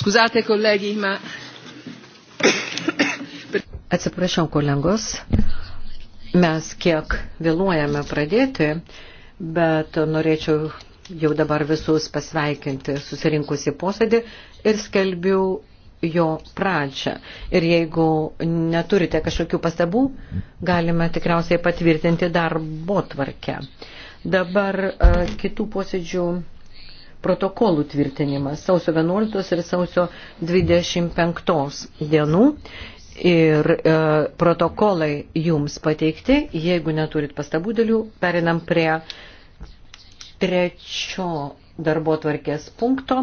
Scusate, colleghi, ma... Atsiprašau, kolegos, mes kiek vėluojame pradėti, bet norėčiau jau dabar visus pasveikinti susirinkusi posėdį ir skelbiu jo pradžią. Ir jeigu neturite kažkokių pastabų, galime tikriausiai patvirtinti darbo tvarkę. Dabar e, kitų posėdžių protokolų tvirtinimas sausio 11 ir sausio 25 dienų. Ir e, protokolai jums pateikti, jeigu neturit pastabų dėlių, perinam prie trečio darbo tvarkės punkto.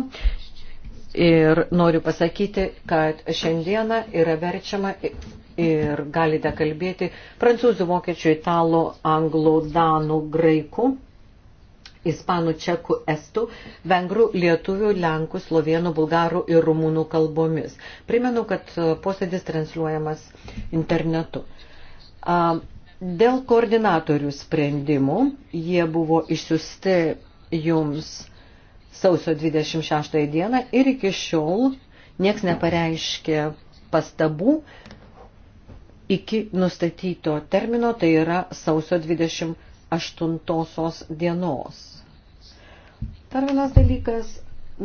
Ir noriu pasakyti, kad šiandieną yra verčiama ir galite kalbėti prancūzų, vokiečių, italų, anglų, danų, graikų ispanų, čekų, estų, vengrų, lietuvių, lenkų, slovenų, bulgarų ir rumunų kalbomis. Primenu, kad e, posėdis transliuojamas internetu. Dėl koordinatorių sprendimų jie buvo išsiusti jums sausio 26 dieną ir iki šiol nieks nepareiškė pastabų iki nustatyto termino, tai yra sausio 28 dienos. Dar vienas dalykas,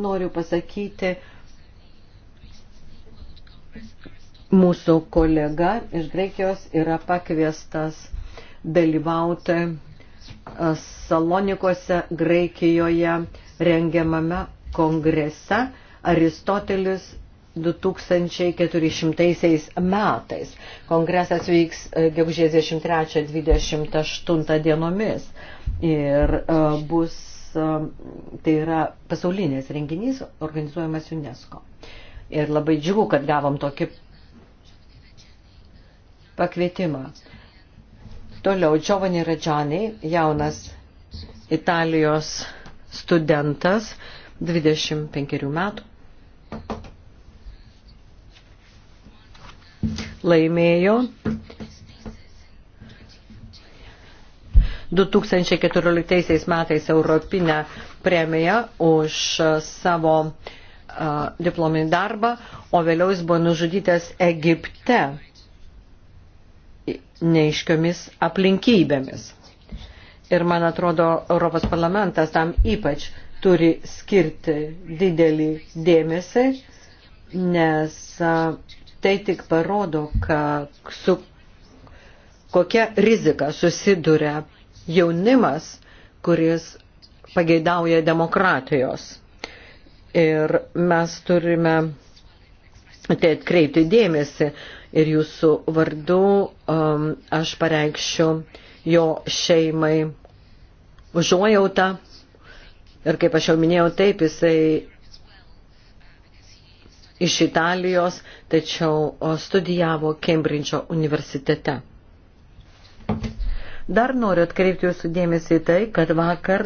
noriu pasakyti, mūsų kolega iš Graikijos yra pakviestas dalyvauti Salonikose, Graikijoje rengiamame kongrese Aristotelis 2400 metais. Kongresas vyks gegužės 23-28 dienomis ir bus tai yra pasaulinės renginys organizuojamas UNESCO. Ir labai džiugu, kad gavom tokį pakvietimą. Toliau Giovanni Radžianai, jaunas Italijos studentas, 25 metų. Laimėjo 2014 metais Europinę premiją už savo diplominį darbą, o vėliau jis buvo nužudytas Egipte neiškiomis aplinkybėmis. Ir man atrodo, Europos parlamentas tam ypač turi skirti didelį dėmesį, nes tai tik parodo, kad su kokia rizika susiduria jaunimas, kuris pageidauja demokratijos. Ir mes turime tai atkreipti dėmesį ir jūsų vardu um, aš pareikščiau jo šeimai užuojautą ir kaip aš jau minėjau, taip jisai iš Italijos, tačiau studijavo Kembridžo universitete. Dar noriu atkreipti jūsų dėmesį į tai, kad vakar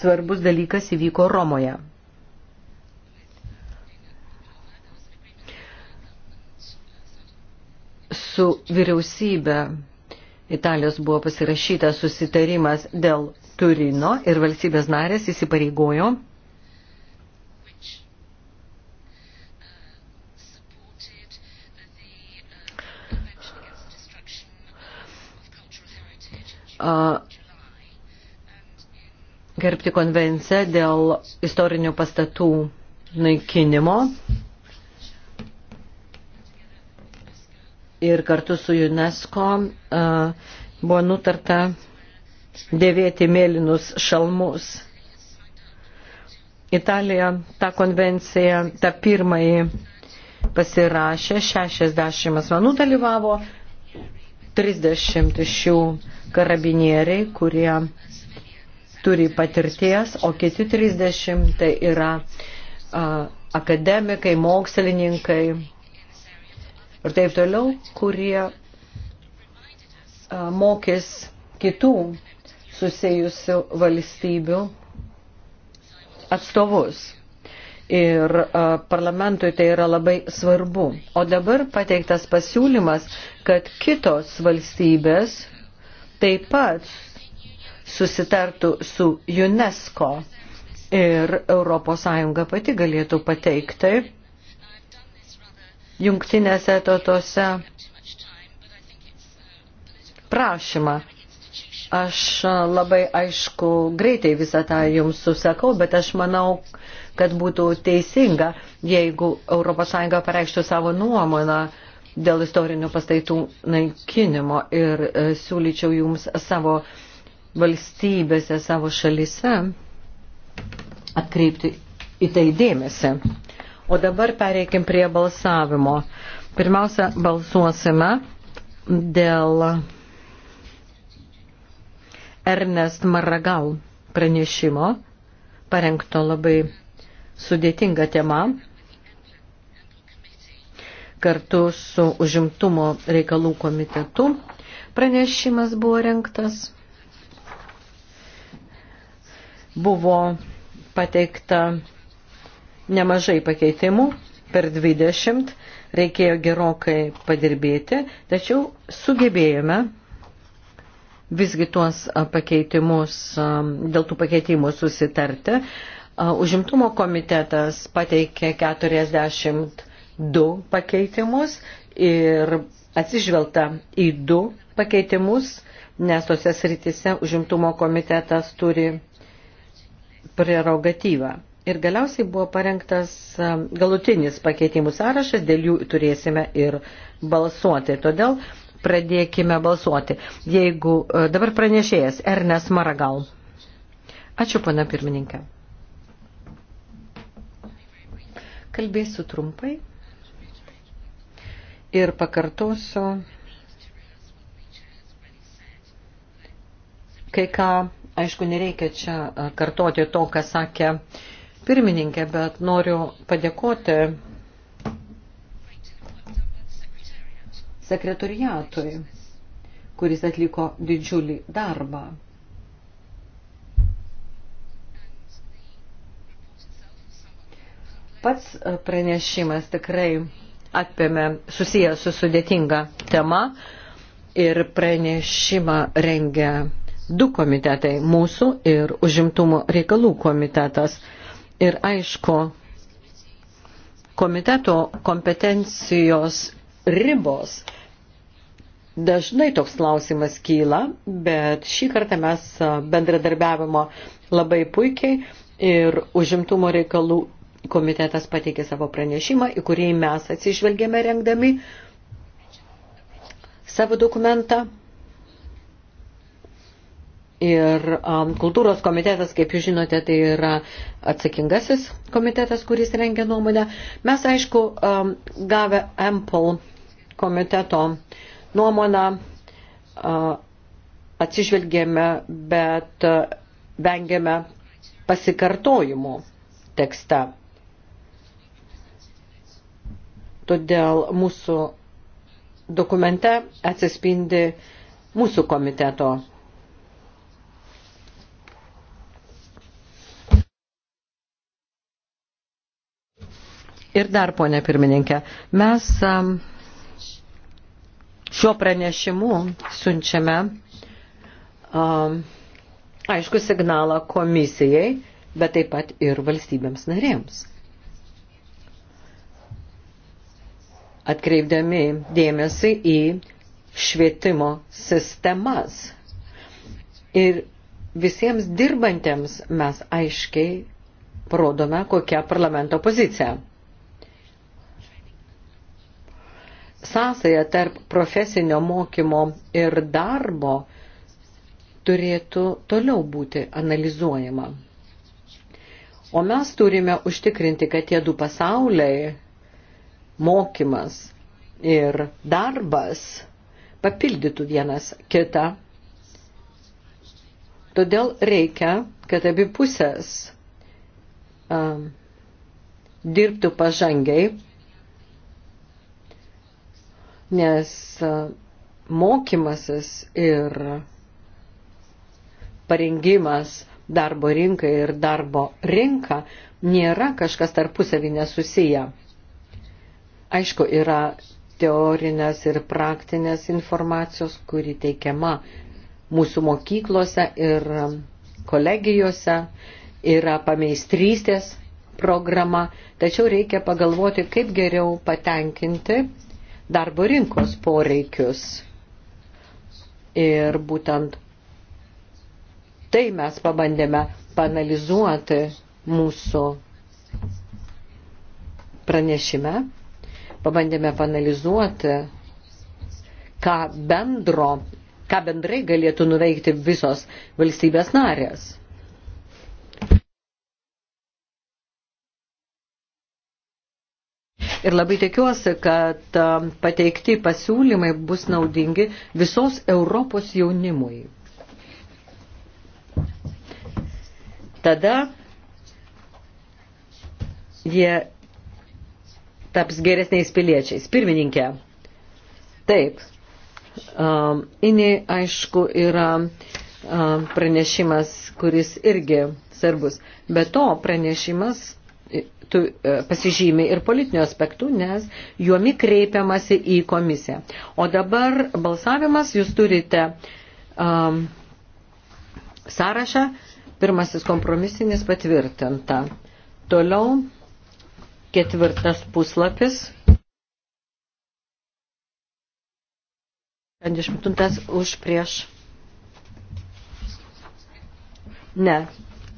svarbus dalykas įvyko Romoje. Su vyriausybė Italijos buvo pasirašytas susitarimas dėl Turino ir valstybės narės įsipareigojo gerbti konvenciją dėl istorinių pastatų naikinimo ir kartu su UNESCO buvo nutarta dėvėti mėlynus šalmus. Italija tą konvenciją, tą pirmąjį pasirašė, 60 asmenų dalyvavo, 30 iš jų karabinieriai, kurie turi patirties, o kiti 30 tai yra a, akademikai, mokslininkai ir taip toliau, kurie a, mokys kitų susijusių valstybių atstovus. Ir a, parlamentui tai yra labai svarbu. O dabar pateiktas pasiūlymas kad kitos valstybės taip pat susitartų su UNESCO ir ES pati galėtų pateikti jungtinėse tautose prašymą. Aš labai aišku greitai visą tą jums susakau, bet aš manau, kad būtų teisinga, jeigu ES pareikštų savo nuomonę dėl istorinių pastaitų naikinimo ir e, siūlyčiau jums savo valstybėse, savo šalise atkreipti į tai dėmesį. O dabar pereikim prie balsavimo. Pirmiausia, balsuosime dėl Ernest Maragal pranešimo, parengto labai sudėtinga tema kartu su užimtumo reikalų komitetu. Pranešimas buvo renktas. Buvo pateikta nemažai pakeitimų, per 20, reikėjo gerokai padirbėti, tačiau sugebėjome visgi tuos pakeitimus, dėl tų pakeitimų susitarti. Užimtumo komitetas pateikė 40 du pakeitimus ir atsižvelgta į du pakeitimus, nes tose srityse užimtumo komitetas turi prerogatyvą. Ir galiausiai buvo parengtas um, galutinis pakeitimų sąrašas, dėl jų turėsime ir balsuoti. Todėl pradėkime balsuoti. Jeigu e, dabar pranešėjas Ernest Maragal. Ačiū, pana pirmininkė. Kalbėsiu trumpai ir pakartosiu kai ką, aišku, nereikia čia kartoti to, ką sakė pirmininkė, bet noriu padėkoti sekretoriatui, kuris atliko didžiulį darbą. Pats pranešimas tikrai apėmė susijęs su sudėtinga tema ir pranešimą rengia du komitetai - mūsų ir užimtumo reikalų komitetas. Ir aišku, komiteto kompetencijos ribos Dažnai toks klausimas kyla, bet šį kartą mes bendradarbiavimo labai puikiai ir užimtumo reikalų komitetas pateikė savo pranešimą, į kurį mes atsižvelgėme rengdami savo dokumentą. Ir um, kultūros komitetas, kaip jūs žinote, tai yra atsakingasis komitetas, kuris rengia nuomonę. Mes, aišku, um, gavę Ample komiteto nuomonę, uh, atsižvelgėme, bet uh, vengėme pasikartojimų tekste. Todėl mūsų dokumente atsispindi mūsų komiteto Ir dar, ponė pirmininkė, mes um, šiuo pranešimu siunčiame um, aišku signalą komisijai, bet taip pat ir valstybėms narėms. atkreipdami dėmesį į švietimo sistemas. Ir visiems dirbantiems mes aiškiai parodome, kokia parlamento pozicija. Sąsaja tarp profesinio mokymo ir darbo turėtų toliau būti analizuojama. O mes turime užtikrinti, kad tie du pasauliai mokymas ir darbas papildytų vienas kitą. Todėl reikia, kad abi pusės um, dirbtų pažangiai, nes uh, mokymasis ir parengimas darbo rinkai ir darbo rinka nėra kažkas tarpusavį nesusiję. Aišku, yra teorinės ir praktinės informacijos, kuri teikiama mūsų mokyklose ir kolegijose, yra pameistrystės programa, tačiau reikia pagalvoti, kaip geriau patenkinti darbo rinkos poreikius. Ir būtent tai mes pabandėme panalizuoti mūsų pranešime pabandėme panalizuoti, ką, bendro, ką bendrai galėtų nuveikti visos valstybės narės. Ir labai tikiuosi, kad um, pateikti pasiūlymai bus naudingi visos Europos jaunimui. Tada jie taps geresniais piliečiais. Pirmininkė, taip, um, ini aišku yra um, pranešimas, kuris irgi svarbus. Be to pranešimas tu, e, pasižymi ir politinių aspektų, nes juomi kreipiamasi į komisiją. O dabar balsavimas, jūs turite um, sąrašą, pirmasis kompromisinis patvirtinta. Toliau Ketvirtas puslapis. 58 už prieš. Ne.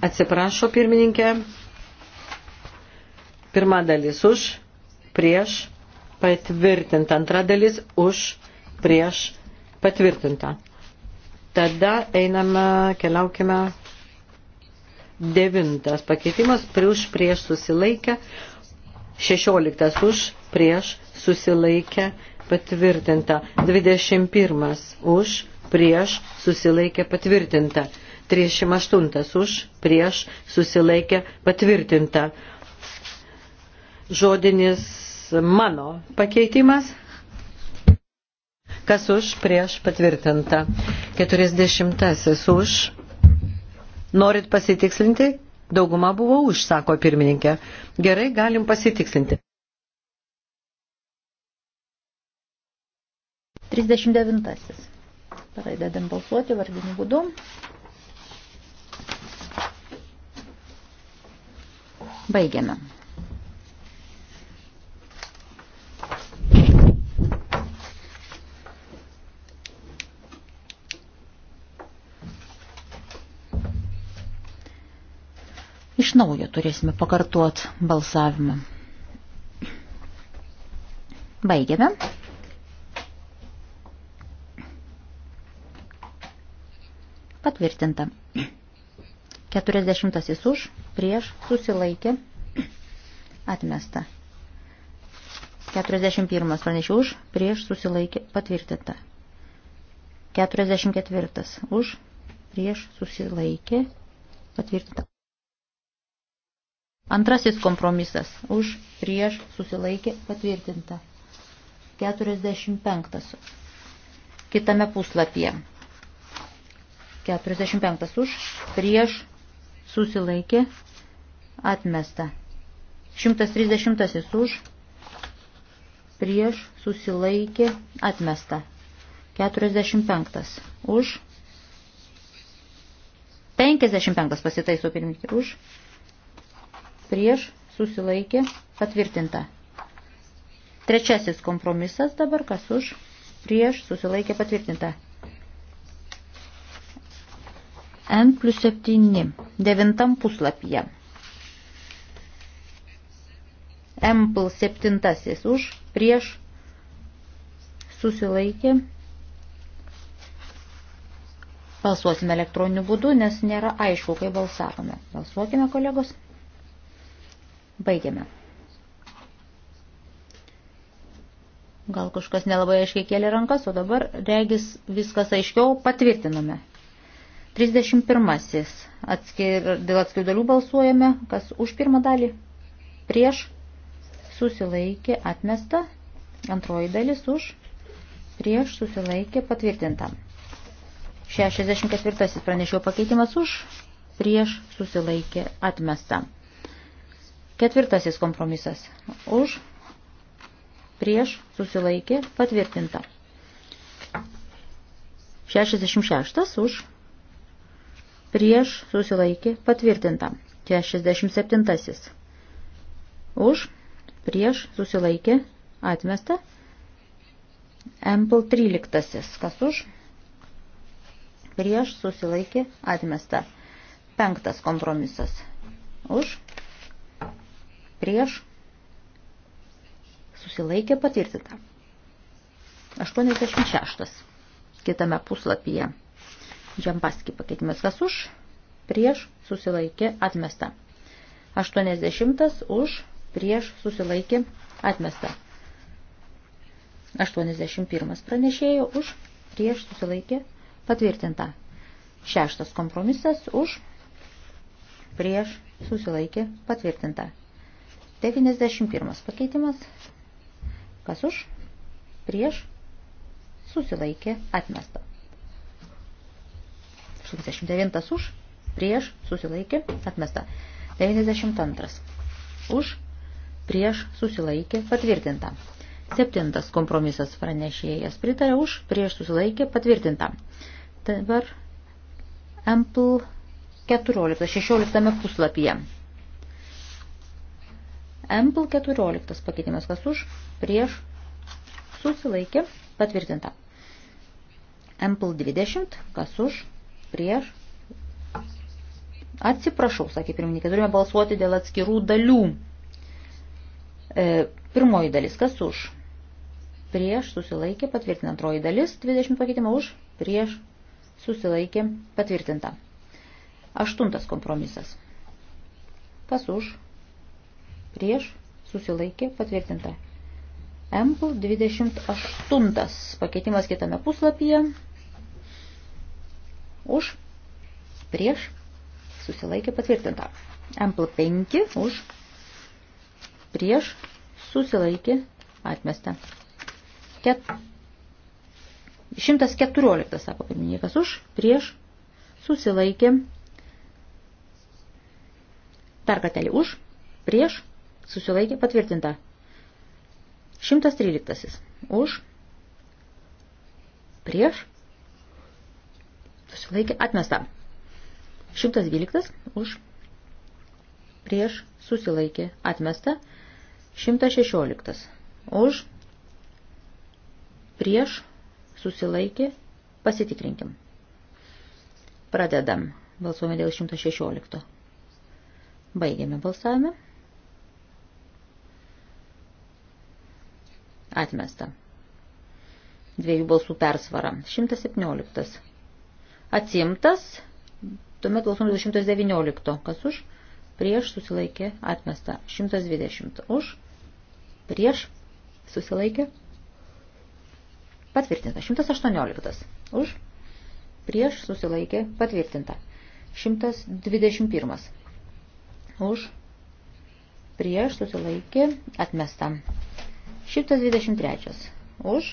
Atsiprašo pirmininkė. Pirma dalis už, prieš, patvirtinta. Antra dalis už, prieš, patvirtinta. Tada einame, keliaukime. Devintas pakeitimas, prieš, prieš susilaikę, 16 už, prieš, susilaikę, patvirtinta. 21 už, prieš, susilaikę, patvirtinta. 38 už, prieš, susilaikę, patvirtinta. Žodinis mano pakeitimas. Kas už, prieš, patvirtinta. 40 už. Norit pasitikslinti? Dauguma buvo už, sako pirmininkė. Gerai, galim pasitikslinti. 39. Pradedam balsuoti vardiniu būdu. Baigiame. Iš naujo turėsime pakartuot balsavimą. Baigiame. Patvirtinta. 40 už, prieš, susilaikė, atmesta. 41 pranešė už, prieš, susilaikė, patvirtinta. 44 už, prieš, susilaikė, patvirtinta. Antrasis kompromisas už prieš susilaikė patvirtinta. 45. Kitame puslapyje. 45 už prieš susilaikė atmesta. 130 už prieš susilaikė atmesta. 45 už 55 pasitaiso pirmininkė už prieš, susilaikė, patvirtinta. Trečiasis kompromisas dabar, kas už, prieš, susilaikė, patvirtinta. N plus 7, devintam puslapyje. M plus 7 už, prieš, susilaikė, Balsuosime elektroniniu būdu, nes nėra aišku, kai balsavome. Balsuokime, kolegos. Baigiame. Gal kažkas nelabai aiškiai kėlė rankas, o dabar regis viskas aiškiau patvirtiname. 31. Atskir, dėl atskirų dalių balsuojame, kas už pirmą dalį, prieš, susilaikė, atmesta, antroji dalis už, prieš, susilaikė, patvirtinta. 64. Pranešėjo pakeitimas už, prieš, susilaikė, atmesta. Ketvirtasis kompromisas. Už, prieš, susilaikė, patvirtinta. 66 už, prieš, susilaikė, patvirtinta. 67 už, prieš, susilaikė, atmesta. Ample 13. Kas už? Prieš susilaikė atmesta. Penktas kompromisas. Už prieš, susilaikė patvirtinta. 86. Kitame puslapyje. Džampaski pakeitimas kas už, prieš, susilaikė atmesta. 80 už, prieš, susilaikė atmesta. 81 pranešėjo už, prieš, susilaikė patvirtinta. Šeštas kompromisas už, prieš, susilaikė patvirtinta. 91 pakeitimas. Kas už? Prieš? Susilaikė atmesta. 69 už? Prieš? Susilaikė atmesta. 92 už? Prieš? Susilaikė patvirtinta. 7 kompromisas pranešėjas pritarė už? Prieš? Susilaikė patvirtinta. Dabar Ample 14, 16 puslapyje. Ample 14 pakeitimas, kas už, prieš, susilaikė, patvirtinta. Ample 20, kas už, prieš, atsiprašau, sakė pirmininkė, turime balsuoti dėl atskirų dalių. E, pirmoji dalis, kas už, prieš, susilaikė, patvirtinta. Antroji dalis, 20 pakeitimą už, prieš, susilaikė, patvirtinta. Aštuntas kompromisas. Kas už, prieš, susilaikė, patvirtinta. Ample 28. Pakeitimas kitame puslapyje. Už, prieš, susilaikė, patvirtinta. Ample 5. Už, prieš, susilaikė, atmesta. Ket... 114, sako pirmininkas, už, prieš, susilaikė, dar kartelį už, prieš, Susilaikė patvirtinta. 113. Už. Prieš. Susilaikė atmesta. 112. Už. Prieš. Susilaikė atmesta. 116. Už. Prieš. Susilaikė. Pasitikrinkim. Pradedam. Balsuojame dėl 116. Baigiame balsavimą. Atmesta. Dviejų balsų persvara. 117. Atsimtas. Tuomet balsuom 119. Kas už? Prieš susilaikė. Atmesta. 120. Už. Prieš susilaikė. Patvirtinta. 118. Už. Prieš susilaikė. Patvirtinta. 121. Už prieš susilaikė atmesta. 123 už,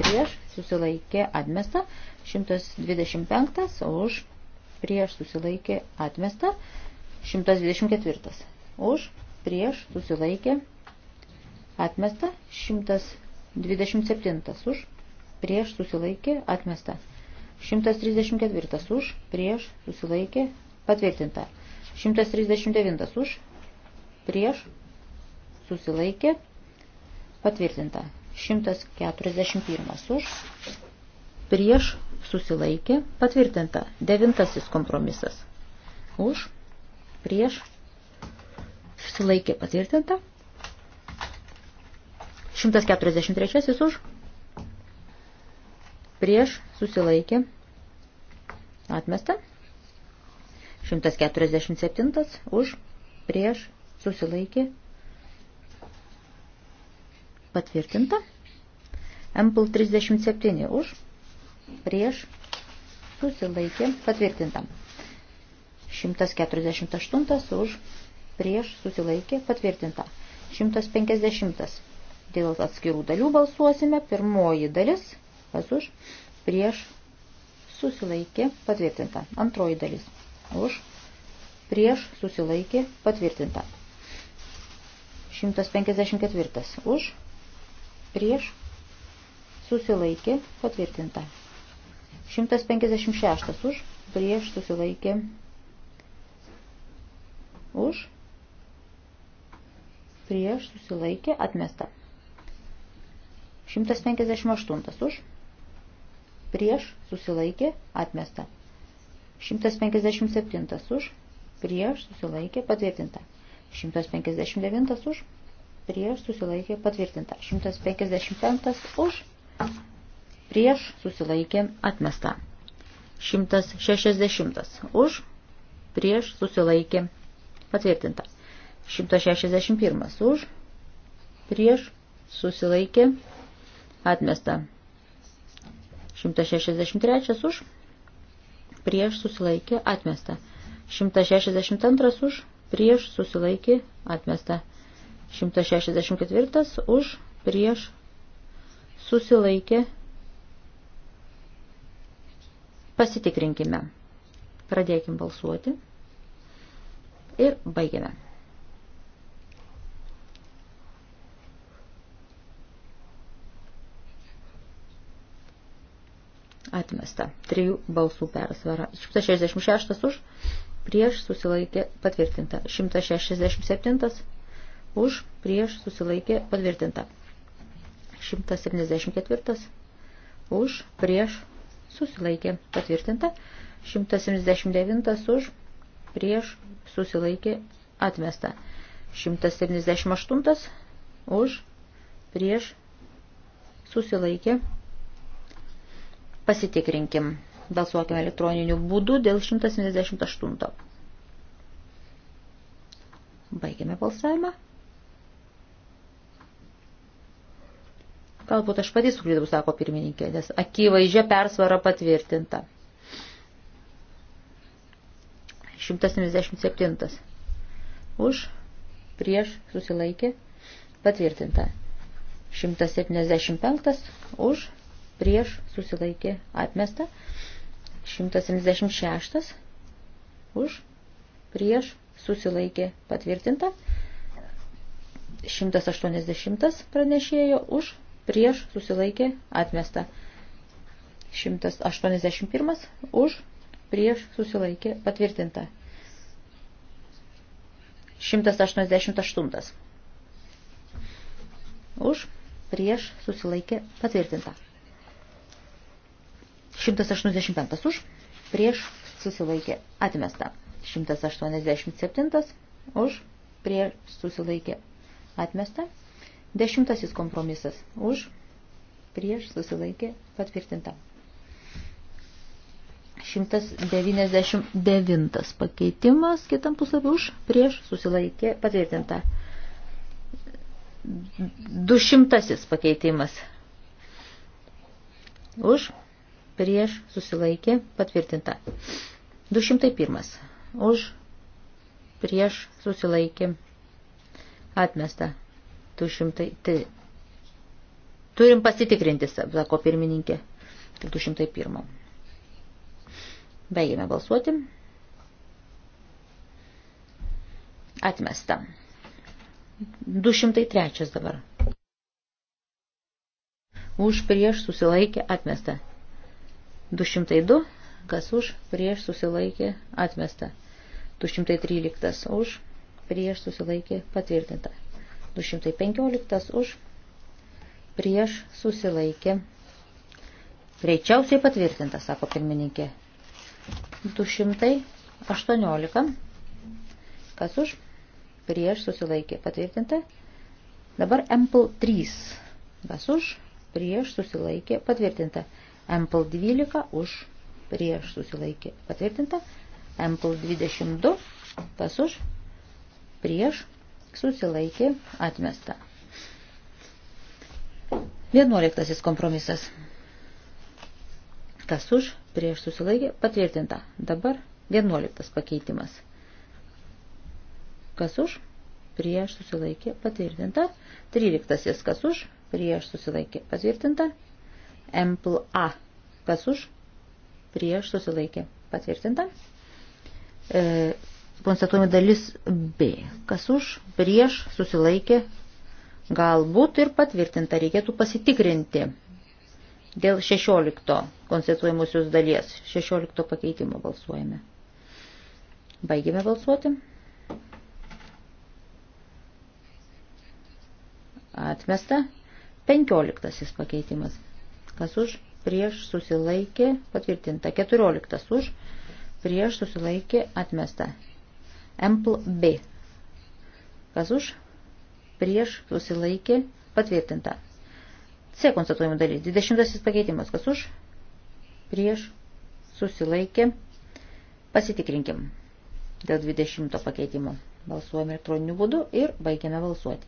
prieš susilaikė atmesta, 125 už, prieš susilaikė atmesta, 124 už, prieš susilaikė atmesta, 127 už, prieš susilaikė atmesta, 134 už, prieš susilaikė patvirtinta, 139 už, prieš susilaikė atmesta. Patvirtinta. 141 už. Prieš susilaikė. Patvirtinta. Devintasis kompromisas. Už. Prieš susilaikė. Patvirtinta. 143 už. Prieš susilaikė. Atmesta. 147 už. Prieš susilaikė. Patvirtinta. Ampul 37 už, prieš, susilaikė, patvirtinta. 148 už, prieš, susilaikė, patvirtinta. 150. Dėl atskirų dalių balsuosime. Pirmoji dalis, kas už, prieš, susilaikė, patvirtinta. Antroji dalis, už, prieš, susilaikė, patvirtinta. 154 už, prieš, susilaikė, patvirtinta. 156 už, prieš, susilaikė, už, prieš, susilaikė, atmesta. 158 už, prieš, susilaikė, atmesta. 157 už, prieš, susilaikė, patvirtinta. 159 už, prieš susilaikė patvirtinta. 155 už prieš susilaikė atmesta. 160 už prieš susilaikė patvirtinta. 161 už prieš susilaikė atmesta. 163 už prieš susilaikė atmesta. 162 už prieš susilaikė atmesta. 164 už prieš susilaikė. Pasitikrinkime. Pradėkim balsuoti. Ir baigiame. Atmesta. Trijų balsų persvara. 166 už prieš susilaikė patvirtinta. 167 už, prieš, susilaikė, patvirtinta. 174 už, prieš, susilaikė, patvirtinta. 179 už, prieš, susilaikė, atmesta. 178 už, prieš, susilaikė. Pasitikrinkim. Balsuokime elektroniniu būdu dėl 178. Baigiame balsavimą. Galbūt aš patys suklydau, sako pirmininkė, nes akivaizdžia persvara patvirtinta. 177. Už, prieš, susilaikė, patvirtinta. 175. Už, prieš, susilaikė, atmesta. 176. Už, prieš, susilaikė, patvirtinta. 180 pranešėjo už, prieš susilaikė atmesta. 181 už prieš susilaikė patvirtinta. 188 už prieš susilaikė patvirtinta. 185 už prieš susilaikė atmesta. 187 už prieš susilaikė atmesta. Dešimtasis kompromisas. Už, prieš, susilaikė, patvirtinta. 199 pakeitimas kitam puslapiu už, prieš, susilaikė, patvirtinta. 200 pakeitimas. Už, prieš, susilaikė, patvirtinta. 201. Už, prieš, susilaikė, atmesta. 200, tai. Turim pasitikrinti, sako pirmininkė. Tai 201. Baigėme balsuoti. Atmesta. 203 dabar. Už prieš susilaikė atmesta. 202, kas už prieš susilaikė atmesta. 213 už prieš susilaikė patvirtinta. 215 už prieš susilaikė. Greičiausiai patvirtinta, sako pirmininkė. 218. Kas už? Prieš susilaikė. Patvirtinta. Dabar MPL 3. Kas už? Prieš susilaikė. Patvirtinta. MPL 12 už. Prieš susilaikė. Patvirtinta. MPL 22. Kas už? Prieš susilaikė, atmesta. Vienuoliktasis kompromisas. Kas už, prieš susilaikė, patvirtinta. Dabar vienuoliktas pakeitimas. Kas už, prieš susilaikė, patvirtinta. Tryliktasis, kas už, prieš susilaikė, patvirtinta. MPLA, kas už, prieš susilaikė, patvirtinta. E, konstatuojama dalis B. Kas už, prieš, susilaikė, galbūt ir patvirtinta, reikėtų pasitikrinti dėl 16 konstatuojamusios dalies. 16 pakeitimo balsuojame. Baigėme balsuoti. Atmesta. 15 pakeitimas. Kas už? Prieš susilaikė patvirtinta. 14 už. Prieš susilaikė atmesta. Empl B. Kas už? Prieš susilaikė patvirtinta. C konstatuojama dalis. 20 pakeitimas. Kas už? Prieš susilaikė. Pasitikrinkim. Dėl 20 pakeitimo balsuojame elektroniniu būdu ir baigiame balsuoti.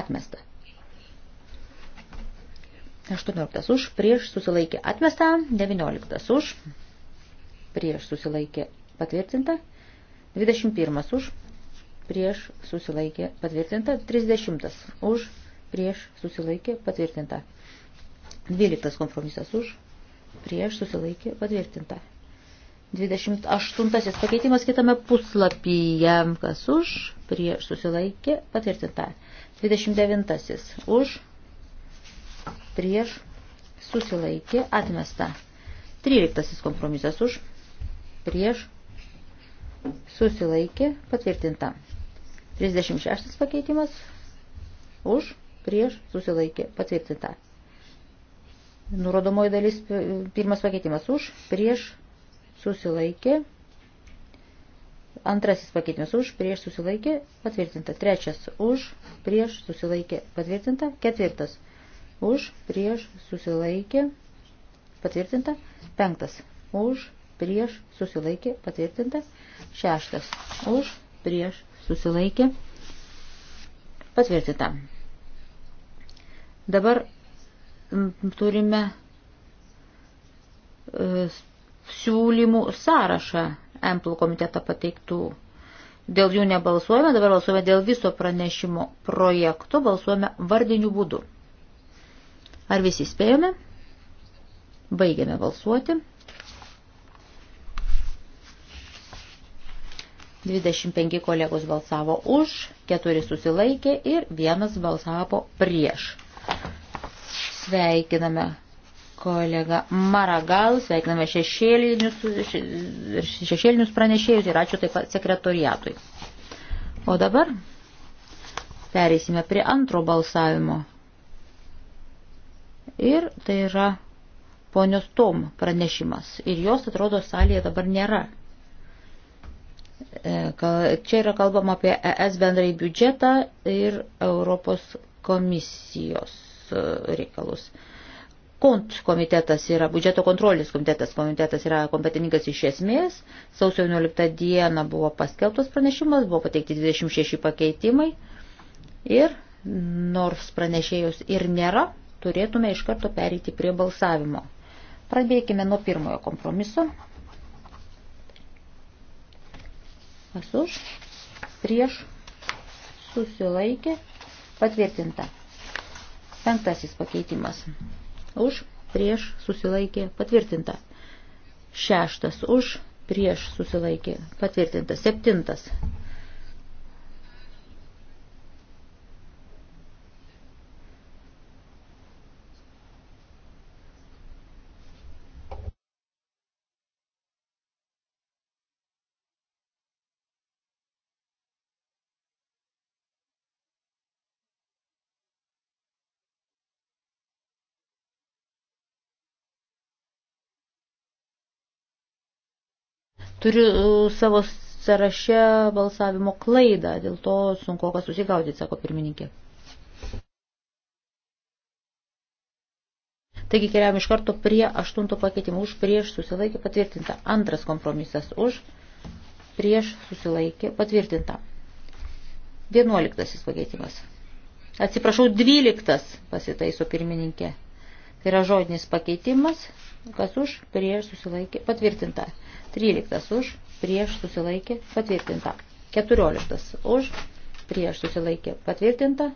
Atmesta. 18 už, prieš susilaikė atmesta, 19 už, prieš susilaikė patvirtinta, 21 už, prieš susilaikė patvirtinta, 30 už, prieš susilaikė patvirtinta, 12 kompromisas už, prieš susilaikė patvirtinta. 28 pakeitimas kitame puslapyje, kas už, prieš susilaikė patvirtinta. 29 už, prieš susilaikė atmesta. 13 kompromisas už, prieš, susilaikė, patvirtinta. 36 pakeitimas, už, prieš, susilaikė, patvirtinta. Nurodomoji dalis, pirmas pakeitimas už, prieš, susilaikė, antrasis pakeitimas už, prieš, susilaikė, patvirtinta. Trečias už, prieš, susilaikė, patvirtinta. Ketvirtas už, prieš, susilaikė, patvirtinta. Penktas už, prieš susilaikė patvirtinta, šeštas už prieš susilaikė patvirtinta. Dabar turime e, siūlymų sąrašą MPL komiteto pateiktų. Dėl jų nebalsuojame, dabar balsuojame dėl viso pranešimo projekto, balsuojame vardiniu būdu. Ar visi spėjome? Baigiame balsuoti. 25 kolegos balsavo už, 4 susilaikė ir 1 balsavo prieš. Sveikiname kolega Maragal, sveikiname šešėlinius, šešėlinius pranešėjus ir ačiū taip pat sekretoriatui. O dabar pereisime prie antro balsavimo. Ir tai yra ponios Tom pranešimas. Ir jos atrodo salėje dabar nėra. E, čia yra kalbama apie ES bendrai biudžetą ir Europos komisijos e, reikalus. Kont komitetas yra, biudžeto kontrolės komitetas, komitetas yra kompetingas iš esmės. Sausio 11 dieną buvo paskelbtas pranešimas, buvo pateikti 26 pakeitimai. Ir nors pranešėjus ir nėra, turėtume iš karto pereiti prie balsavimo. Pradėkime nuo pirmojo kompromiso. Kas už? Prieš susilaikė patvirtinta. Penktasis pakeitimas. Už, prieš susilaikė patvirtinta. Šeštas už, prieš susilaikė patvirtinta. Septintas Turiu uh, savo sąraše balsavimo klaidą, dėl to sunku kas susigaudyti, sako pirmininkė. Taigi keliam iš karto prie aštunto pakeitimo. Už prieš susilaikė patvirtinta. Antras kompromisas už prieš susilaikė patvirtinta. Vienuoliktasis pakeitimas. Atsiprašau, dvyliktas pasitaiso pirmininkė. Tai yra žodinis pakeitimas, kas už, prieš susilaikė, patvirtinta. 13 už, prieš susilaikė, patvirtinta. 14 už, prieš susilaikė, patvirtinta.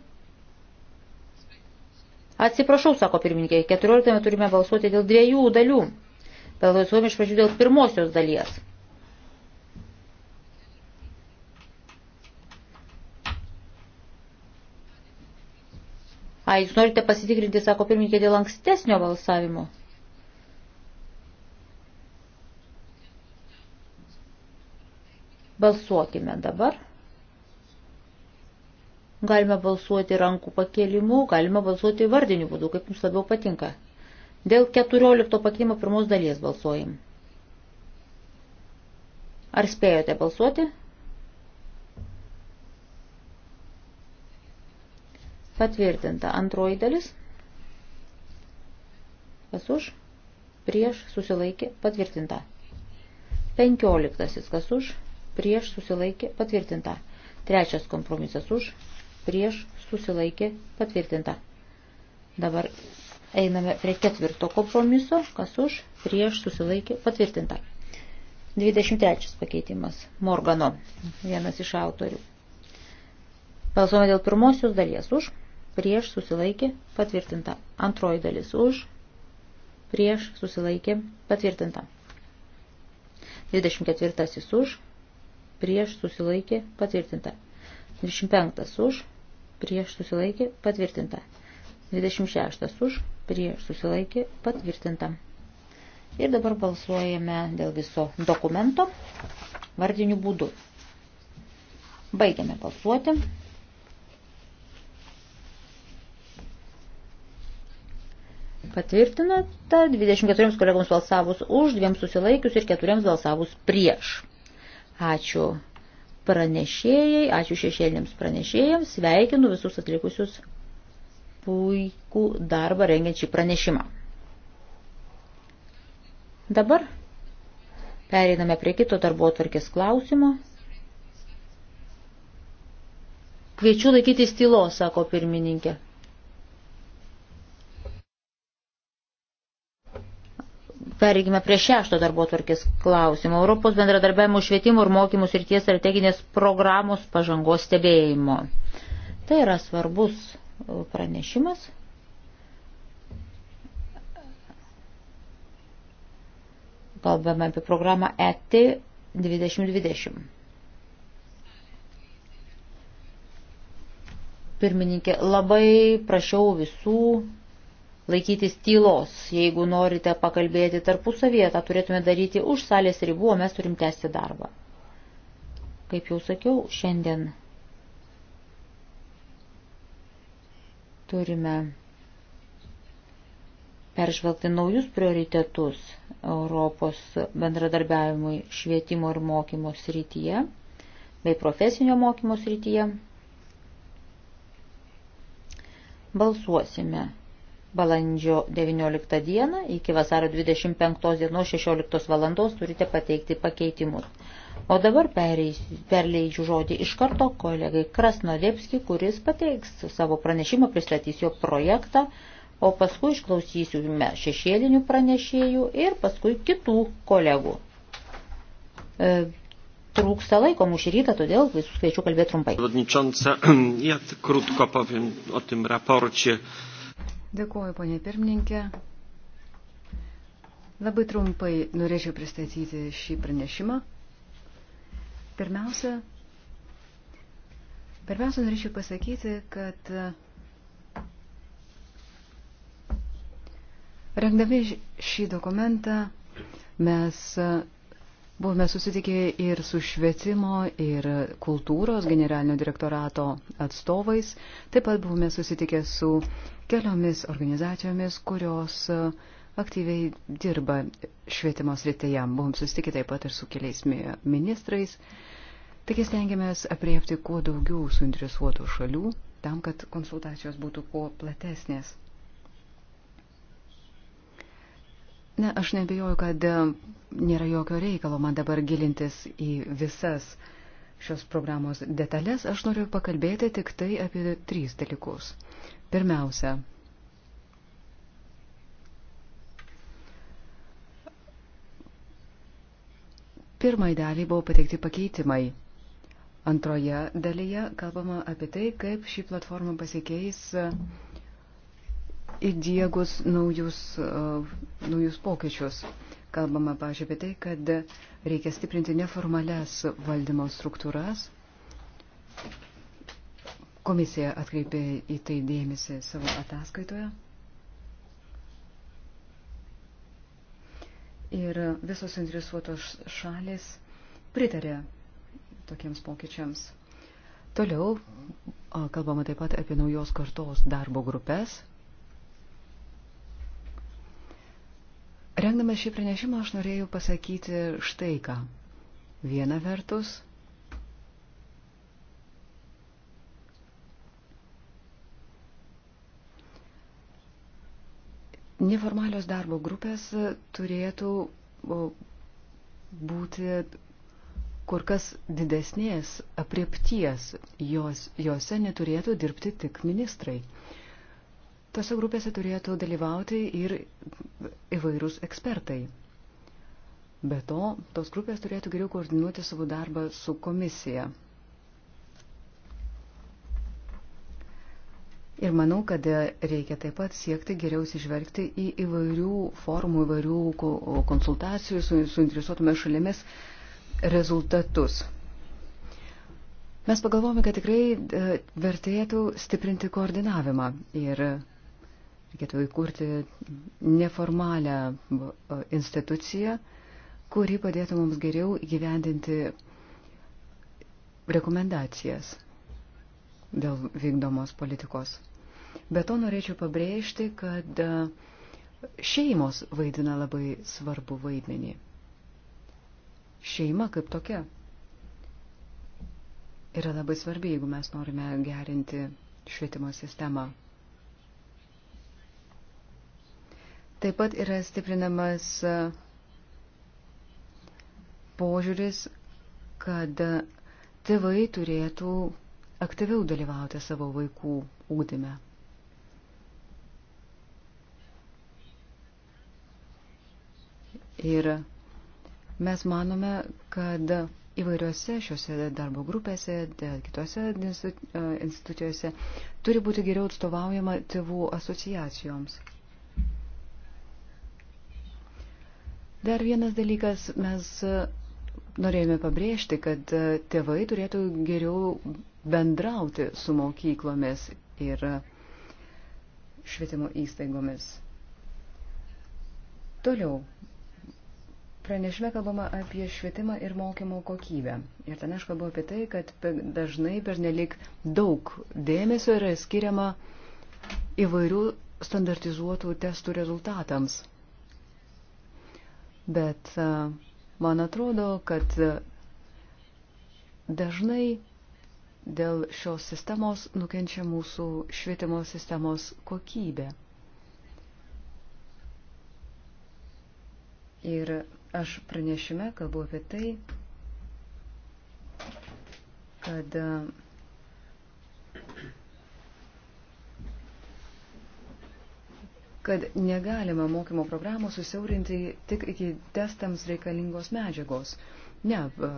Atsiprašau, sako pirmininkė, 14 turime balsuoti dėl dviejų dalių. Balsuojame iš pradžių dėl pirmosios dalies. A, jūs norite pasitikrinti, sako pirmininkė, dėl ankstesnio balsavimo? Balsuokime dabar. Galime balsuoti rankų pakėlimu, galime balsuoti vardiniu būdu, kaip jums labiau patinka. Dėl 14 pakeimo pirmos dalies balsuojam. Ar spėjote balsuoti? Patvirtinta antroji dalis. Kas už? Prieš susilaikė patvirtinta. Penkioliktasis kas už? Prieš susilaikė patvirtinta. Trečias kompromisas už? Prieš susilaikė patvirtinta. Dabar einame prie ketvirto kompromiso. Kas už? Prieš susilaikė patvirtinta. 23 pakeitimas Morgano, vienas iš autorių. Balsuome dėl pirmosios dalies už prieš susilaikė patvirtinta. Antroji dalis už, prieš susilaikė patvirtinta. 24 už, prieš susilaikė patvirtinta. 25 už, prieš susilaikė patvirtinta. 26 už, prieš susilaikė patvirtinta. Ir dabar balsuojame dėl viso dokumento vardiniu būdu. Baigiame balsuoti. Patvirtinata 24 kolegoms balsavus už, dviems susilaikius ir keturiems balsavus prieš. Ačiū pranešėjai, ačiū šešėlėms pranešėjams, sveikinu visus atlikusius puikų darbą rengiant šį pranešimą. Dabar pereiname prie kito darbo atvarkės klausimo. Kviečiu laikytis tylos, sako pirmininkė. Pereikime prie šešto darbo tvarkės klausimo. Europos bendradarbiavimo švietimo ir mokymų srities strateginės programos pažangos stebėjimo. Tai yra svarbus uh, pranešimas. Kalbame apie programą ET 2020. Pirmininkė, labai prašiau visų laikytis tylos. Jeigu norite pakalbėti tarpusavyje, tą turėtume daryti už salės ribų, o mes turim tęsti darbą. Kaip jau sakiau, šiandien turime peržvelgti naujus prioritetus Europos bendradarbiavimui švietimo ir mokymo srityje bei profesinio mokymo srityje. Balsuosime balandžio 19 dieną iki vasario 25 dienos 16 valandos turite pateikti pakeitimus. O dabar perleidžiu žodį iš karto kolegai Krasnodėpski, kuris pateiks savo pranešimą, pristatys jo projektą, o paskui išklausysime šešėlinių pranešėjų ir paskui kitų kolegų. E, trūksta laiko mūsų rytą, todėl visus kviečiu kalbėti trumpai. Dėkuoju, ponė pirmininkė. Labai trumpai norėčiau pristatyti šį pranešimą. Pirmiausia, pirmiausia norėčiau pasakyti, kad rengdami šį dokumentą mes Buvome susitikę ir su švietimo, ir kultūros generalinio direktorato atstovais. Taip pat buvome susitikę su keliomis organizacijomis, kurios e, aktyviai dirba švietimo srityje. Buvom susitikę taip pat ir su keliais ministrais. Taigi stengiamės apriepti kuo daugiau suinteresuotų šalių, tam, kad konsultacijos būtų kuo platesnės. Na, aš nebejoju, kad e, nėra jokio reikalo man dabar gilintis į visas šios programos detalės. Aš noriu pakalbėti tik tai apie trys dalykus. Pirmiausia, pirmai daliai buvo pateikti pakeitimai. Antroje dalyje kalbama apie tai, kaip šį platformą pasikeis. Mm įdėgus naujus, e, naujus pokyčius. Kalbama, pažiūrėjau, apie tai, kad reikia stiprinti neformalias valdymo struktūras. Komisija atkreipė į tai dėmesį savo ataskaitoje. Ir visos interesuotos šalis pritarė tokiems pokyčiams. Toliau kalbama taip pat apie naujos kartos darbo grupės, Rengdama šį pranešimą aš norėjau pasakyti štai ką. Viena vertus, neformalios darbo grupės turėtų būti kur kas didesnės apriepties, jos, jose neturėtų dirbti tik ministrai. Uh, Tose grupėse turėtų dalyvauti ir įvairūs ekspertai. Be to, tos grupės turėtų geriau koordinuoti savo darbą su komisija. Ir manau, kad reikia taip pat siekti geriau sižvelgti į įvairių formų, įvairių konsultacijų su suinteresuotume šalimis rezultatus. Mes pagalvojame, kad tikrai e, vertėtų stiprinti koordinavimą ir Reikėtų įkurti neformalią e, instituciją, kuri padėtų mums geriau įgyvendinti rekomendacijas dėl vykdomos politikos. Be to norėčiau pabrėžti, kad e, šeimos vaidina labai svarbu vaidmenį. Šeima kaip tokia yra labai svarbi, jeigu mes norime gerinti švietimo sistemą. Taip pat yra stiprinamas e, požiūris, kad e, tėvai turėtų aktyviau dalyvauti savo vaikų ūdime. Ir mes manome, kad įvairiose šiuose darbo grupėse, e, kitose institucijose turi būti geriau atstovaujama tėvų asociacijoms. Dar vienas dalykas, mes e, norėjome pabrėžti, kad e, tėvai turėtų geriau bendrauti su mokyklomis ir e, švietimo įstaigomis. Toliau. Pranešime kalbama apie švietimą ir mokymo kokybę. Ir ten aš kalbu apie tai, kad dažnai per nelik daug dėmesio yra skiriama įvairių standartizuotų testų rezultatams. Bet e, man atrodo, kad dažnai dėl šios sistemos nukenčia mūsų švietimo sistemos kokybė. Ir aš pranešime kalbu apie tai, kad uh, kad negalima mokymo programų susiaurinti tik iki testams reikalingos medžiagos. Ne, e,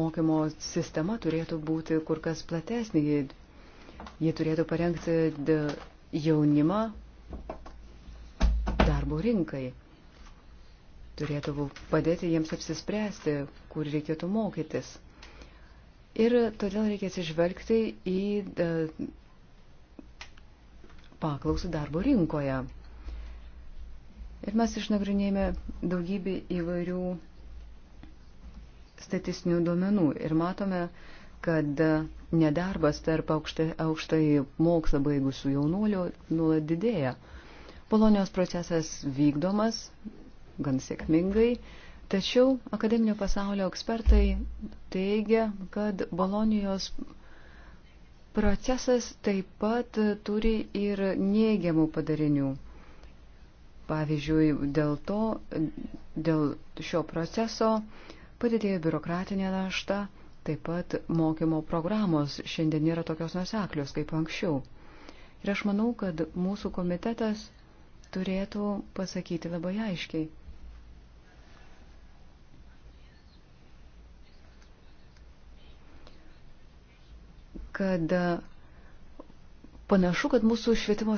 mokymo sistema turėtų būti kur kas platesnė. Ji turėtų parengti jaunimą darbo rinkai. Turėtų padėti jiems apsispręsti, kur reikėtų mokytis. Ir todėl reikia atsižvelgti į paklausų darbo rinkoje. Ir mes išnagrinėjome daugybį įvairių statistinių duomenų ir matome, kad nedarbas tarp aukštai, aukštai mokslą baigusių jaunuolių nuolat didėja. Polonijos procesas vykdomas gan sėkmingai, tačiau akademinio pasaulio ekspertai teigia, kad Bolonijos Procesas taip pat turi ir neigiamų padarinių. Pavyzdžiui, dėl, to, dėl šio proceso padidėjo biurokratinė našta, taip pat mokymo programos šiandien nėra tokios nuseklios kaip anksčiau. Ir aš manau, kad mūsų komitetas turėtų pasakyti labai aiškiai, kad e, panašu, kad mūsų švietimo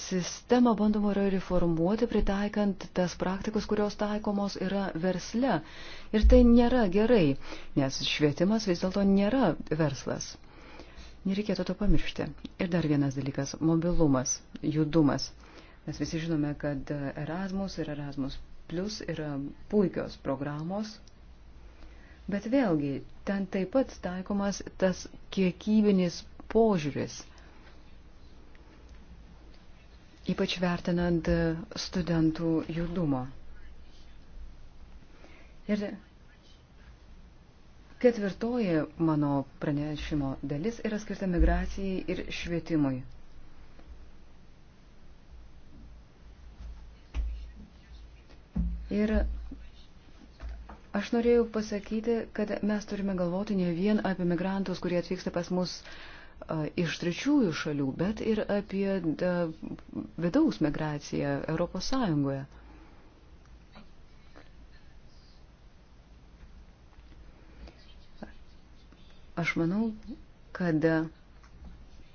sistemą bandoma yra reformuoti, pritaikant tas praktikas, kurios taikomos yra versle. Ir tai nėra gerai, nes švietimas vis dėlto nėra verslas. Nereikėtų to pamiršti. Ir dar vienas dalykas - mobilumas, judumas. Mes visi žinome, kad Erasmus ir Erasmus Plus yra puikios programos, Bet vėlgi, ten taip pat taikomas tas kiekybinis požiūris, ypač vertinant studentų judumą. Ir ketvirtoji mano pranešimo dalis yra skirta migracijai ir švietimui. Ir Aš norėjau pasakyti, kad mes turime galvoti ne vien apie migrantus, kurie atvyksta pas mus iš trečiųjų šalių, bet ir apie vidaus migraciją Europos Sąjungoje. Aš manau, kad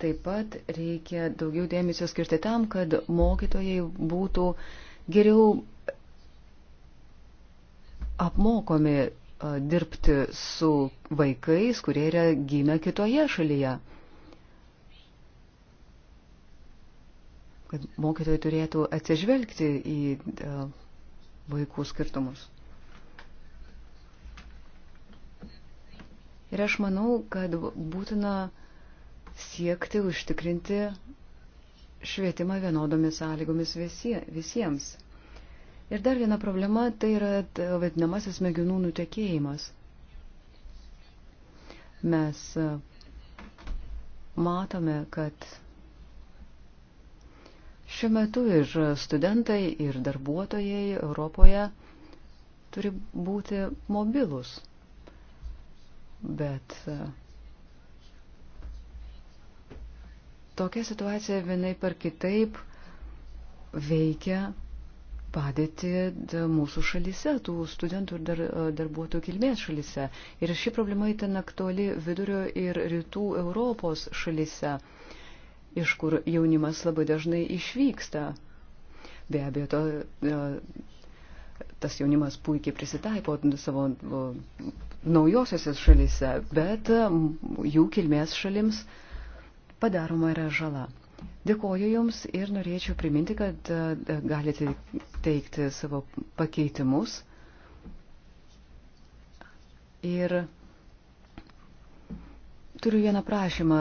taip pat reikia daugiau dėmesio skirti tam, kad mokytojai būtų geriau apmokomi dirbti su vaikais, kurie yra gimę kitoje šalyje. Kad mokytojai turėtų atsižvelgti į vaikų skirtumus. Ir aš manau, kad būtina siekti užtikrinti švietimą vienodomis sąlygomis visie, visiems. Ir dar viena problema tai yra e, vadinamasis smegenų nutekėjimas. Mes e, matome, kad šiuo metu ir studentai, ir darbuotojai Europoje turi būti mobilus. Bet e, tokia situacija vienaip ar kitaip veikia padėtį mūsų šalyse, tų studentų ir dar, e, darbuotojų kilmės šalyse. Ir ši problema įten aktuali vidurio ir rytų Europos šalyse, iš kur jaunimas labai dažnai išvyksta. Be abejo, to, e, tas jaunimas puikiai prisitaipo savo naujosiose šalyse, bet jų kilmės šalims padaroma yra žala. Dėkoju Jums ir norėčiau priminti, kad e, galite teikti savo pakeitimus. Ir turiu vieną prašymą.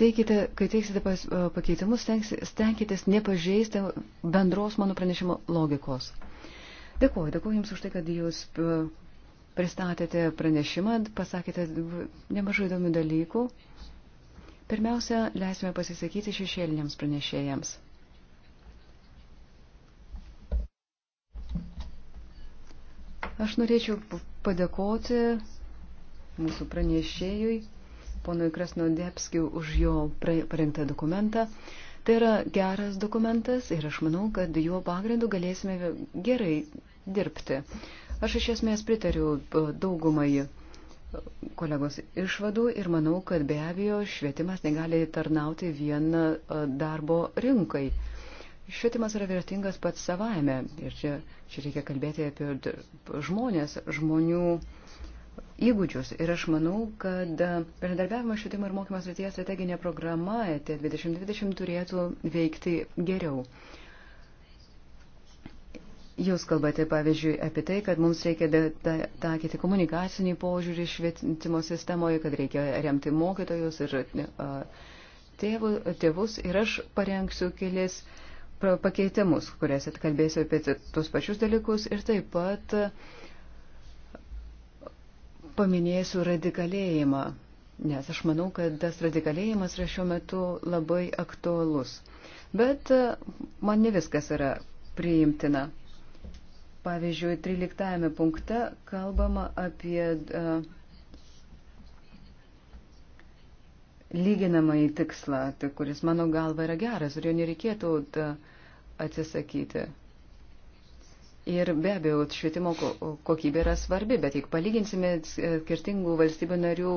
Teikite, kai teiksite e, pakeitimus, stenkitės nepažeisti bendros mano pranešimo logikos. Dėkuoju, dėkuoju Jums už tai, kad Jūs e, pristatėte pranešimą, pasakėte nemažai įdomių dalykų. Pirmiausia, leisime pasisakyti šešėliniams pranešėjams. Aš norėčiau padėkoti mūsų pranešėjui, ponui Krasnodepskiu, už jo parengtą dokumentą. Tai yra geras dokumentas ir aš manau, kad juo pagrindu galėsime gerai dirbti. Aš iš esmės pritariu daugumai kolegos išvadų ir manau, kad be abejo švietimas negali tarnauti vien e, darbo rinkai. Švietimas yra vertingas pats savaime ir čia, čia reikia kalbėti apie žmonės, žmonių įgūdžius. Ir aš manau, kad e, bendradarbiavimo švietimo ir mokymo srityje strateginė programa T2020 turėtų veikti geriau. Uh, Jūs kalbate, pavyzdžiui, apie tai, kad mums reikia taikyti komunikacinį požiūrį švietimo sistemoje, kad reikia remti mokytojus ir tėvų, tėvus. Ir aš parengsiu kelis pakeitimus, kuriuose kalbėsiu apie tuos pačius dalykus ir taip pat paminėsiu radikalėjimą, nes aš manau, kad tas radikalėjimas yra šiuo metu labai aktuolus. Bet man ne viskas yra priimtina. Pavyzdžiui, 13 punkte kalbama apie uh, lyginamąjį tikslą, tai kuris mano galva yra geras ir jo nereikėtų e, atsisakyti. Ir be abejo, švietimo kokybė yra svarbi, bet jeigu palyginsime e, skirtingų valstybių narių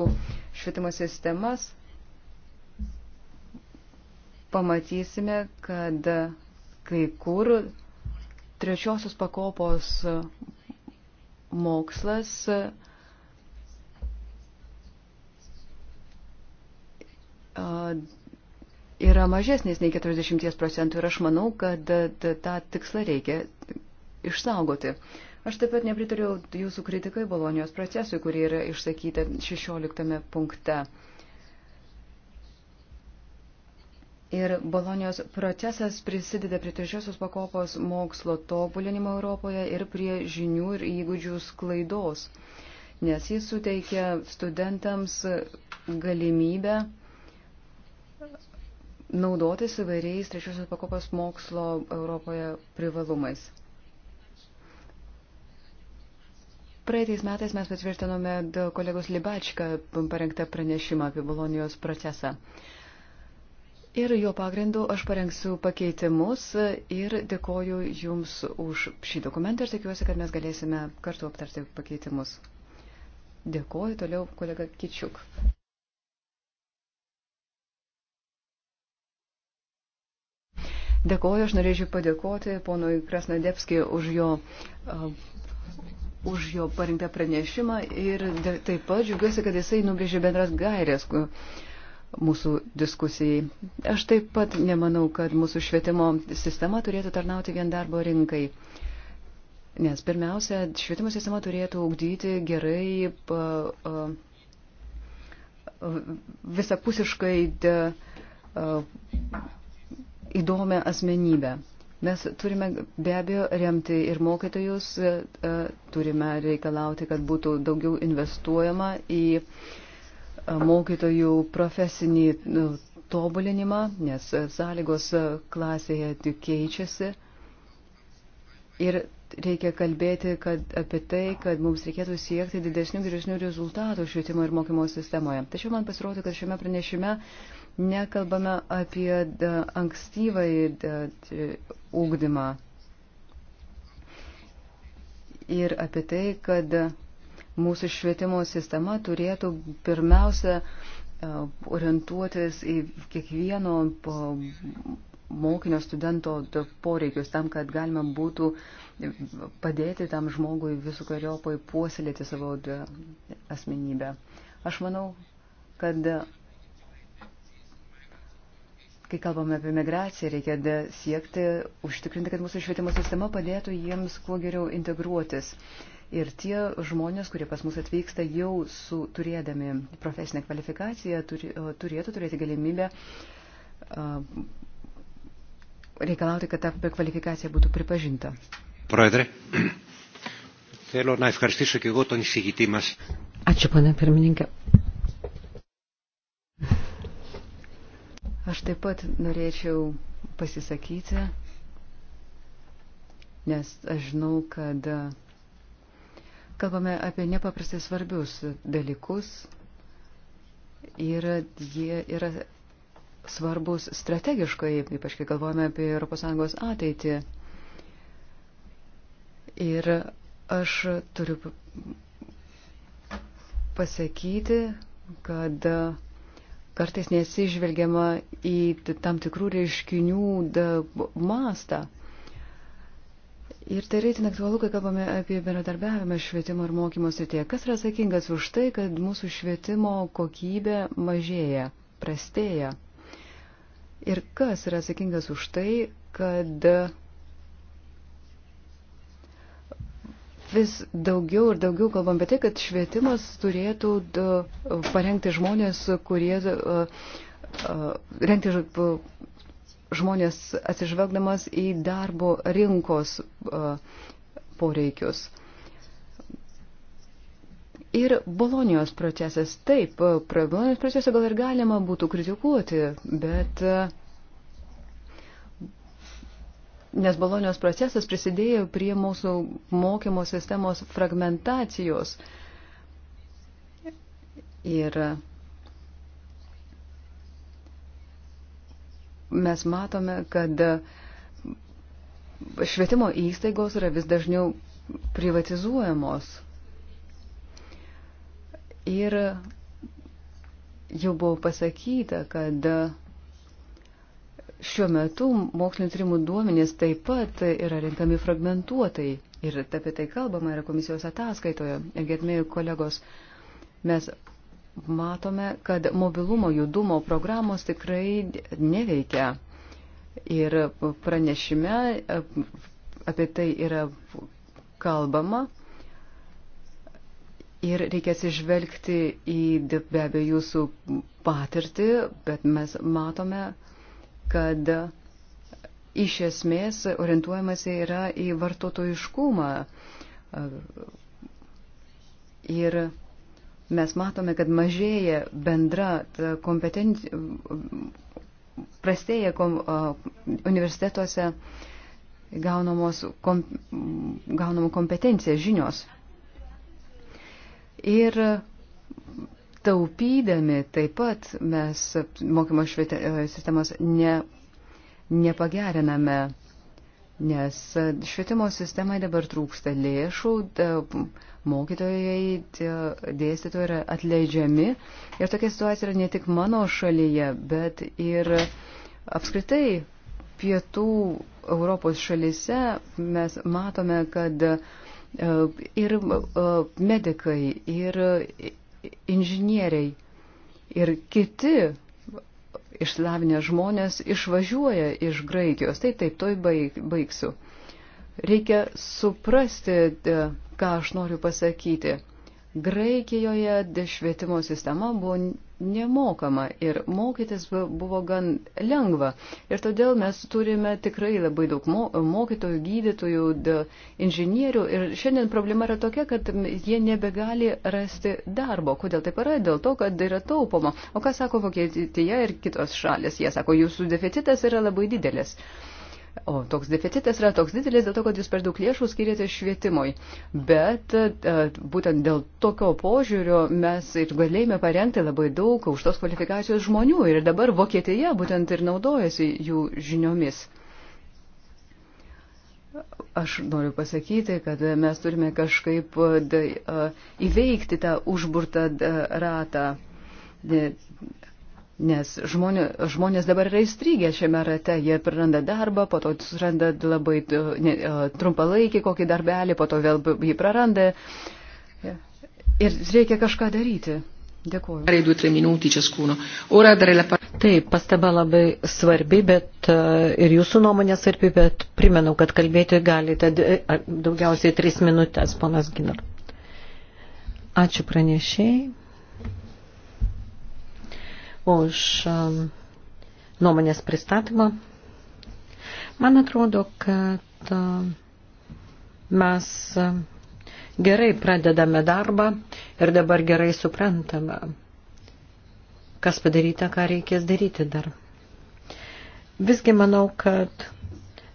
švietimo sistemas, pamatysime, kad kai kur trečiosios pakopos mokslas yra mažesnis nei 40 procentų ir aš manau, kad tą tikslą reikia išsaugoti. Aš taip pat nepritariu jūsų kritikai Bolonijos procesui, kurį yra išsakyta 16 punkte. Ir Bolonijos procesas prisideda prie trečiosios pakopos mokslo tobulinimo Europoje ir prie žinių ir įgūdžių sklaidos, nes jis suteikia studentams galimybę naudotis įvairiais trečiosios pakopos mokslo Europoje privalumais. Praeitais metais mes patvirtinome kolegos Libačką parengtą pranešimą apie Bolonijos procesą. Ir jo pagrindu aš parengsiu pakeitimus ir dėkoju Jums už šį dokumentą ir tikiuosi, kad mes galėsime kartu aptarti pakeitimus. Dėkoju toliau kolega Kičiuk. Dėkoju, aš norėčiau padėkoti ponui Krasnodepskijui už jo uh, už jo parinktą pranešimą ir taip pat džiugiuosi, kad jisai nubrėžė bendras gairės, mūsų diskusijai. Aš taip pat nemanau, kad mūsų švietimo sistema turėtų tarnauti vien darbo rinkai. Nes pirmiausia, švietimo sistema turėtų ugdyti gerai, visapusiškai įdomią asmenybę. Mes turime be abejo remti ir mokytojus, turime reikalauti, kad būtų daugiau investuojama į uh, mokytojų profesinį nu, tobulinimą, nes sąlygos klasėje tik keičiasi. Ir reikia kalbėti kad, apie tai, kad mums reikėtų siekti didesnių geresnių rezultatų švietimo ir mokymo sistemoje. Tačiau man pasirodo, kad šiame pranešime nekalbame apie ankstyvąjį ūkdymą ir apie tai, kad Mūsų švietimo sistema turėtų pirmiausia e, orientuotis į kiekvieno mokinio studento poreikius tam, kad galima būtų padėti tam žmogui visokiojopai puoselėti savo asmenybę. Aš manau, kad kai kalbame apie migraciją, reikia siekti užtikrinti, kad mūsų švietimo sistema padėtų jiems kuo geriau integruotis. Uh, Ir tie žmonės, kurie pas mus atvyksta jau su, turėdami profesinę kvalifikaciją, turi, turėtų turėti galimybę uh, reikalauti, kad ta kvalifikacija būtų pripažinta. Proedre, θέλω να ευχαριστήσω και εγώ τον εισηγητή μας. Ačiū, pane pirmininkė. Aš taip pat norėčiau pasisakyti, nes aš žinau, kad uh, kalbame apie nepaprastai svarbius dalykus ir jie yra svarbus strategiškai, ypač kai galvojame apie ES ateitį. Ir aš turiu pasakyti, kad kartais nesižvelgiama į tam tikrų reiškinių mastą. Ir tai reitin aktualu, kai kalbame apie bendradarbiavimą švietimo ir mokymo srityje. Kas yra atsakingas už tai, kad mūsų švietimo kokybė mažėja, prastėja? Ir kas yra atsakingas už tai, kad vis daugiau ir daugiau kalbam apie tai, kad švietimas turėtų parengti žmonės, kurie rengti žmonės atsižvelgdamas į darbo rinkos e, poreikius. Ir Bolonijos procesas, taip, e, Bolonijos procesą gal ir galima būtų kritikuoti, bet e, nes Bolonijos procesas prisidėjo prie mūsų mokymo sistemos fragmentacijos. Ir mes matome, kad švietimo įstaigos yra vis dažniau privatizuojamos. Ir jau buvo pasakyta, kad šiuo metu mokslinio tyrimų duomenys taip pat yra renkami fragmentuotai. Ir apie tai kalbama yra komisijos ataskaitoje. Ir gerbėjai kolegos, mes matome, kad mobilumo judumo programos tikrai neveikia. Ir pranešime e, apie tai yra kalbama. Ir reikia atsižvelgti į be abejo jūsų patirtį, bet mes matome, kad iš esmės orientuojamasi yra į vartotojiškumą. E, ir mes matome, kad mažėja bendra kompetencija, prastėja kom, universitetuose gaunamos kom, gaunamo kompetencija žinios. Ir taupydami taip pat mes mokymo švietė, sistemos ne, nepageriname, nes švietimo sistemai dabar trūksta lėšų. Da, mokytojai, dėstytojai yra atleidžiami. Ir tokia situacija yra ne tik mano šalyje, bet ir apskritai pietų Europos šalyse mes matome, kad e, ir e, medikai, ir inžinieriai, ir kiti išsilavinę žmonės išvažiuoja iš Graikijos. Tai taip, taip, toj baigsiu. Reikia suprasti, e, ką aš noriu pasakyti. Graikijoje švietimo sistema buvo nemokama ir mokytis buvo gan lengva. Ir todėl mes turime tikrai labai daug mokytojų, gydytojų, inžinierių. Ir šiandien problema yra tokia, kad jie nebegali rasti darbo. Kodėl taip yra? Dėl to, kad yra taupoma. O ką sako Vokietija ir kitos šalis? Jie sako, jūsų deficitas yra labai didelis. Uh, O toks deficitas yra toks didelis dėl to, kad jūs per daug lėšų skiriate švietimui. Bet e, būtent dėl tokio požiūrio mes ir galėjome parengti labai daug aukštos kvalifikacijos žmonių ir dabar Vokietija būtent ir naudojasi jų žiniomis. Aš noriu pasakyti, kad mes turime kažkaip e, e, įveikti tą užburtą ratą Nes žmonė, žmonės dabar yra įstrigę šiame rate, jie praranda darbą, po to suranda labai e, ne, e, trumpalaikį kokį darbelį, po to vėl jį praranda. Ir reikia kažką daryti. Dėkuoju. Taip, pastaba labai svarbi, bet e, ir jūsų nuomonė svarbi, bet primenau, kad kalbėti galite daugiausiai tris minutės, ponas Ginar. Ačiū pranešėjai už um, nuomonės pristatymą. Man atrodo, kad um, mes um, gerai pradedame darbą ir dabar gerai suprantame, kas padaryta, ką reikės daryti dar. Visgi manau, kad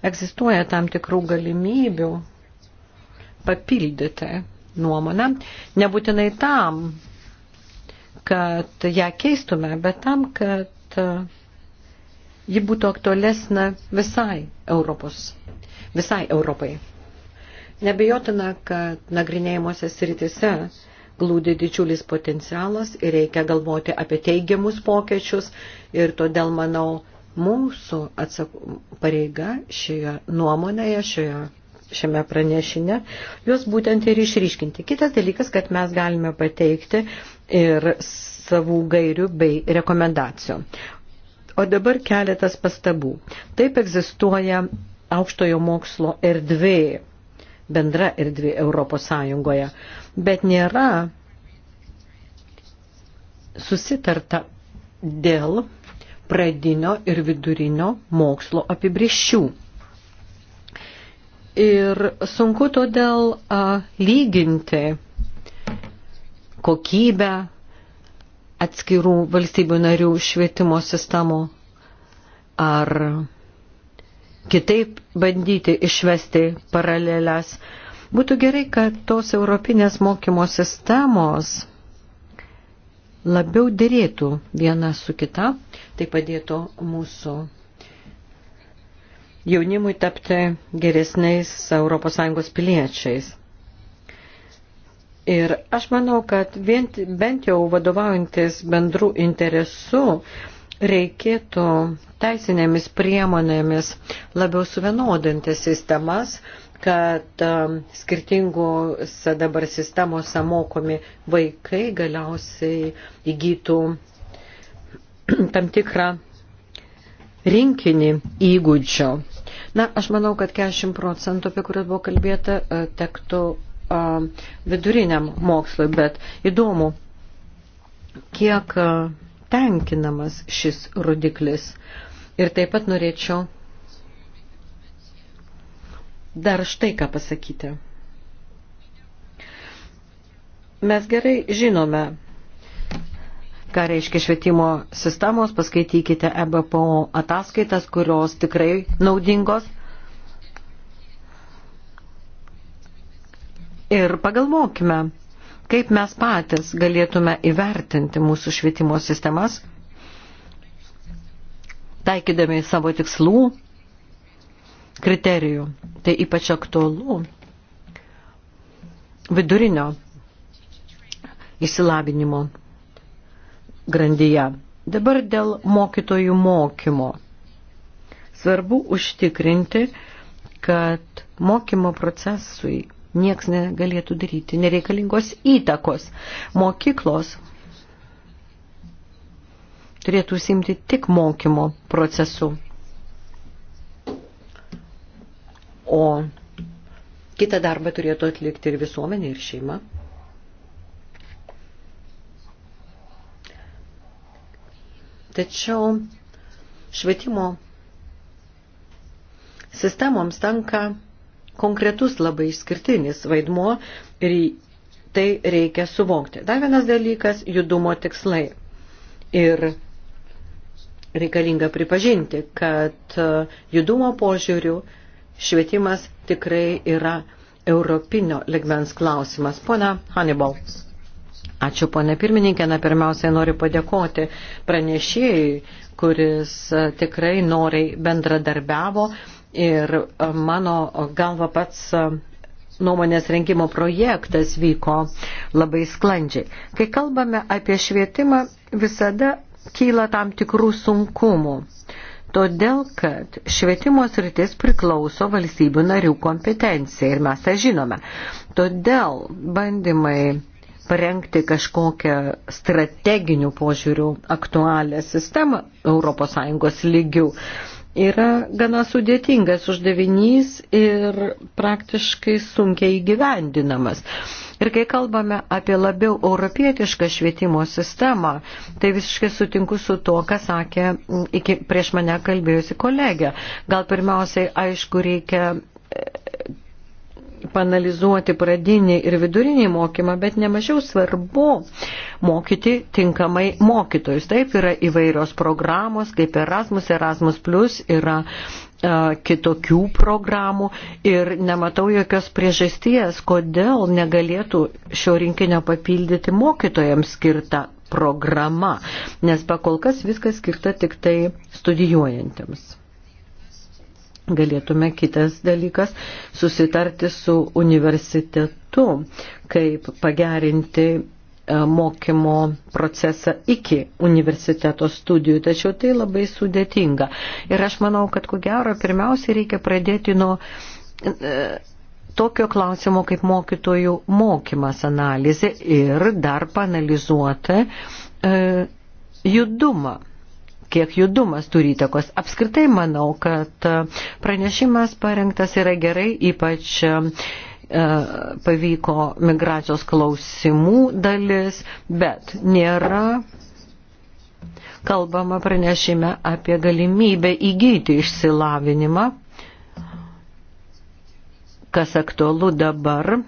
egzistuoja tam tikrų galimybių papildyti nuomonę, nebūtinai tam, kad ją keistume, bet tam, kad e, ji būtų aktualesnė visai Europos, visai Europai. Nebejotina, kad nagrinėjimuose sritise glūdi didžiulis potencialas ir reikia galvoti apie teigiamus pokyčius ir todėl manau mūsų atsak... pareiga šioje nuomonėje, šioje šiame pranešinė, juos būtent ir išryškinti. Kitas dalykas, kad mes galime pateikti ir savų gairių bei rekomendacijų. O dabar keletas pastabų. Taip egzistuoja aukštojo mokslo erdvė, bendra erdvė Europos Sąjungoje, bet nėra susitarta dėl pradinio ir vidurinio mokslo apibrišių. Ir sunku todėl a, lyginti kokybę atskirų valstybių narių švietimo sistemų ar kitaip bandyti išvesti paralelės. Būtų gerai, kad tos europinės mokymo sistemos labiau dėrėtų viena su kita, tai padėtų mūsų jaunimui tapti geresniais ES piliečiais. Ir aš manau, kad vien, bent jau vadovaujantis bendrų interesų reikėtų teisinėmis priemonėmis labiau suvienodinti sistemas, kad um, skirtingose dabar sistemose mokomi vaikai galiausiai įgytų tam tikrą rinkinį įgūdžių. Na, aš manau, kad 40 procentų, apie kuriuos buvo kalbėta, e, tektų viduriniam mokslui, bet įdomu, kiek tenkinamas šis rodiklis. Ir taip pat norėčiau dar štai ką pasakyti. Mes gerai žinome, ką reiškia švietimo sistemos, paskaitykite EBPO ataskaitas, kurios tikrai naudingos Ir pagalvokime, kaip mes patys galėtume įvertinti mūsų švietimo sistemas, taikydami savo tikslų kriterijų. Tai ypač aktualu vidurinio įsilavinimo grandyje. Dabar dėl mokytojų mokymo. Svarbu užtikrinti, kad mokymo procesui nieks negalėtų daryti nereikalingos įtakos. Mokyklos turėtų simti tik mokymo procesu. O kitą darbą turėtų atlikti ir visuomenė, ir šeima. Tačiau švietimo sistemoms tenka konkretus labai išskirtinis vaidmuo ir tai reikia suvokti. Dar vienas dalykas – judumo tikslai. Ir reikalinga pripažinti, kad e, judumo požiūrių švietimas tikrai yra europinio ligmens klausimas. Pone Hannibal. Ačiū, ponė pirmininkė. Na, pirmiausiai noriu padėkoti pranešėjai, kuris e, tikrai noriai bendradarbiavo Ir e, mano galva pats e, nuomonės rengimo projektas vyko labai sklandžiai. Kai kalbame apie švietimą, visada kyla tam tikrų sunkumų. Todėl, kad švietimo sritis priklauso valstybių narių kompetencijai ir mes tą žinome. Todėl bandymai parengti kažkokią strateginių požiūrių aktualią sistemą ES lygių yra gana sudėtingas uždavinys ir praktiškai sunkiai įgyvendinamas. Ir kai kalbame apie labiau europietišką švietimo sistemą, tai visiškai sutinku su to, ką sakė iki prieš mane kalbėjusi kolegė. Gal pirmiausiai, aišku, reikia panalizuoti pradinį ir vidurinį mokymą, bet nemažiau svarbu mokyti tinkamai mokytojus. Taip yra įvairios programos, kaip Erasmus, Erasmus Plus yra e, kitokių programų ir nematau jokios priežasties, kodėl negalėtų šio rinkinio papildyti mokytojams skirtą programą, nes pakol kas viskas skirta tik tai studijuojantiems galėtume kitas dalykas susitarti su universitetu, kaip pagerinti e, mokymo procesą iki universiteto studijų, tačiau tai labai sudėtinga. Ir aš manau, kad ko gero pirmiausia reikia pradėti nuo e, tokio klausimo kaip mokytojų mokymas analizė ir dar panalizuoti e, judumą kiek judumas turi įtakos. Apskritai manau, kad e, pranešimas parengtas yra gerai, ypač e, e, pavyko migracijos klausimų dalis, bet nėra kalbama pranešime apie galimybę įgyti išsilavinimą, kas aktualu dabar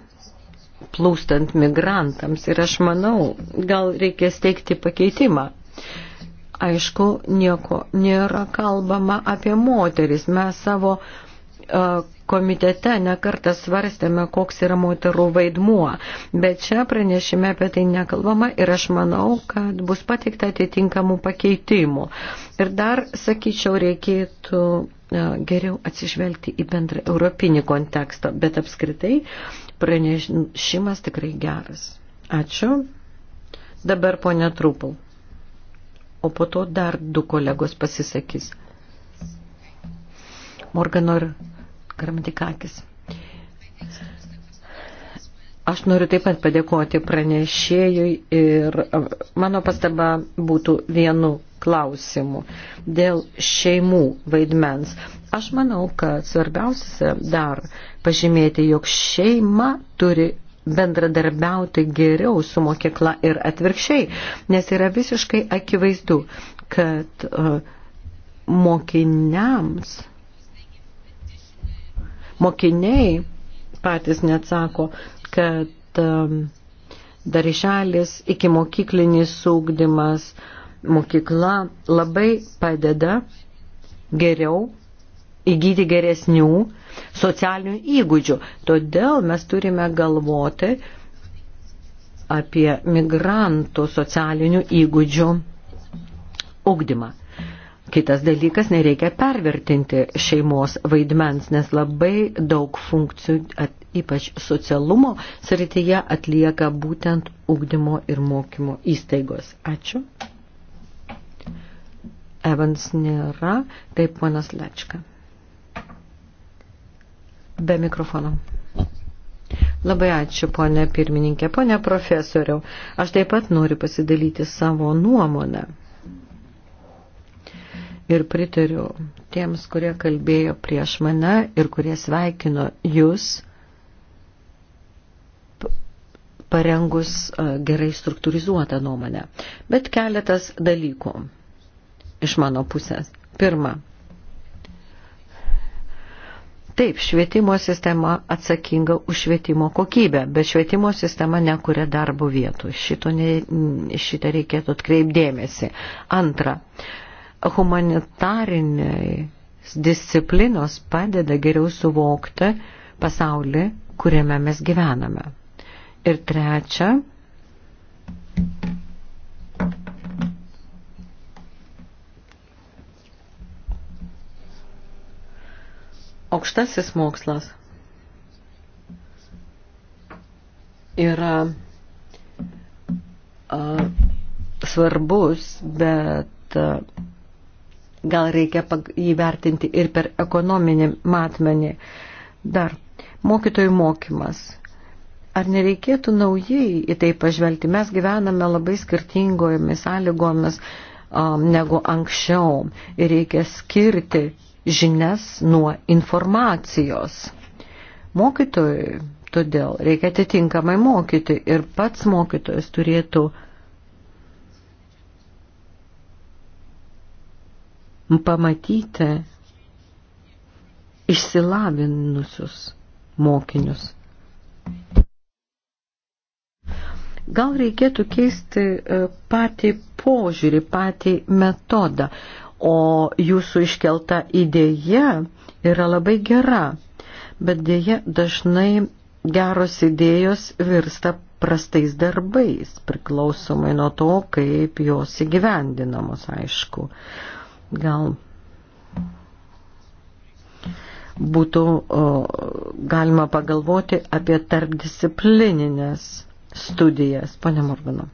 plūstant migrantams. Ir aš manau, gal reikės teikti pakeitimą aišku, nieko nėra kalbama apie moteris. Mes savo e, komitete nekartą svarstėme, koks yra moterų vaidmuo, bet čia pranešime apie tai nekalbama ir aš manau, kad bus pateikta atitinkamų pakeitimų. Ir dar, sakyčiau, reikėtų e, geriau atsižvelgti į bendrą europinį kontekstą, bet apskritai pranešimas tikrai geras. Ačiū. Dabar ponia Trupul o po to dar du kolegos pasisakys. Morgano ir Gramdikakis. Aš noriu taip pat padėkoti pranešėjui ir mano pastaba būtų vienu klausimu dėl šeimų vaidmens. Aš manau, kad svarbiausia dar pažymėti, jog šeima turi bendradarbiauti geriau su mokykla ir atvirkščiai, nes yra visiškai akivaizdu, kad e, mokiniams, mokiniai patys neatsako, kad e, darželis, iki mokyklinis sūkdymas, mokykla labai padeda geriau įgyti geresnių socialinių įgūdžių. Todėl mes turime galvoti apie migrantų socialinių įgūdžių ugdymą. Kitas dalykas, nereikia pervertinti šeimos vaidmens, nes labai daug funkcijų, at, ypač socialumo srityje, atlieka būtent ugdymo ir mokymo įstaigos. Ačiū. Evans nėra, taip ponas Lečka be mikrofono. Labai ačiū, ponė pirmininkė, ponė profesoriau. Aš taip pat noriu pasidalyti savo nuomonę. Ir pritariu tiems, kurie kalbėjo prieš mane ir kurie sveikino jūs parengus gerai struktūrizuotą nuomonę. Bet keletas dalykų iš mano pusės. Pirma, Taip, švietimo sistema atsakinga už švietimo kokybę, bet švietimo sistema nekuria darbo vietų. Šito ne, šitą reikėtų atkreipdėmėsi. Antra, humanitariniai disciplinos padeda geriau suvokti pasaulį, kuriame mes gyvename. Ir trečia, aukštasis mokslas yra a, svarbus, bet a, gal reikia įvertinti ir per ekonominį matmenį. Dar mokytojų mokymas. Ar nereikėtų naujai į tai pažvelgti? Mes gyvename labai skirtingojomis sąlygomis um, negu anksčiau ir reikia skirti žinias nuo informacijos. Mokytojui todėl reikia atitinkamai mokyti ir pats mokytojas turėtų pamatyti išsilavinusius mokinius. Gal reikėtų keisti e, patį požiūrį, patį metodą. O jūsų iškelta idėja yra labai gera, bet dėja dažnai geros idėjos virsta prastais darbais, priklausomai nuo to, kaip jos įgyvendinamos, aišku. Gal būtų o, galima pagalvoti apie tarpdisciplininės studijas, ponia Morgano.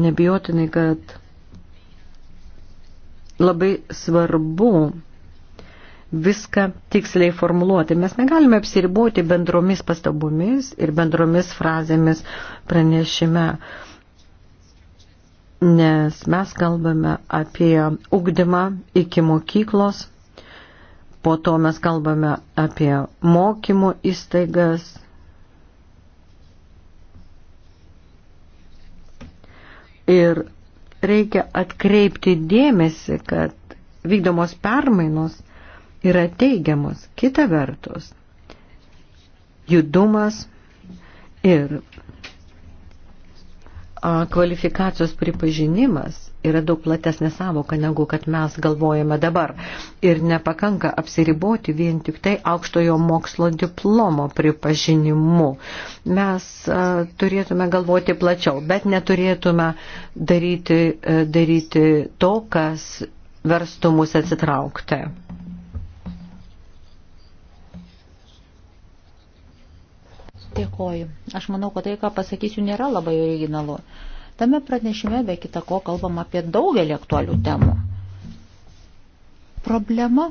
Nebijotinai, kad labai svarbu viską tiksliai formuluoti. Mes negalime apsiriboti bendromis pastabomis ir bendromis frazėmis pranešime, nes mes kalbame apie ugdymą iki mokyklos, po to mes kalbame apie mokymo įstaigas. Ir reikia atkreipti dėmesį, kad vykdomos permainos yra teigiamos. Kita vertus, judumas ir kvalifikacijos pripažinimas yra daug platesnė savoka, negu kad mes galvojame dabar. Ir nepakanka apsiriboti vien tik tai aukštojo mokslo diplomo pripažinimu. Mes a, turėtume galvoti plačiau, bet neturėtume daryti, a, daryti to, kas verstų mus atsitraukti. Dėkoju. Aš manau, kad tai, ką pasakysiu, nėra labai originalu. Uh, Tame pranešime be kita ko kalbam apie daugelį aktualių temų. Problema,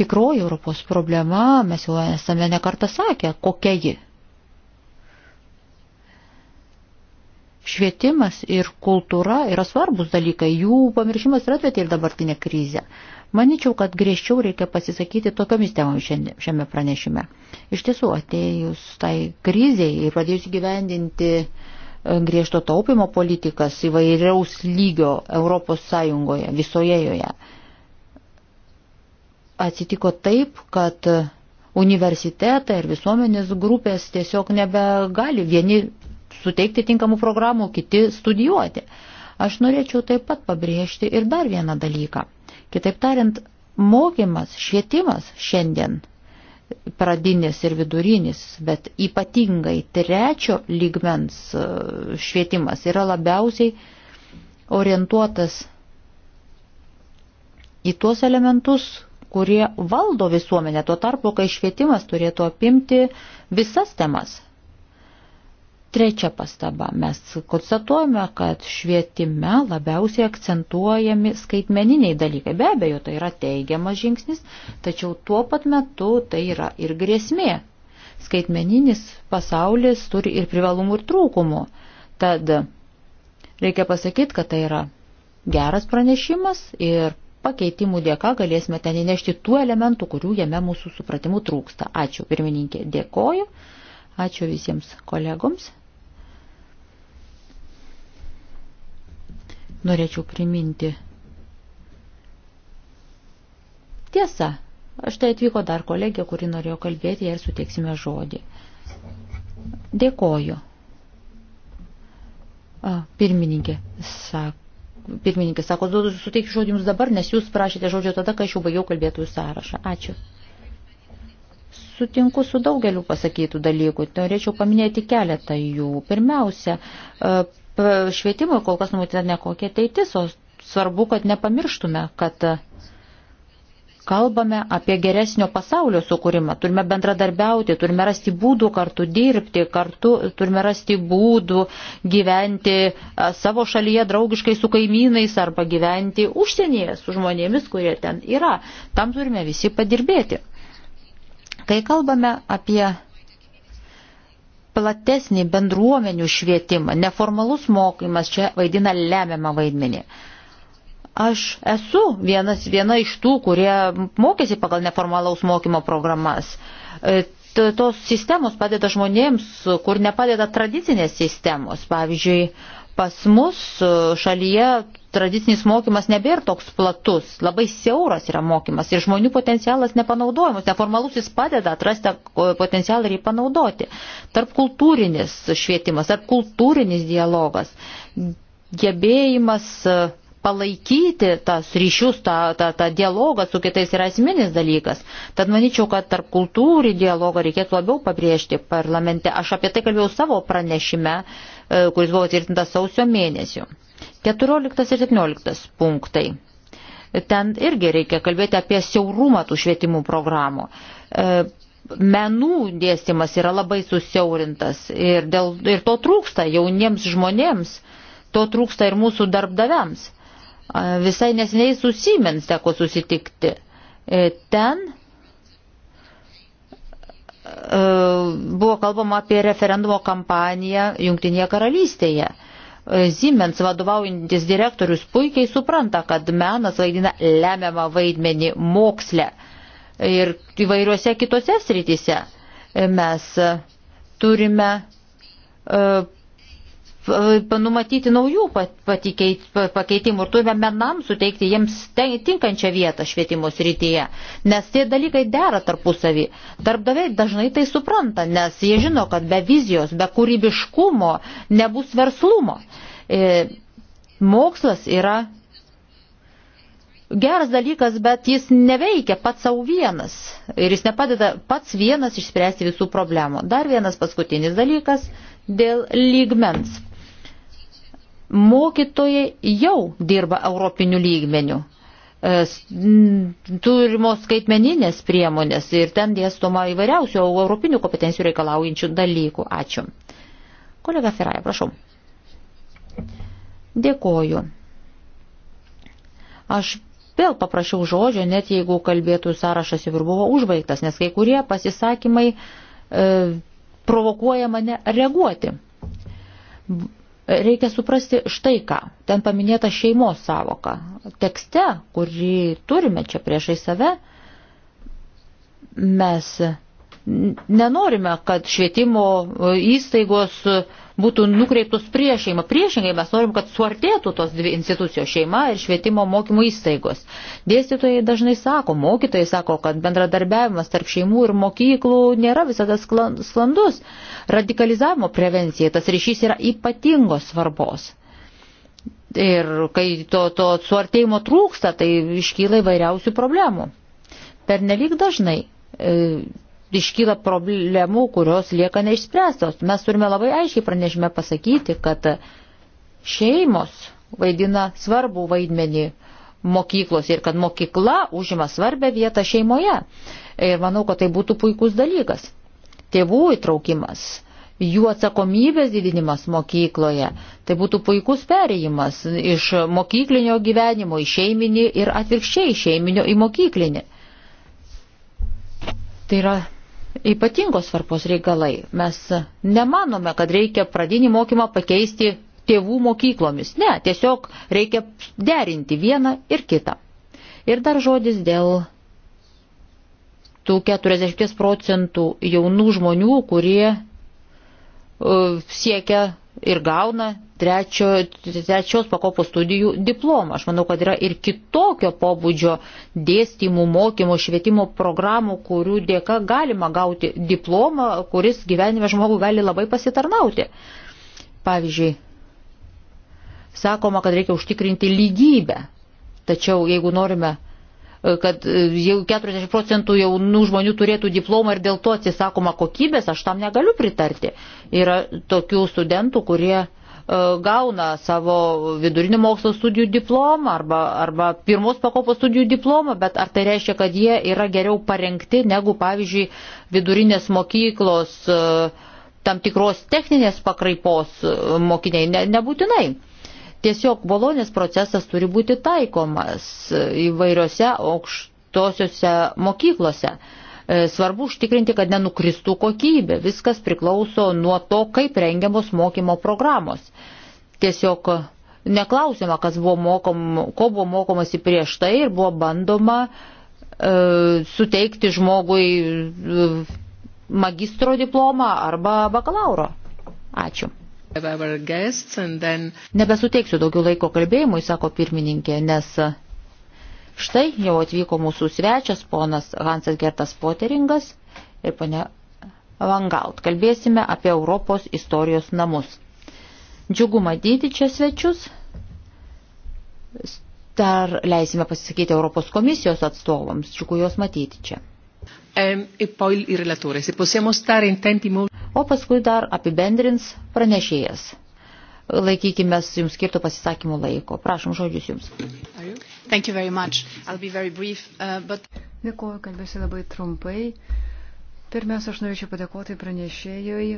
tikroji Europos problema, mes jau esame nekartą sakę, kokia ji. Švietimas ir kultūra yra svarbus dalykai, jų pamiršimas yra atvietė ir dabartinė krizė. Maničiau, kad griežčiau reikia pasisakyti tokiamis temomis šiame pranešime. Iš tiesų, atėjus tai kriziai ir pradėjus gyvendinti uh, griežto taupimo politikas įvairiaus lygio ES visoje joje. Atsitiko taip, kad universitetai ir visuomenės grupės tiesiog nebegali vieni suteikti tinkamų programų, kiti studijuoti. Aš norėčiau taip pat pabrėžti ir dar vieną dalyką. Kitaip tariant, mokymas, švietimas šiandien pradinis ir vidurinis, bet ypatingai trečio lygmens e, švietimas yra labiausiai orientuotas į tuos elementus, kurie valdo visuomenę, tuo tarpu, kai švietimas turėtų apimti visas temas. Trečia pastaba. Mes konstatuojame, kad švietime labiausiai akcentuojami skaitmeniniai dalykai. Be abejo, tai yra teigiamas žingsnis, tačiau tuo pat metu tai yra ir grėsmė. Skaitmeninis pasaulis turi ir privalumų, ir trūkumų. Tad reikia pasakyti, kad tai yra geras pranešimas ir pakeitimų dėka galėsime ten įnešti tų elementų, kurių jame mūsų supratimu trūksta. Ačiū pirmininkė, dėkoju. Ačiū visiems kolegoms. norėčiau priminti. Tiesa, aš tai atvyko dar kolegė, kuri norėjo kalbėti ir suteiksime žodį. Dėkoju. A, pirmininkė, sako pirmininkė sako, suteiksiu žodį jums dabar, nes jūs prašėte žodžio tada, kai aš jau baigiau kalbėtojų sąrašą. Ačiū. Sutinku su daugeliu pasakytų dalykų, norėčiau paminėti keletą jų. Pirmiausia, švietimui kol kas numatyta nekokia ateitis, o svarbu, kad nepamirštume, kad kalbame apie geresnio pasaulio sukūrimą. Turime bendradarbiauti, turime rasti būdų kartu dirbti, kartu turime rasti būdų gyventi e, savo šalyje draugiškai su kaimynais arba gyventi užsienyje su žmonėmis, kurie ten yra. Tam turime visi padirbėti. Kai kalbame apie platesnį bendruomenių švietimą. Neformalus mokymas čia vaidina lemiamą vaidmenį. Aš esu vienas, viena iš tų, kurie mokėsi pagal neformalaus mokymo programas. E, tos sistemos padeda žmonėms, kur nepadeda tradicinės sistemos. Pavyzdžiui, Pas mus e, šalyje tradicinis mokymas nebėra toks platus, labai siauras yra mokymas ir žmonių potencialas nepanaudojamas, neformalus jis padeda atrasti e, potencialą ir jį panaudoti. Tarp kultūrinis švietimas, tarp kultūrinis dialogas, gebėjimas e, palaikyti tas ryšius, tą, tą, tą dialogą su kitais yra esminis dalykas. Tad manyčiau, kad tarp kultūrį dialogą reikėtų labiau pabrėžti parlamente. Aš apie tai kalbėjau savo pranešime. Uh, E, kuris buvo tvirtintas sausio mėnesio. 14 ir 17 punktai. Ten irgi reikia kalbėti apie siaurumą tų švietimų programų. E, menų dėstymas yra labai susiaurintas ir, dėl, ir to trūksta jauniems žmonėms, to trūksta ir mūsų darbdaviams. E, visai nesiniai su Siemens teko susitikti. Ten E, buvo kalbama apie referendumo kampaniją Junktinėje karalystėje. E, Siemens vadovaujantis direktorius puikiai supranta, kad menas vaidina lemiamą vaidmenį moksle ir įvairiuose kitose srityse. E, mes turime numatyti naujų patikeit, pakeitimų ir turime menam suteikti jiems tinkančią vietą švietimo srityje, nes tie dalykai dera tarpusavį. Darbdaviai dažnai tai supranta, nes jie žino, kad be vizijos, be kūrybiškumo nebus verslumo. E, mokslas yra geras dalykas, bet jis neveikia pats savo vienas ir jis nepadeda pats vienas išspręsti visų problemų. Dar vienas paskutinis dalykas dėl lygmens. Mokytojai jau dirba europinių lygmenių. E, turimos skaitmeninės priemonės ir ten dėstoma įvairiausių europinių kompetencijų reikalaujančių dalykų. Ačiū. Kolega Feraja, prašau. Dėkoju. Aš vėl paprašiau žodžio, net jeigu kalbėtų sąrašas jau ir buvo užbaigtas, nes kai kurie pasisakymai e, provokuoja mane reaguoti. Reikia suprasti štai ką. Ten paminėta šeimos savoka. Tekste, kurį turime čia priešai save, mes nenorime, kad švietimo įstaigos būtų nukreiptos prieš šeimą. Priešingai mes norim, kad suartėtų tos dvi institucijos - šeima ir švietimo mokymo įstaigos. Dėstytojai dažnai sako, mokytojai sako, kad bendradarbiavimas tarp šeimų ir mokyklų nėra visada sklandus. Radikalizavimo prevencija tas ryšys yra ypatingos svarbos. Ir kai to, to suartėjimo trūksta, tai iškyla įvairiausių problemų. Per nelik dažnai e, iškyla problemų, kurios lieka neišspręstos. Mes turime labai aiškiai pranešime pasakyti, kad šeimos vaidina svarbų vaidmenį mokyklos ir kad mokykla užima svarbę vietą šeimoje. Ir manau, kad tai būtų puikus dalykas. Tėvų įtraukimas, jų atsakomybės didinimas mokykloje, tai būtų puikus perėjimas iš mokyklinio gyvenimo į šeiminį ir atvirkščiai šeiminio į mokyklinį. Tai yra ypatingos svarbos reikalai. Mes nemanome, kad reikia pradinį mokymą pakeisti tėvų mokyklomis. Ne, tiesiog reikia derinti vieną ir kitą. Ir dar žodis dėl tų 40 procentų jaunų žmonių, kurie e, siekia ir gauna trečio, trečios pakopos studijų diplomą. Aš manau, kad yra ir kitokio pobūdžio dėstymų, mokymo, švietimo programų, kurių dėka galima gauti diplomą, kuris gyvenime žmogų gali labai pasitarnauti. Pavyzdžiui, sakoma, kad reikia užtikrinti lygybę. Tačiau jeigu norime kad jau 40 procentų jaunų žmonių turėtų diplomą ir dėl to atsisakoma kokybės, aš tam negaliu pritarti. Yra tokių studentų, kurie E, gauna savo vidurinio mokslo studijų diplomą arba, arba pirmos pakopos studijų diplomą, bet ar tai reiškia, kad jie yra geriau parengti negu, pavyzdžiui, vidurinės mokyklos e, tam tikros techninės pakraipos e, mokiniai? Ne, nebūtinai. Tiesiog bolonės procesas turi būti taikomas įvairiose aukštosiuose mokyklose. Uh, E, svarbu užtikrinti, kad nenukristų kokybė. Viskas priklauso nuo to, kaip rengiamos mokymo programos. Tiesiog neklausima, kas buvo mokom, ko buvo mokomasi prieš tai ir buvo bandoma e, suteikti žmogui e, magistro diplomą arba bakalauro. Ačiū. Nebesuteiksiu daugiau laiko kalbėjimui, sako pirmininkė, nes Štai jau atvyko mūsų svečias, ponas Hansas Gertas Poteringas ir ponia Vangaut. Kalbėsime apie Europos istorijos namus. Džiugu matyti čia svečius. Dar leisime pasisakyti Europos komisijos atstovams. Džiugu juos matyti čia. Ehm, e o paskui dar apibendrins pranešėjas laikykime jums skirto pasisakymų laiko. Prašom žodžius jums. Brief, uh, but... Dėkuoju, kalbėsiu labai trumpai. Pirmiausia, aš norėčiau padėkoti pranešėjui,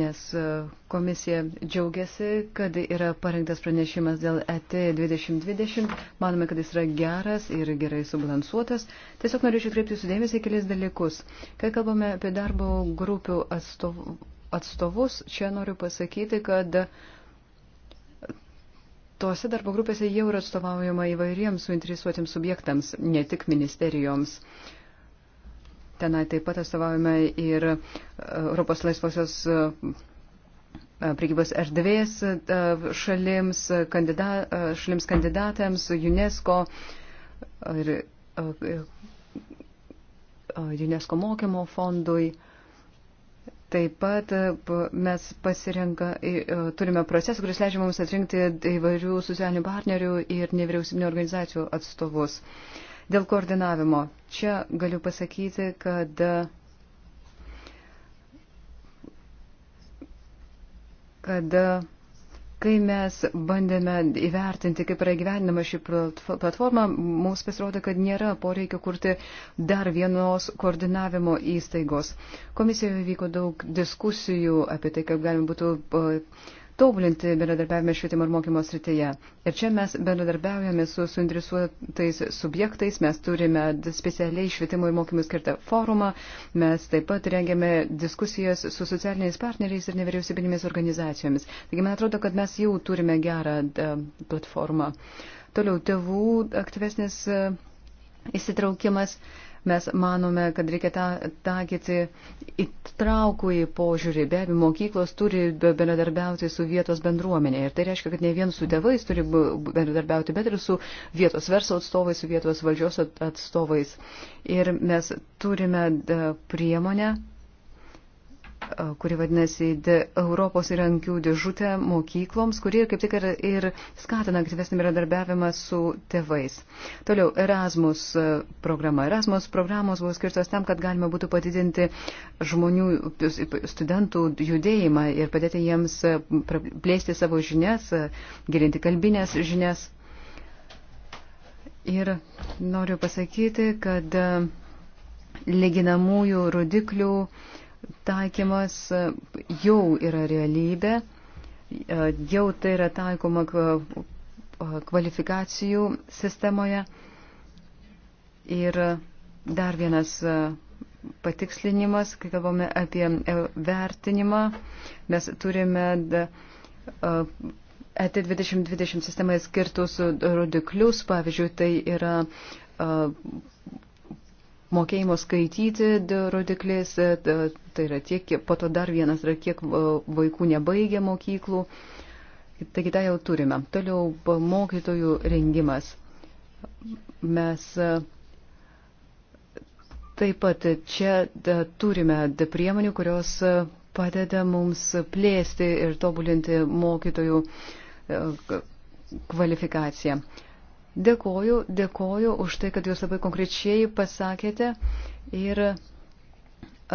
nes uh, komisija džiaugiasi, kad yra parengtas pranešimas dėl ET 2020. Manome, kad jis yra geras ir gerai subalansuotas. Tiesiog norėčiau kreipti sudėmėsi kelias dalykus. Kai kalbame apie darbo grupių atstovus, čia noriu pasakyti, kad uh, tose darbo grupėse jau yra atstovaujama įvairiems suinteresuotiems subjektams, ne tik ministerijoms. Tenai taip pat atstovaujame ir e, Europos laisvosios e, e, prekybos erdvės šalims, kandida, šalims kandidatams, UNESCO ir UNESCO mokymo fondui. Taip pat e, mes pasirenka, e, e, turime procesą, kuris leidžia mums atrinkti įvairių socialinių partnerių ir nevyriausybinio organizacijų atstovus. Dėl koordinavimo. Čia galiu pasakyti, kad kad Kai mes bandėme įvertinti, kaip yra gyvenama ši platforma, mums pasirodė, kad nėra poreikio kurti dar vienos koordinavimo įstaigos. Komisijoje vyko daug diskusijų apie tai, kaip galima būtų. Uh, tobulinti bendradarbiavimą švietimo ir mokymo srityje. Ir čia mes bendradarbiaujame su suinteresuotais subjektais, mes turime specialiai švietimo ir mokymui skirtą forumą, mes taip pat rengiame diskusijas su socialiniais partneriais ir nevyriausybinėmis organizacijomis. Taigi, man atrodo, kad mes jau turime gerą e, platformą. Toliau, tėvų aktyvesnis e, įsitraukimas. Uh, Mes manome, kad reikia taikyti įtraukųjį požiūrį. Be abejo, mokyklos turi bendradarbiauti su vietos bendruomenė. Ir tai reiškia, kad ne vien su tėvais turi bendradarbiauti, bet ir su vietos verslo atstovais, su vietos valdžios atstovais. Ir mes turime priemonę E, kuri vadinasi Europos įrankių dėžutė mokykloms, kuri kaip tik ir, ir skatina aktyvesnį bendradarbiavimą su tėvais. Toliau Erasmus e, programa. Erasmus programos buvo skirtos tam, kad galima būtų padidinti žmonių, studentų judėjimą ir padėti jiems e, plėsti savo žinias, gilinti kalbinės žinias. Ir noriu pasakyti, kad lyginamųjų rodiklių uh, taikymas e, jau yra realybė, e, jau tai yra taikoma e, kvalifikacijų sistemoje. Ir dar vienas patikslinimas, kai kalbame apie vertinimą, mes turime ET 2020 sistemai skirtus rodiklius, pavyzdžiui, tai yra mokėjimo skaityti rodiklis, e, tai yra tiek, po to dar vienas yra, kiek e, vaikų nebaigia mokyklų. Taigi tą jau turime. Toliau mokytojų rengimas. Mes e, taip pat čia turime priemonių, kurios padeda mums plėsti ir tobulinti mokytojų kvalifikaciją. Dėkoju, dėkoju už tai, kad jūs labai konkrečiai pasakėte ir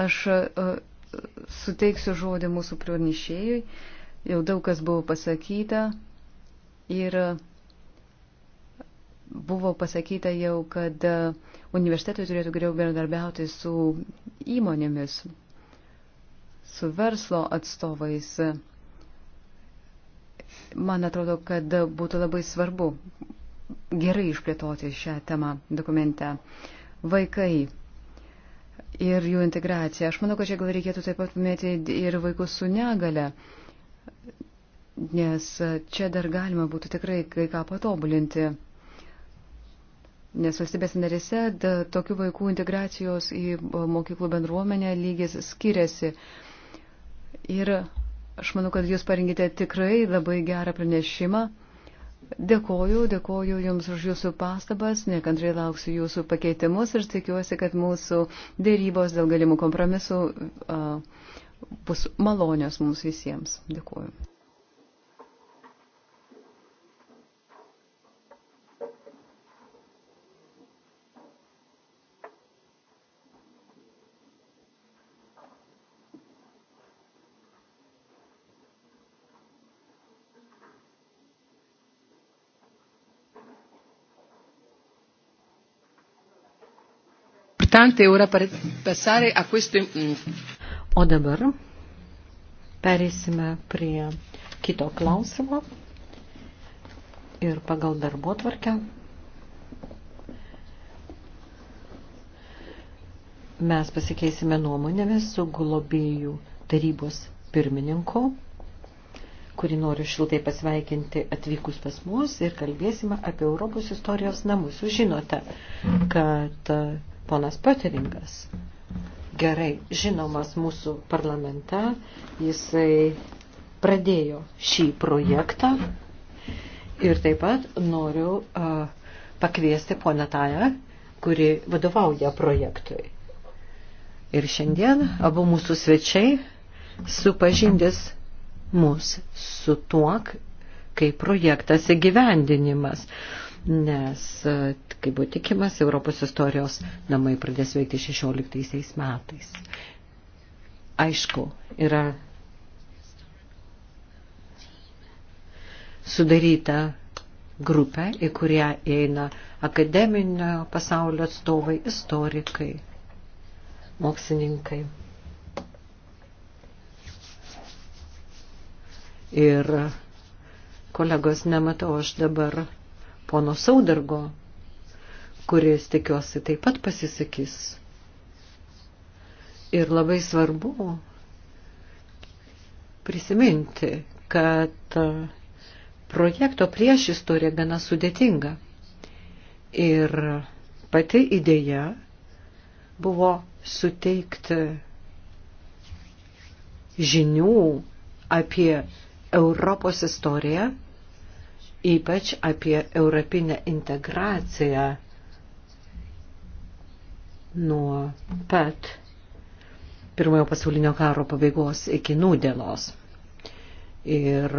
aš e, suteiksiu žodį mūsų pranešėjui. Jau daug kas buvo pasakyta ir buvo pasakyta jau, kad e, universitetai turėtų geriau bendradarbiauti su įmonėmis, su verslo atstovais. Man atrodo, kad būtų labai svarbu gerai išplėtoti šią temą dokumente. Vaikai ir jų integracija. Aš manau, kad čia gal reikėtų taip pat paminėti ir vaikus su negale, nes čia dar galima būtų tikrai kai ką patobulinti. Nes valstybės narėse tokių vaikų integracijos į mokyklų bendruomenę lygis skiriasi. Ir aš manau, kad jūs parengėte tikrai labai gerą pranešimą. Dėkoju, dėkoju Jums už Jūsų pastabas, nekantrai lauksiu Jūsų pakeitimus ir tikiuosi, kad mūsų dėrybos dėl galimų kompromisų uh, bus malonios mums visiems. Dėkoju. importante ora passare a questo. Mm. O dabar pereisime prie kito klausimo ir pagal darbo tvarkę mes pasikeisime nuomonėmis su globėjų tarybos pirmininku, kurį noriu šiltai pasveikinti atvykus pas mus ir kalbėsime apie Europos istorijos namus. Jūs žinote, kad ponas Pateringas, gerai žinomas mūsų parlamente, jisai pradėjo šį projektą ir taip pat noriu uh, pakviesti poną Tają, kuri vadovauja projektui. Ir šiandien abu mūsų svečiai supažindės mus su tuo, kaip projektas įgyvendinimas. Uh, nes, e, kaip buvo tikimas, Europos istorijos namai pradės veikti 16 metais. Aišku, yra sudaryta grupė, į kurią eina akademinio pasaulio atstovai, istorikai, mokslininkai. Ir kolegos nematau aš dabar pono Saudargo, kuris tikiuosi taip pat pasisakys. Ir labai svarbu prisiminti, kad e, projekto prieš istorija gana sudėtinga. Ir pati idėja buvo suteikti žinių apie Europos istoriją ypač apie europinę integraciją nuo pat pirmojo pasaulinio karo pabaigos iki nūdienos. Ir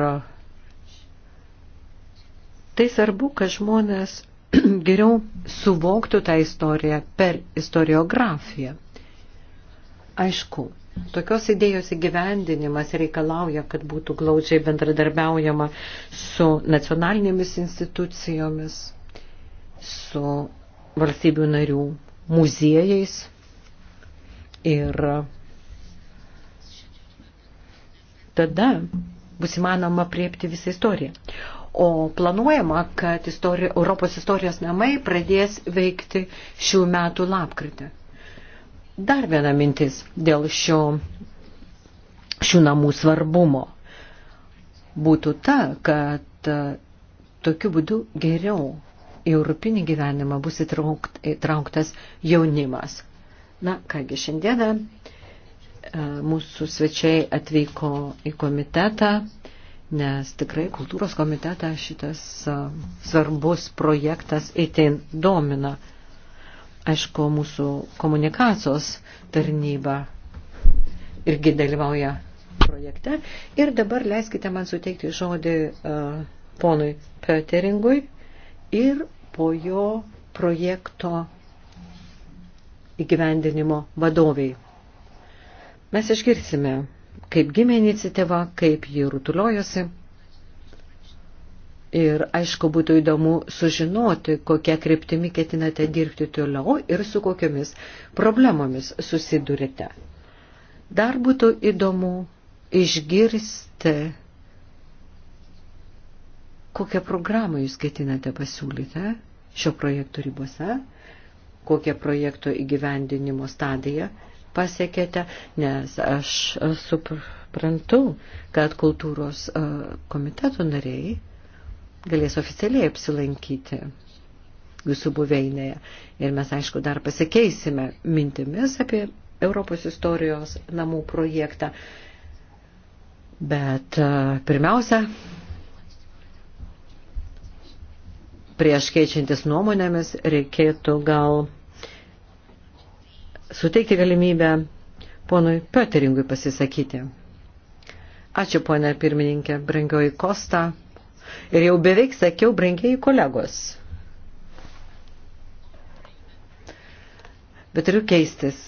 tai svarbu, kad žmonės geriau suvoktų tą istoriją per istoriografiją. Aišku, Tokios idėjos įgyvendinimas reikalauja, kad būtų glaudžiai bendradarbiaujama su nacionalinėmis institucijomis, su valstybių narių muziejais ir tada bus įmanoma priepti visą istoriją. O planuojama, kad istorija, Europos istorijos namai pradės veikti šių metų lapkritį. Dar viena mintis dėl šio, šių namų svarbumo būtų ta, kad e, tokiu būdu geriau į europinį gyvenimą bus įtraukt, įtrauktas jaunimas. Na, kągi, šiandieną e, mūsų svečiai atvyko į komitetą, nes tikrai kultūros komitetą šitas e, svarbus projektas įtin domina aišku, mūsų komunikacijos tarnyba irgi dalyvauja projekte. Ir dabar leiskite man suteikti žodį uh, ponui Pöteringui ir po jo projekto įgyvendinimo vadoviai. Mes išgirsime, kaip gimė iniciatyva, kaip ji rutuliojosi. Ir aišku, būtų įdomu sužinoti, kokia kryptimi ketinate dirbti toliau ir su kokiamis problemomis susidurite. Dar būtų įdomu išgirsti, kokią programą jūs ketinate pasiūlyti šio projekto ribose, kokią projekto įgyvendinimo stadiją pasiekėte, nes aš suprantu, kad kultūros e, komiteto nariai galės oficialiai apsilankyti jūsų buveinėje. Ir mes, aišku, dar pasikeisime mintimis apie Europos istorijos namų projektą. Bet e, pirmiausia, prieš keičiantis nuomonėmis reikėtų gal suteikti galimybę ponui Pöteringui pasisakyti. Ačiū, ponė pirmininkė, brangioji Kosta. Ir jau beveik sakiau, brangiai kolegos. Bet turiu keistis.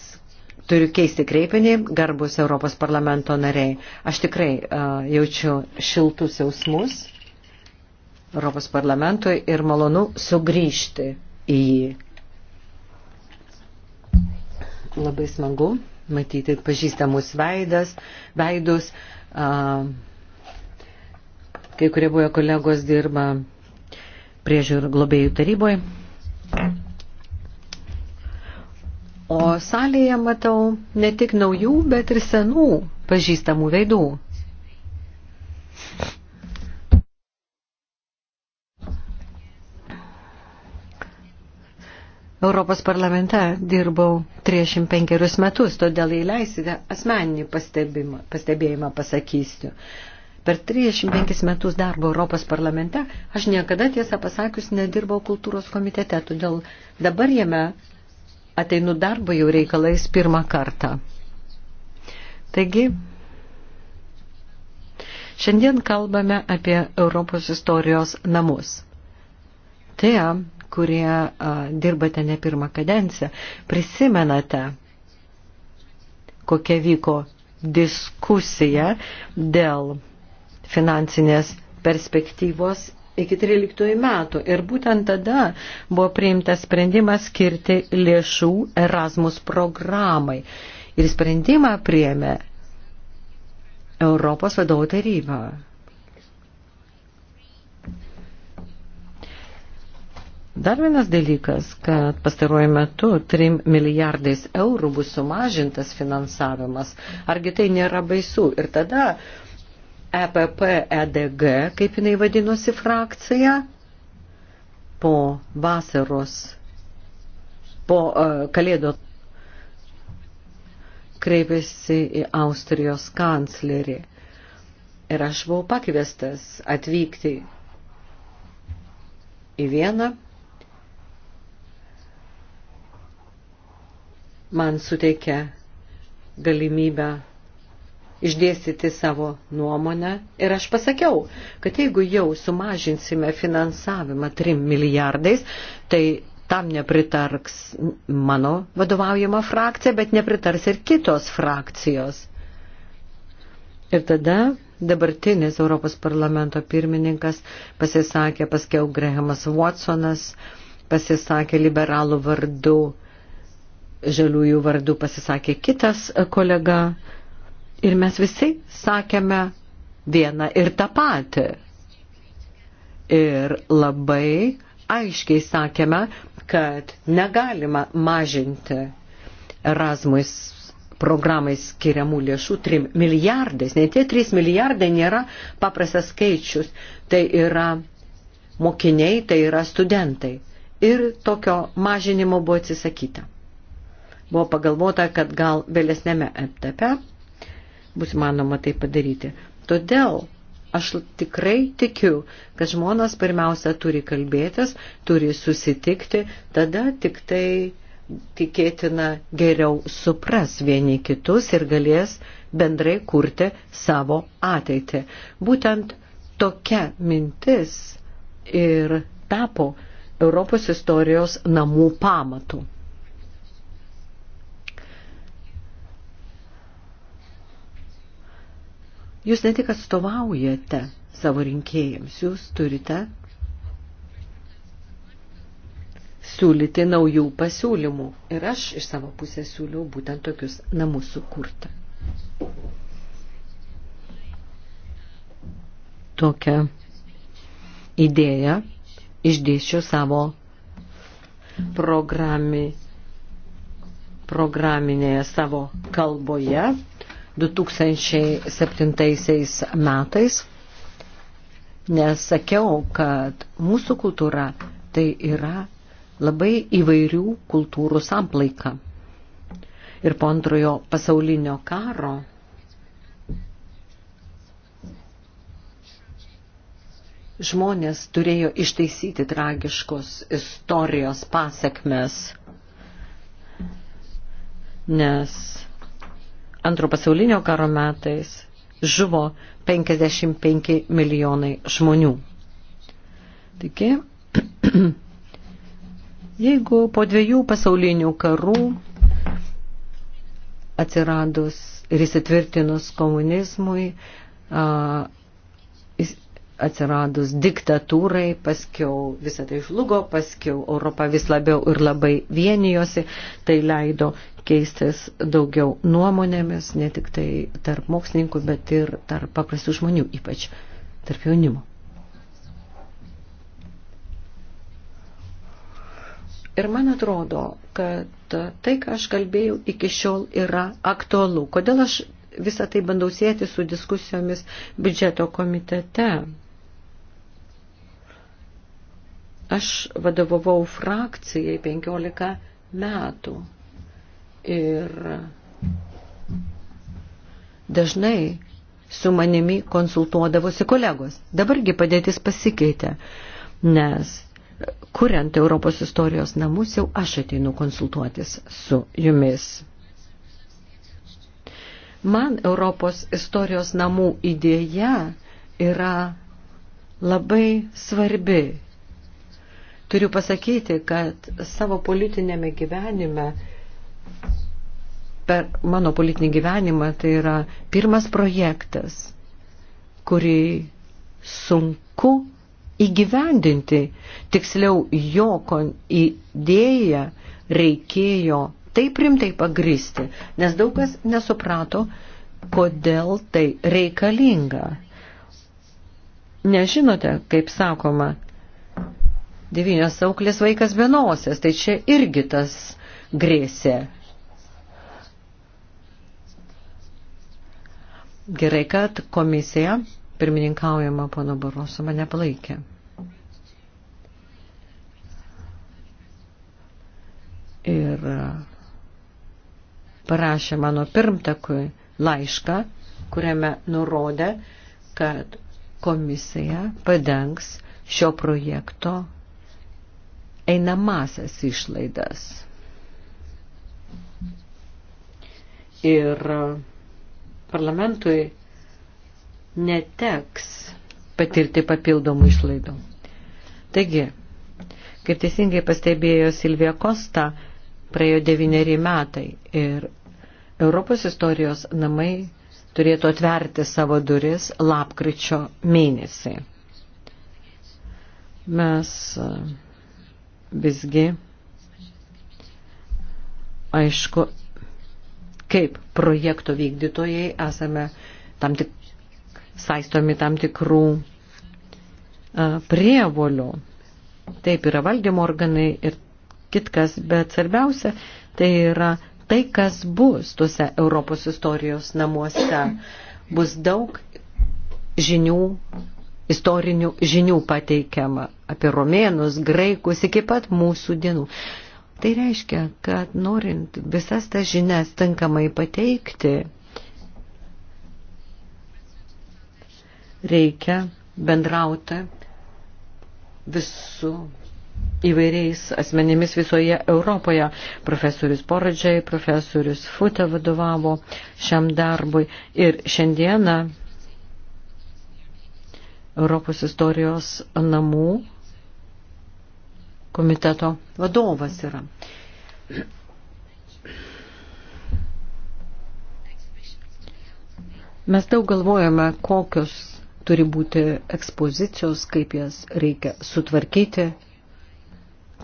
Turiu keisti kreipinį, garbus Europos parlamento nariai. Aš tikrai uh, jaučiu šiltus jausmus Europos parlamentui ir malonu sugrįžti į jį. Labai smagu matyti pažįstamus veidas, veidus. Uh, Kai kurie buvo kolegos dirba priežiūrų globėjų taryboje. O salėje matau ne tik naujų, bet ir senų pažįstamų veidų. Europos parlamente dirbau 35 metus, todėl įleisite asmeninį pastebėjimą pasakysiu. Per 35 metus darbo Europos parlamente aš niekada, tiesą pasakius, nedirbau kultūros komitete, todėl dabar jame ateinu darbo jau reikalais pirmą kartą. Taigi, šiandien kalbame apie Europos istorijos namus. Tie, kurie a, dirbate ne pirmą kadenciją, prisimenate, kokia vyko diskusija dėl finansinės perspektyvos iki 13 metų. Ir būtent tada buvo priimtas sprendimas skirti lėšų Erasmus programai. Ir sprendimą priėmė Europos vadovų taryba. Dar vienas dalykas, kad pastaruoju metu 3 milijardais eurų bus sumažintas finansavimas. Argi tai nėra baisu? Ir tada EPP EDG, kaip jinai vadinosi frakcija, po vasaros, po uh, e, kalėdų kreipėsi į Austrijos kanclerį. Ir aš buvau pakviestas atvykti į vieną. Man suteikė galimybę išdėstyti savo nuomonę ir aš pasakiau, kad jeigu jau sumažinsime finansavimą 3 milijardais, tai tam nepritarks mano vadovaujama frakcija, bet nepritars ir kitos frakcijos. Ir tada dabartinis Europos parlamento pirmininkas pasisakė, paskiau Grahamas Watsonas, pasisakė liberalų vardu žaliųjų vardų pasisakė kitas kolega, Ir mes visi sakėme vieną ir tą patį. Ir labai aiškiai sakėme, kad negalima mažinti Erasmus programai skiriamų lėšų 3 milijardais. Ne tie 3 milijardai nėra paprastas skaičius. Tai yra mokiniai, tai yra studentai. Ir tokio mažinimo buvo atsisakyta. Buvo pagalvota, kad gal vėlesnėme etape bus manoma tai padaryti. Todėl aš tikrai tikiu, kad žmonas pirmiausia turi kalbėtis, turi susitikti, tada tik tai tikėtina geriau supras vieni kitus ir galės bendrai kurti savo ateitį. Būtent tokia mintis ir tapo Europos istorijos namų pamatų. Jūs ne tik atstovaujate savo rinkėjams, jūs turite siūlyti naujų pasiūlymų. Ir aš iš savo pusės siūliau būtent tokius namus sukurti. Tokią idėją išdėščiau savo programi, programinėje savo kalboje 2007 metais, nes sakiau, kad mūsų kultūra tai yra labai įvairių kultūrų samplaika. Ir po antrojo pasaulinio karo žmonės turėjo ištaisyti tragiškos istorijos pasiekmes, nes antro pasaulinio karo metais žuvo 55 milijonai žmonių. Taigi, jeigu po dviejų pasaulinių karų atsiradus ir įsitvirtinus komunizmui, atsiradus diktatūrai, paskiau visą tai žlugo, paskiau Europa vis labiau ir labai vienijosi, tai leido keistis daugiau nuomonėmis, ne tik tai tarp mokslininkų, bet ir tarp paprastų žmonių, ypač tarp jaunimo. Ir man atrodo, kad tai, ką aš kalbėjau, iki šiol yra aktualu. Kodėl aš visą tai bandau sėti su diskusijomis biudžeto komitete? Aš vadovavau frakcijai 15 metų. Ir dažnai su manimi konsultuodavosi kolegos. Dabargi padėtis pasikeitė, nes kuriant Europos istorijos namus jau aš ateinu konsultuotis su jumis. Man Europos istorijos namų idėja yra labai svarbi. Turiu pasakyti, kad savo politinėme gyvenime per mano politinį gyvenimą tai yra pirmas projektas, kurį sunku įgyvendinti. Tiksliau, jo idėją reikėjo taip rimtai pagristi, nes daug kas nesuprato, kodėl tai reikalinga. Nežinote, kaip sakoma, devynios auklės vaikas be nosies, tai čia irgi tas grėsė Gerai, kad komisija, pirmininkaujama pono Baroso, mane palaikė. Ir parašė mano pirmtakui laišką, kuriame nurodė, kad komisija padengs šio projekto einamasias išlaidas. Ir parlamentui neteks patirti papildomų išlaidų. Taigi, kaip teisingai pastebėjo Silvija Kosta, praėjo devyneri metai ir Europos istorijos namai turėtų atverti savo duris lapkričio mėnesį. Mes e, visgi, aišku, kaip projekto vykdytojai esame tam tik saistomi tam tikrų prievolių. Taip yra valdymo organai ir kitkas, bet svarbiausia tai yra tai, kas bus tuose Europos istorijos namuose. Bus daug žinių, istorinių žinių pateikiama apie romėnus, graikus iki pat mūsų dienų. Tai reiškia, kad norint visas tas žinias tinkamai pateikti, reikia bendrauti visų įvairiais asmenimis visoje Europoje. Profesorius Poradžiai, profesorius Futė vadovavo šiam darbui ir šiandieną Europos istorijos namų komiteto vadovas yra. Mes daug galvojame, kokios turi būti ekspozicijos, kaip jas reikia sutvarkyti,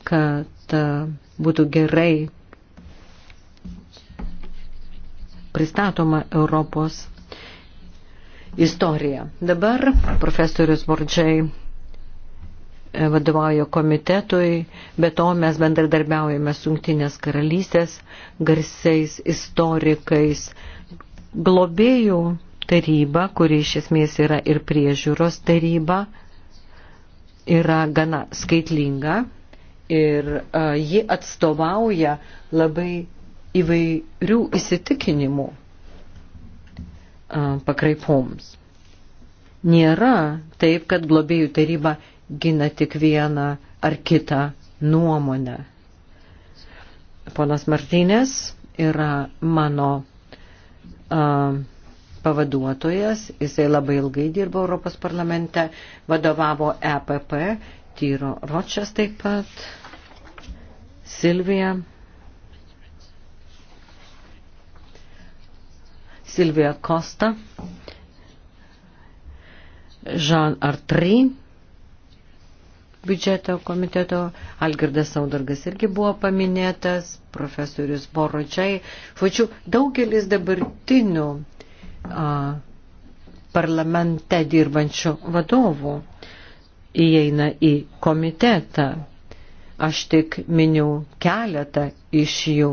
kad e, būtų gerai pristatoma Europos istorija. Dabar profesorius Bordžiai E, vadovauja komitetui, bet to mes bendradarbiaujame su Junktinės karalystės garsiais istorikais. Globėjų taryba, kuri iš esmės yra ir priežiūros taryba, yra gana skaitlinga ir a, e, ji atstovauja labai įvairių įsitikinimų a, e, pakraipoms. Nėra taip, kad globėjų taryba gina tik vieną ar kitą nuomonę. Ponas Martinės yra mano a, pavaduotojas, jisai labai ilgai dirbo Europos parlamente, vadovavo EPP, Tyro Ročias taip pat, Silvija. Silvija Kosta, Jean Artry, biudžeto komiteto, Algirdas Saudargas irgi buvo paminėtas, profesorius Boročiai. Vačiu, daugelis dabartinių a, parlamente dirbančių vadovų įeina į komitetą. Aš tik miniu keletą iš jų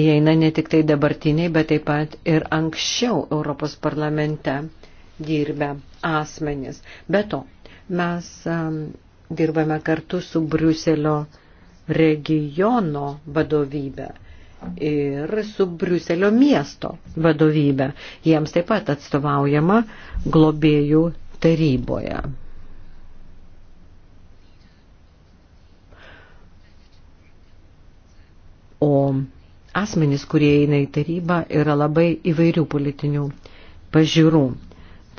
įeina ne tik tai dabartiniai, bet taip pat ir anksčiau Europos parlamente dirbę asmenis. Be to, mes um, dirbame kartu su Briuselio regiono vadovybė ir su Briuselio miesto vadovybė. Jiems taip pat atstovaujama globėjų taryboje. O asmenys, kurie eina į tarybą, yra labai įvairių politinių pažiūrų.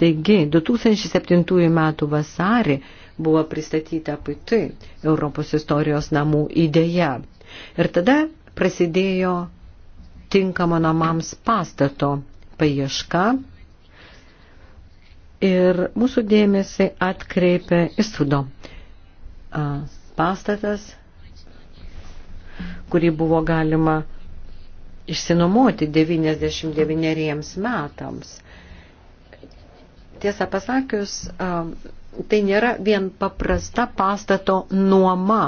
Taigi, 2007 metų vasarį buvo pristatyta puitai Europos istorijos namų idėja. Ir tada prasidėjo tinkamo namams pastato paieška ir mūsų dėmesį atkreipė įstudo pastatas, kurį buvo galima išsinuomoti 99 metams tiesą pasakius, um, tai nėra vien paprasta pastato nuoma.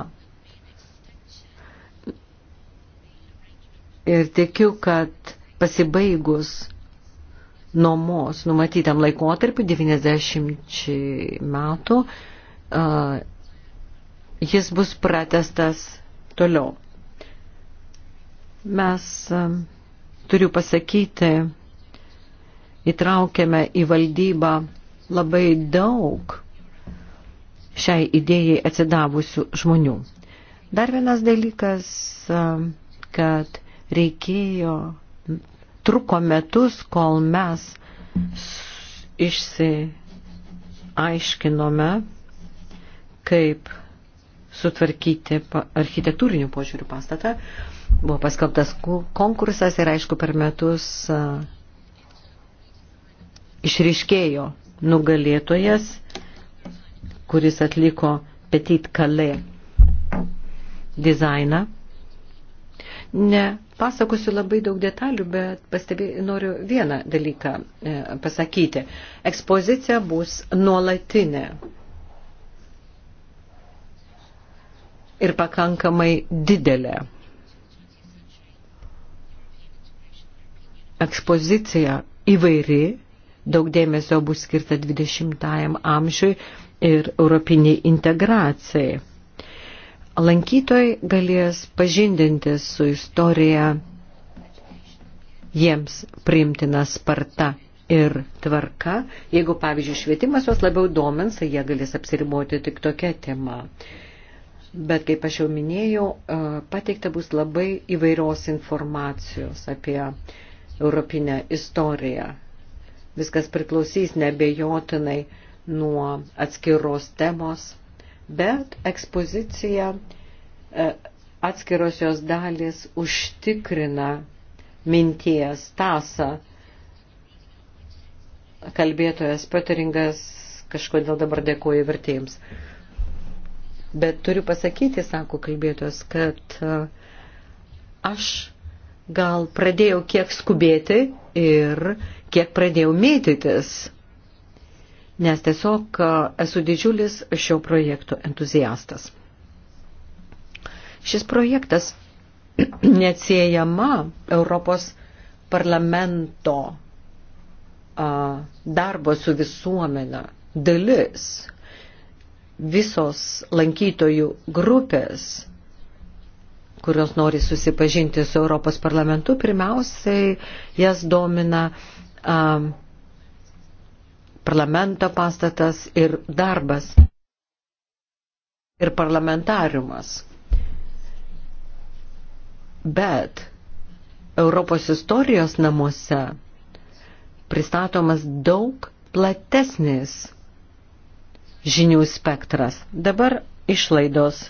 Ir tikiu, kad pasibaigus nuomos numatytam laikotarpiu 90 metų uh, jis bus pratestas toliau. Mes um, turiu pasakyti, įtraukėme į valdybą labai daug šiai idėjai atsidavusių žmonių. Dar vienas dalykas, kad reikėjo, truko metus, kol mes išsiaiškinome, kaip sutvarkyti architektūrinių požiūrių pastatą. Buvo paskelbtas konkursas ir aišku per metus išriškėjo nugalėtojas, kuris atliko Petit Calais dizainą. Ne, pasakosiu labai daug detalių, bet pastebė, noriu vieną dalyką e, pasakyti. Ekspozicija bus nuolatinė ir pakankamai didelė. Ekspozicija įvairi daug dėmesio bus skirta 20-ajam amžiui ir europiniai integracijai. Lankytojai galės pažindinti su istorija jiems priimtina sparta ir tvarka. Jeigu, pavyzdžiui, švietimas juos labiau domins, tai jie galės apsiriboti tik tokia tema. Bet, kaip aš jau minėjau, e, pateikta bus labai įvairios informacijos apie europinę istoriją. Viskas priklausys nebejotinai nuo atskiros temos, bet ekspozicija e, atskiros jos dalis užtikrina minties tasą. Kalbėtojas Peteringas kažkodėl dabar dėkuoju vertėjams. Bet turiu pasakyti, sako kalbėtojas, kad e, aš gal pradėjau kiek skubėti ir kiek pradėjau mėtytis, nes tiesiog e, esu didžiulis šio projekto entuziastas. Šis projektas neatsiejama Europos parlamento darbo su visuomenė dalis visos lankytojų grupės kurios nori susipažinti su Europos parlamentu, pirmiausiai jas domina um, parlamento pastatas ir darbas ir parlamentariumas. Bet Europos istorijos namuose pristatomas daug platesnis žinių spektras. Dabar išlaidos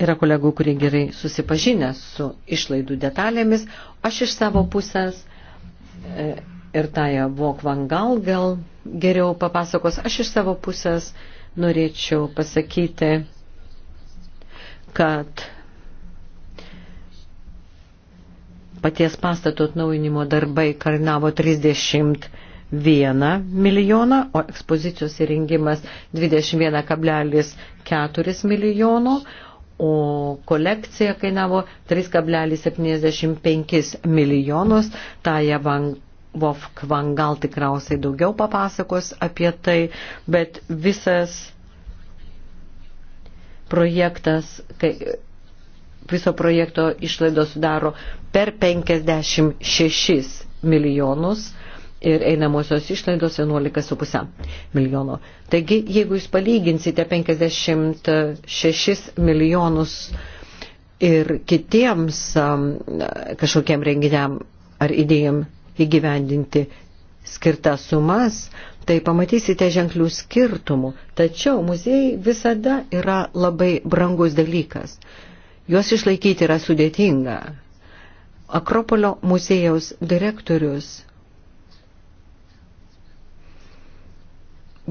Yra kolegų, kurie gerai susipažinę su išlaidų detalėmis. Aš iš savo pusės e, ir Taja Vokvangal gal geriau papasakos. Aš iš savo pusės norėčiau pasakyti, kad paties pastato atnaujinimo darbai karnavo 31 milijoną, o ekspozicijos įrengimas 21,4 milijono, o kolekcija kainavo 3,75 milijonus. Taja Vov Kvangal tikriausiai daugiau papasakos apie tai, bet visas projektas, kai, viso projekto išlaidos sudaro per 56 milijonus ir einamosios išlaidos 11,5 milijono. Taigi, jeigu jūs palyginsite 56 milijonus ir kitiems kažkokiem renginiam ar idėjom įgyvendinti skirtas sumas, tai pamatysite ženklių skirtumų. Tačiau muziejai visada yra labai brangus dalykas. Juos išlaikyti yra sudėtinga. Akropolio muziejaus direktorius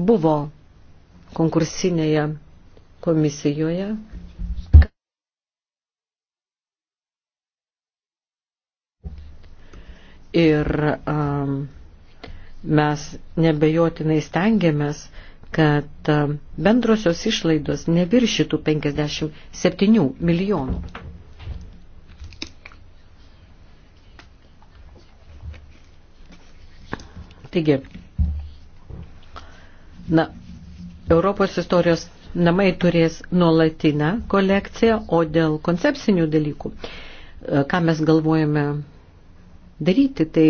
buvo konkursinėje komisijoje. Ir um, mes nebejotinai stengiamės, kad um, bendrosios išlaidos neviršytų 57 milijonų. Taigi, na, Europos istorijos namai turės nuolatinę kolekciją, o dėl koncepcinių dalykų, e, ką mes galvojame daryti, tai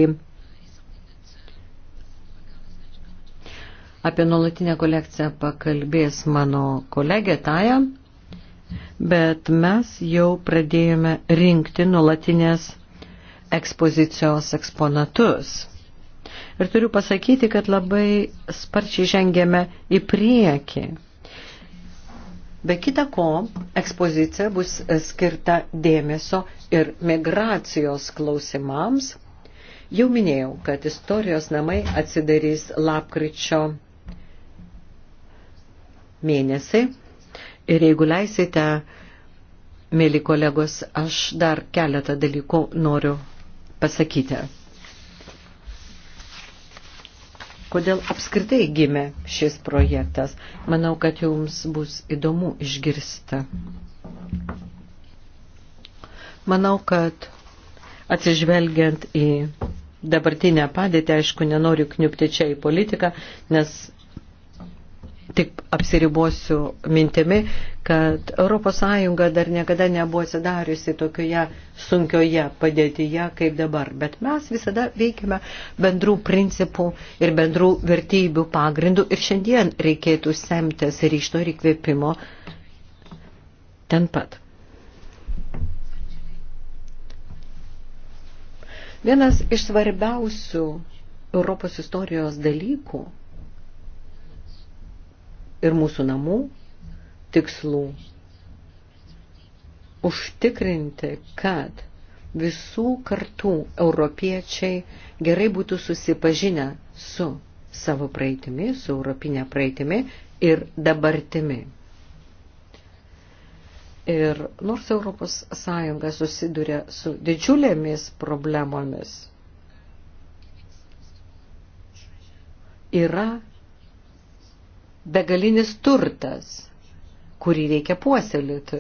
apie nuolatinę kolekciją pakalbės mano kolegė Taja, bet mes jau pradėjome rinkti nuolatinės ekspozicijos eksponatus. Ir turiu pasakyti, kad labai sparčiai žengėme į priekį. Be kita ko, ekspozicija bus skirta dėmesio ir migracijos klausimams. Jau minėjau, kad istorijos namai atsidarys lapkričio mėnesį. Ir jeigu leisite, mėly kolegos, aš dar keletą dalykų noriu pasakyti. kodėl apskritai gimė šis projektas. Manau, kad jums bus įdomu išgirsti. Manau, kad atsižvelgiant į dabartinę padėtį, aišku, nenoriu kniupti čia į politiką, nes tik apsiribosiu mintimi, kad ES dar niekada nebuvo atsidariusi tokioje sunkioje padėtyje kaip dabar. Bet mes visada veikime bendrų principų ir bendrų vertybių pagrindų ir šiandien reikėtų semtis ryšto ir įkvėpimo ten pat. Vienas iš svarbiausių Europos istorijos dalykų ir mūsų namų tikslų užtikrinti, kad visų kartų europiečiai gerai būtų susipažinę su savo praeitimi, su europinė praeitimi ir dabartimi. Ir nors Europos Sąjunga susiduria su didžiulėmis problemomis, yra begalinis turtas, kurį reikia puoselėti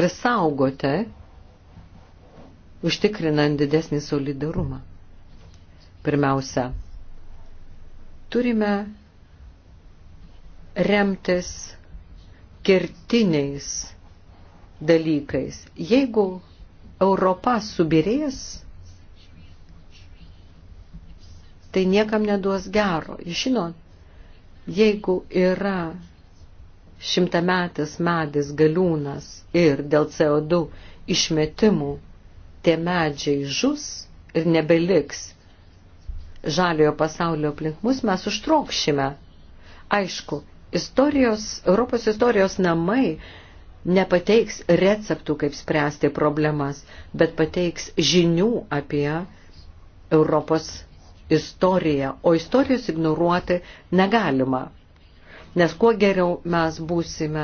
ir saugoti, užtikrinant didesnį solidarumą. Pirmiausia, turime remtis kertiniais dalykais. Jeigu Europa subirės, tai niekam neduos gero. Žinot, Jeigu yra šimtametis medis galiūnas ir dėl CO2 išmetimų tie medžiai žus ir nebeliks žaliojo pasaulio aplink mus, mes užtrokšime. Aišku, istorijos, Europos istorijos namai nepateiks receptų, kaip spręsti problemas, bet pateiks žinių apie Europos istoriją, o istorijos ignoruoti negalima. Nes kuo geriau mes būsime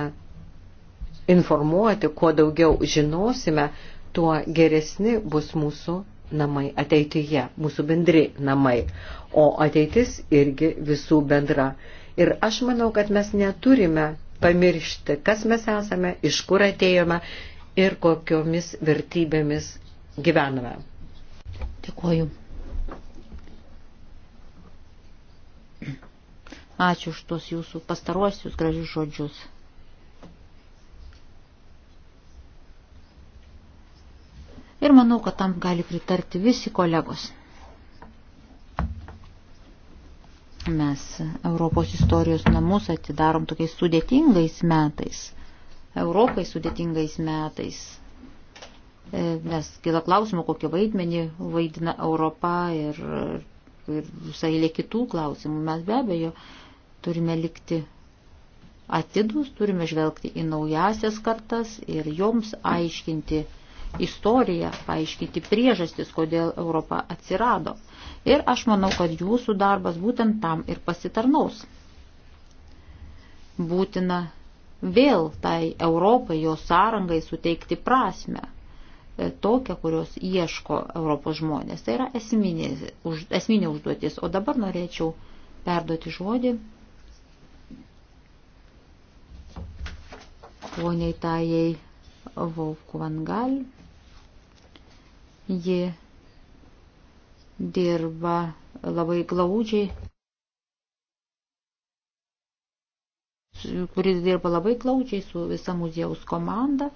informuoti, kuo daugiau žinosime, tuo geresni bus mūsų namai ateityje, mūsų bendri namai, o ateitis irgi visų bendra. Ir aš manau, kad mes neturime pamiršti, kas mes esame, iš kur atėjome ir kokiomis vertybėmis gyvename. Dėkuoju. Ačiū už tuos jūsų pastaruosius gražius žodžius. Ir manau, kad tam gali pritarti visi kolegos. Mes Europos istorijos namus atidarom tokiais sudėtingais metais, Europai sudėtingais metais. E, nes kila klausimų, kokį vaidmenį vaidina Europa ir, ir visai lė kitų klausimų. Mes be abejo Turime likti atidus, turime žvelgti į naujasias kartas ir joms aiškinti istoriją, paaiškinti priežastis, kodėl Europa atsirado. Ir aš manau, kad jūsų darbas būtent tam ir pasitarnaus. Būtina vėl tai Europai, jos sąrangai suteikti prasme, e, tokią, kurios ieško Europos žmonės. Tai yra esminė, už, esminė užduotis. O dabar norėčiau perduoti žodį poniai Tajai Vaukvangal. Ji dirba labai glaudžiai, kuris dirba labai glaudžiai su visa muziejaus komanda.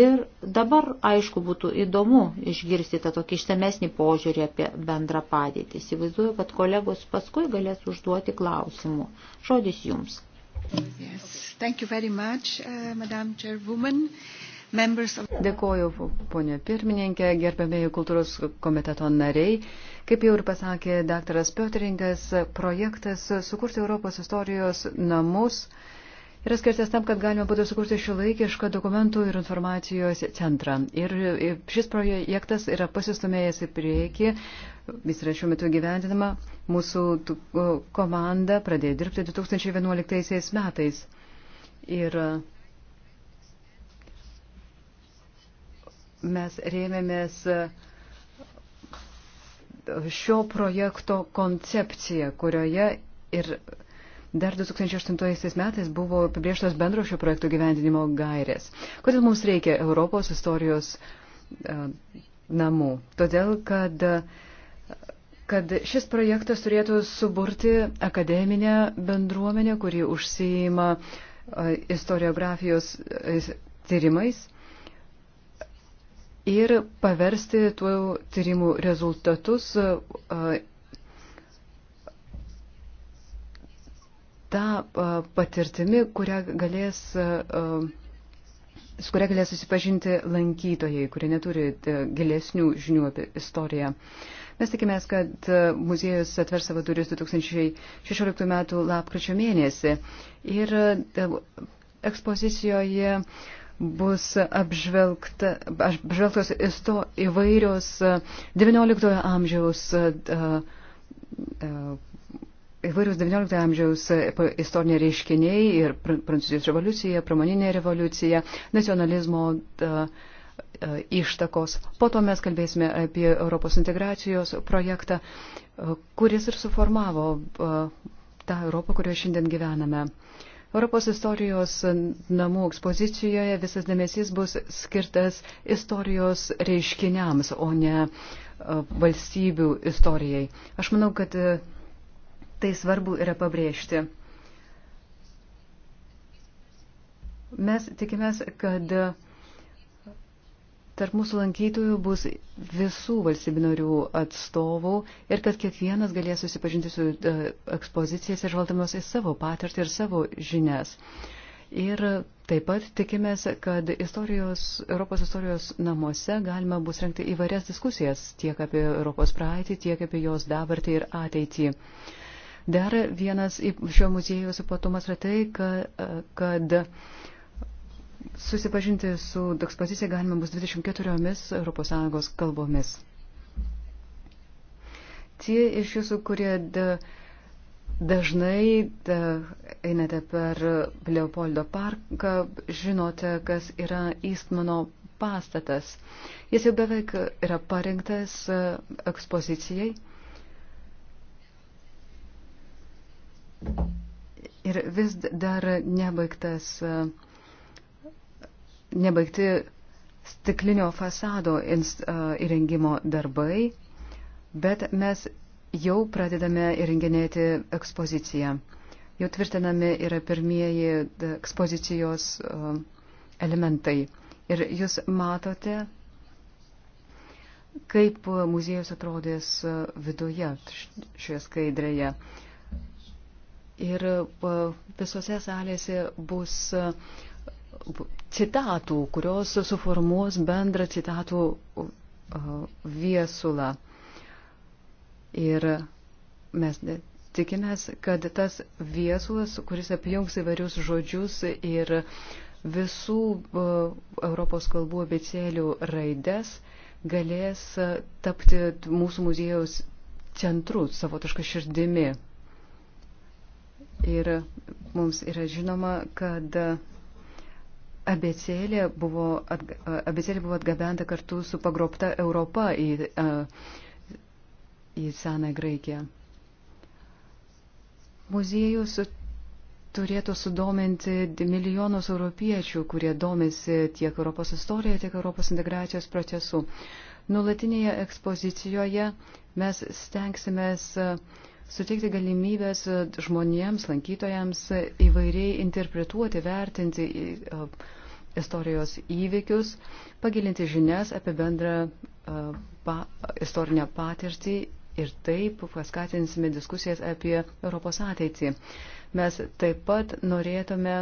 Ir dabar, aišku, būtų įdomu išgirsti tą tokį išsamesnį požiūrį apie bendrą padėtį. Įsivaizduoju, kad kolegos paskui galės užduoti klausimų. Žodis jums. Yes. Thank you very much, uh, Madam Chairwoman. Dėkoju, ponė pirmininkė, gerbėmėjų kultūros komiteto nariai. Kaip jau ir pasakė daktaras Piotringas, projektas sukurti Europos istorijos namus uh, yra skirtas tam, kad galima būtų sukurti šiuolaikišką dokumentų ir informacijos centrą. Ir šis projektas yra pasistumėjęs į priekį, jis yra šiuo metu gyvendinama, mūsų komanda pradėjo dirbti 2011 metais. Ir mes rėmėmės e, šio projekto koncepcija, kurioje ir Dar 2008 metais buvo apibrieštos bendro šio projekto gyvendinimo gairės. Kodėl mums reikia Europos istorijos e, namų? Todėl, kad, kad šis projektas turėtų suburti akademinę bendruomenę, kuri užsijima e, istoriografijos e, tyrimais ir paversti tų tyrimų rezultatus tą patirtimi, kurią galės, su kuria galės susipažinti lankytojai, kurie neturi gilesnių žinių apie istoriją. Mes tikimės, kad muziejus atvers savo duris 2016 m. lapkričio mėnesį ir ekspozicijoje bus apžvelgta, apžvelgtos isto, įvairios XIX amžiaus uh, uh, Įvairius XIX amžiaus e, istoriniai reiškiniai ir Prancūzijos revoliucija, pramoninė revoliucija, nacionalizmo da, e, ištakos. Po to mes kalbėsime apie Europos integracijos projektą, e, kuris ir suformavo tą Europą, kurioje šiandien gyvename. Europos istorijos namų ekspozicijoje visas dėmesys bus skirtas istorijos reiškiniams, o ne valstybių istorijai. Aš manau, kad tai svarbu yra pabrėžti. Mes tikimės, kad tarp mūsų lankytojų bus visų valstybinarių atstovų ir kad kiekvienas galės susipažinti su e, ekspozicijas ir žvaldamas į savo patirtį ir savo žinias. Ir taip pat tikimės, kad istorijos, Europos istorijos namuose galima bus rengti įvairias diskusijas tiek apie Europos praeitį, tiek apie jos dabartį ir ateitį. Uh, Dar vienas šio muziejaus ypatumas yra tai, e, kad susipažinti su ekspozicija galima bus 24 ES kalbomis. Tie iš jūsų, kurie da, dažnai da, einate per Leopoldo parką, žinote, kas yra Eastmano pastatas. Jis jau beveik yra parinktas e, ekspozicijai. ir vis dar nebaigtas, nebaigti stiklinio fasado įrengimo darbai, bet mes jau pradedame įrenginėti ekspoziciją. Jau tvirtinami yra pirmieji ekspozicijos elementai. Ir jūs matote, kaip muziejus atrodys viduje šioje skaidrėje. Uh, ir e, visose salėse bus e, citatų, kurios suformuos bendrą citatų e, viesulą. Ir mes tikimės, kad tas viesulas, kuris apjungs įvairius žodžius ir visų Europos kalbų abecėlių raides, galės tapti mūsų muziejaus centru, savotišką širdimi. Ir mums yra žinoma, kad abecėlė buvo, atga, abecėlė buvo atgabenta kartu su pagrobta Europa į, į seną Graikiją. Muziejus turėtų sudominti milijonus europiečių, kurie domisi tiek Europos istorija, tiek Europos integracijos procesu. Nulatinėje ekspozicijoje mes stengsimės uh, suteikti galimybės žmonėms, lankytojams įvairiai interpretuoti, vertinti istorijos įvykius, pagilinti žinias apie bendrą pa, istorinę patirtį ir taip paskatinsime diskusijas apie Europos ateitį. Mes taip pat norėtume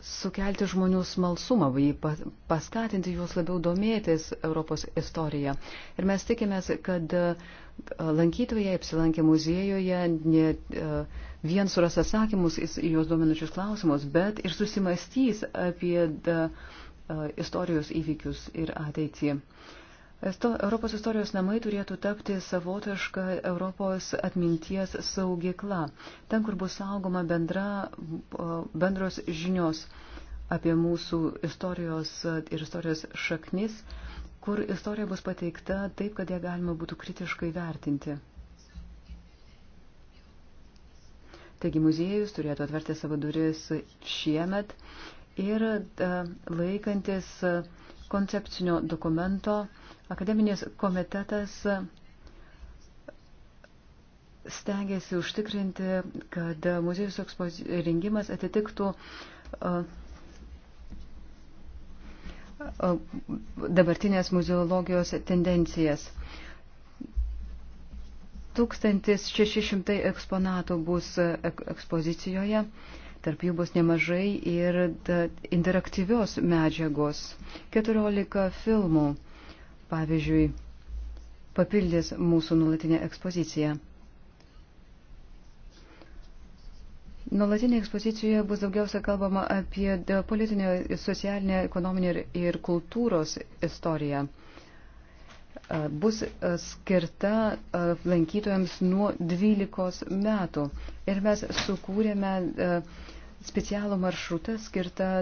sukelti žmonių smalsumą, paskatinti juos labiau domėtis Europos istorija. Ir mes tikimės, kad e, lankytojai apsilankę muziejuje ne e, vien suras atsakymus į juos dominučius klausimus, bet ir susimastys apie e, istorijos įvykius ir ateitį. Europos istorijos namai turėtų tapti savotišką Europos atminties saugikla, ten, kur bus saugoma bendra, bendros žinios apie mūsų istorijos ir istorijos šaknis, kur istorija bus pateikta taip, kad ją galima būtų kritiškai vertinti. Taigi muziejus turėtų atverti savo duris šiemet ir e, laikantis koncepcinio dokumento Akademinės komitetas stengiasi užtikrinti, kad muziejus rengimas atitiktų dabartinės muzeologijos tendencijas. 1600 eksponatų bus ekspozicijoje, tarp jų bus nemažai ir interaktyvios medžiagos, 14 filmų pavyzdžiui, papildys mūsų nulatinę ekspoziciją. Nuolatinė ekspozicijoje bus daugiausia kalbama apie politinę, socialinę, ekonominę ir kultūros istoriją. Bus skirta lankytojams nuo 12 metų. Ir mes sukūrėme specialų maršrutą skirtą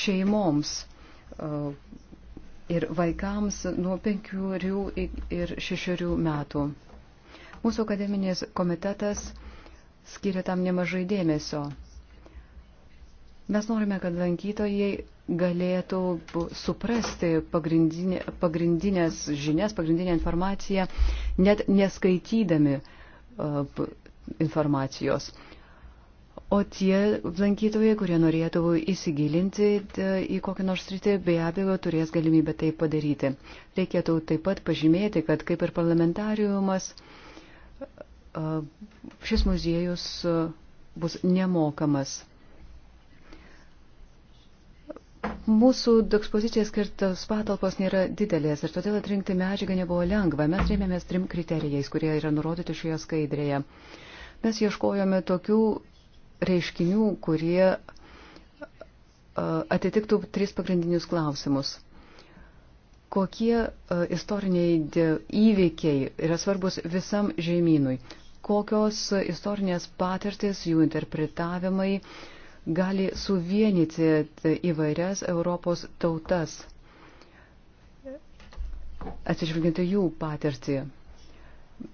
šeimoms ir vaikams nuo penkių ir šešių metų. Mūsų akademinis komitetas skiria tam nemažai dėmesio. Mes norime, kad lankytojai galėtų suprasti pagrindinė, pagrindinės žinias, pagrindinę informaciją, net neskaitydami uh, informacijos. Uh, O tie lankytojai, kurie norėtų įsigilinti e, į kokią nors sritį, be abejo turės galimybę tai padaryti. Reikėtų taip pat pažymėti, kad kaip ir parlamentariumas, e, šis muziejus e, bus nemokamas. Mūsų ekspozicija skirtos patalpos nėra didelės ir todėl atrinkti medžiagą nebuvo lengva. Mes rėmėmės trim kriterijais, kurie yra nurodyti šioje skaidrėje. Mes ieškojome tokių reiškinių, kurie e, atitiktų tris pagrindinius klausimus. Kokie e, istoriniai įvykiai yra svarbus visam žemynui? Kokios istorinės patirtis, jų interpretavimai gali suvienyti įvairias Europos tautas, atsižvelginti jų patirtį?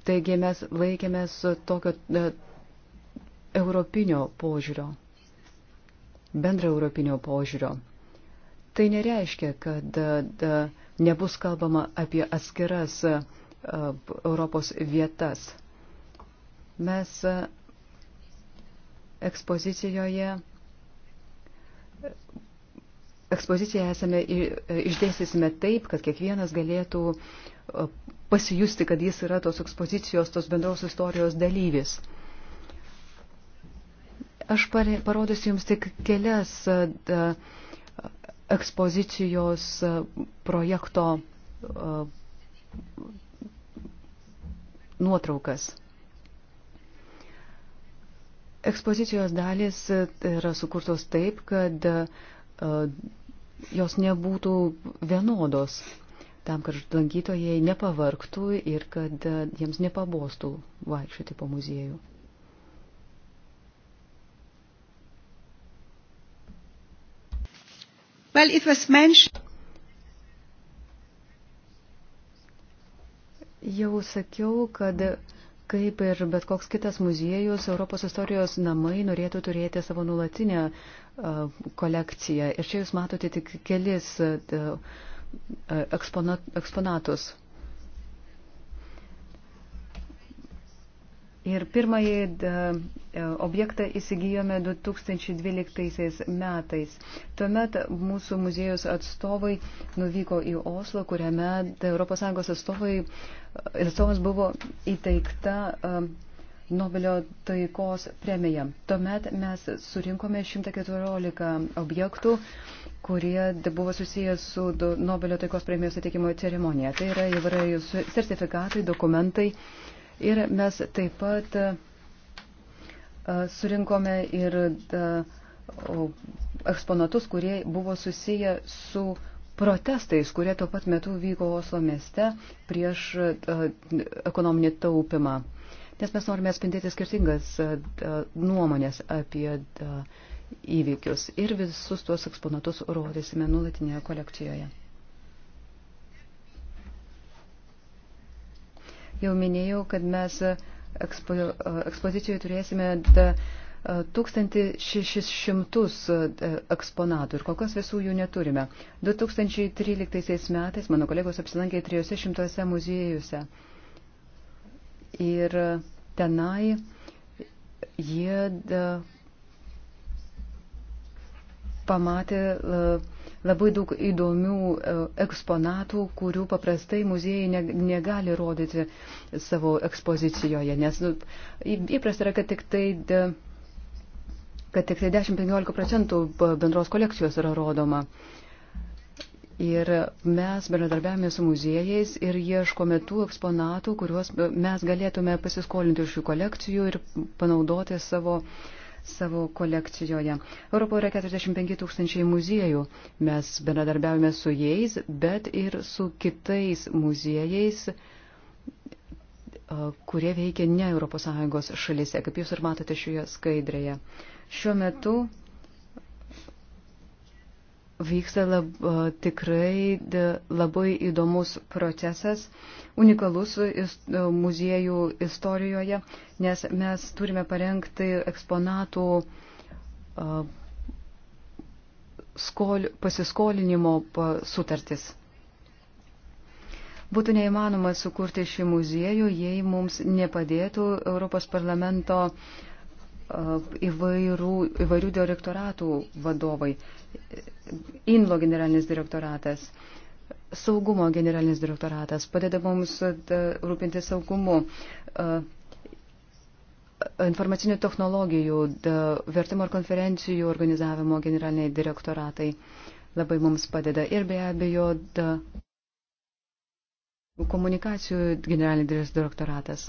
Taigi mes laikėmės tokio e, europinio požiūrio, bendra europinio požiūrio. Tai nereiškia, kad da, da, nebus kalbama apie atskiras a, Europos vietas. Mes a, ekspozicijoje ekspoziciją esame išdėstysime taip, kad kiekvienas galėtų pasijusti, kad jis yra tos ekspozicijos, tos bendros istorijos dalyvis. Aš parodysiu Jums tik kelias ekspozicijos projekto nuotraukas. Ekspozicijos dalis yra sukurtos taip, kad jos nebūtų vienodos, tam, kad lankytojai nepavarktų ir kad jiems nepabostų vaikščioti po muziejų. Well, it was mentioned. Jau sakiau, kad kaip ir bet koks kitas muziejus, Europos istorijos namai norėtų turėti savo nulatinę uh, kolekciją. Ir čia jūs matote tik kelis uh, eksponat, eksponatus. Ir pirmąjį e, objektą įsigijome 2012 metais. Tuomet mūsų muziejus atstovai nuvyko į Oslo, kuriame ES atstovai, e, atstovas buvo įteikta e, Nobelio taikos premija. Tuomet mes surinkome 114 objektų, kurie buvo susijęs su Nobelio taikos premijos įteikimo ceremonija. Tai yra įvairiai sertifikatai, dokumentai Ir mes taip pat e, surinkome ir e, eksponatus, kurie buvo susiję su protestais, kurie tuo pat metu vyko Oslo mieste prieš e, ekonominį taupimą. Nes mes norime atspindėti skirtingas nuomonės apie įvykius ir visus tuos eksponatus rodysime nulatinėje kolekcijoje. jau minėjau, kad mes e, ekspo, e, ekspozicijoje turėsime 1600 e, eksponatų ir kol kas visų jų neturime. 2013 metais mano kolegos apsilankė 300 muziejuose. Ir tenai jie da, pamatė uh, labai daug įdomių e, eksponatų, kurių paprastai muziejai negali rodyti savo ekspozicijoje, nes nu, įprasta yra, kad tik tai kad tik tai 10-15 procentų bendros kolekcijos yra rodoma. Ir mes bendradarbiavame su muziejais ir ieškome tų eksponatų, kuriuos e, mes galėtume pasiskolinti iš jų kolekcijų ir panaudoti savo uh, savo kolekcijoje. Europoje yra 45 tūkstančiai muziejų. Mes bendradarbiavome su jais, bet ir su kitais muziejais e, kurie veikia ne ES šalise, kaip jūs ir matote šioje skaidrėje. Šiuo metu vyksta lab, tikrai labai įdomus procesas, unikalus muziejų istorijoje, nes mes turime parengti eksponatų skol, pasiskolinimo sutartis. Būtų neįmanoma sukurti šį muziejų, jei mums nepadėtų Europos parlamento įvairių, įvairių direktoratų vadovai. INLO generalinis direktoratas, saugumo generalinis direktoratas padeda mums e, rūpinti saugumu e, informacinių technologijų, vertimo ir konferencijų organizavimo generaliniai direktoratai labai mums padeda. Ir be abejo, da, komunikacijų generalinis direktoratas.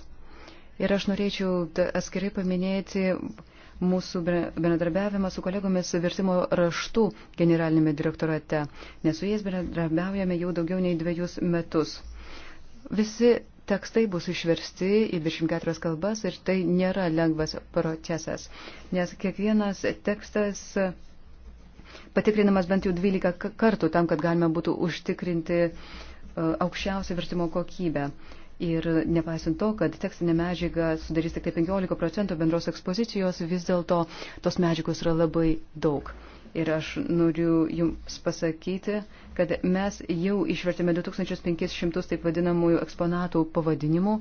Ir aš norėčiau da, atskirai paminėti uh, mūsų bendradarbiavimą su kolegomis vertimo raštų generalinėme direktorate, nes su jais bendradarbiaujame jau daugiau nei dviejus metus. Visi tekstai bus išversti į 24 kalbas ir tai nėra lengvas procesas, nes kiekvienas tekstas patikrinamas bent jau 12 kartų tam, kad galima būtų užtikrinti e, aukščiausią vertimo kokybę. Ir nepaisant to, kad tekstinė medžiaga sudarys tik 15 tai procentų bendros ekspozicijos, vis dėlto tos medžiagos yra labai daug. Ir aš noriu Jums pasakyti, kad mes jau išvertėme 2500 taip vadinamųjų eksponatų pavadinimų.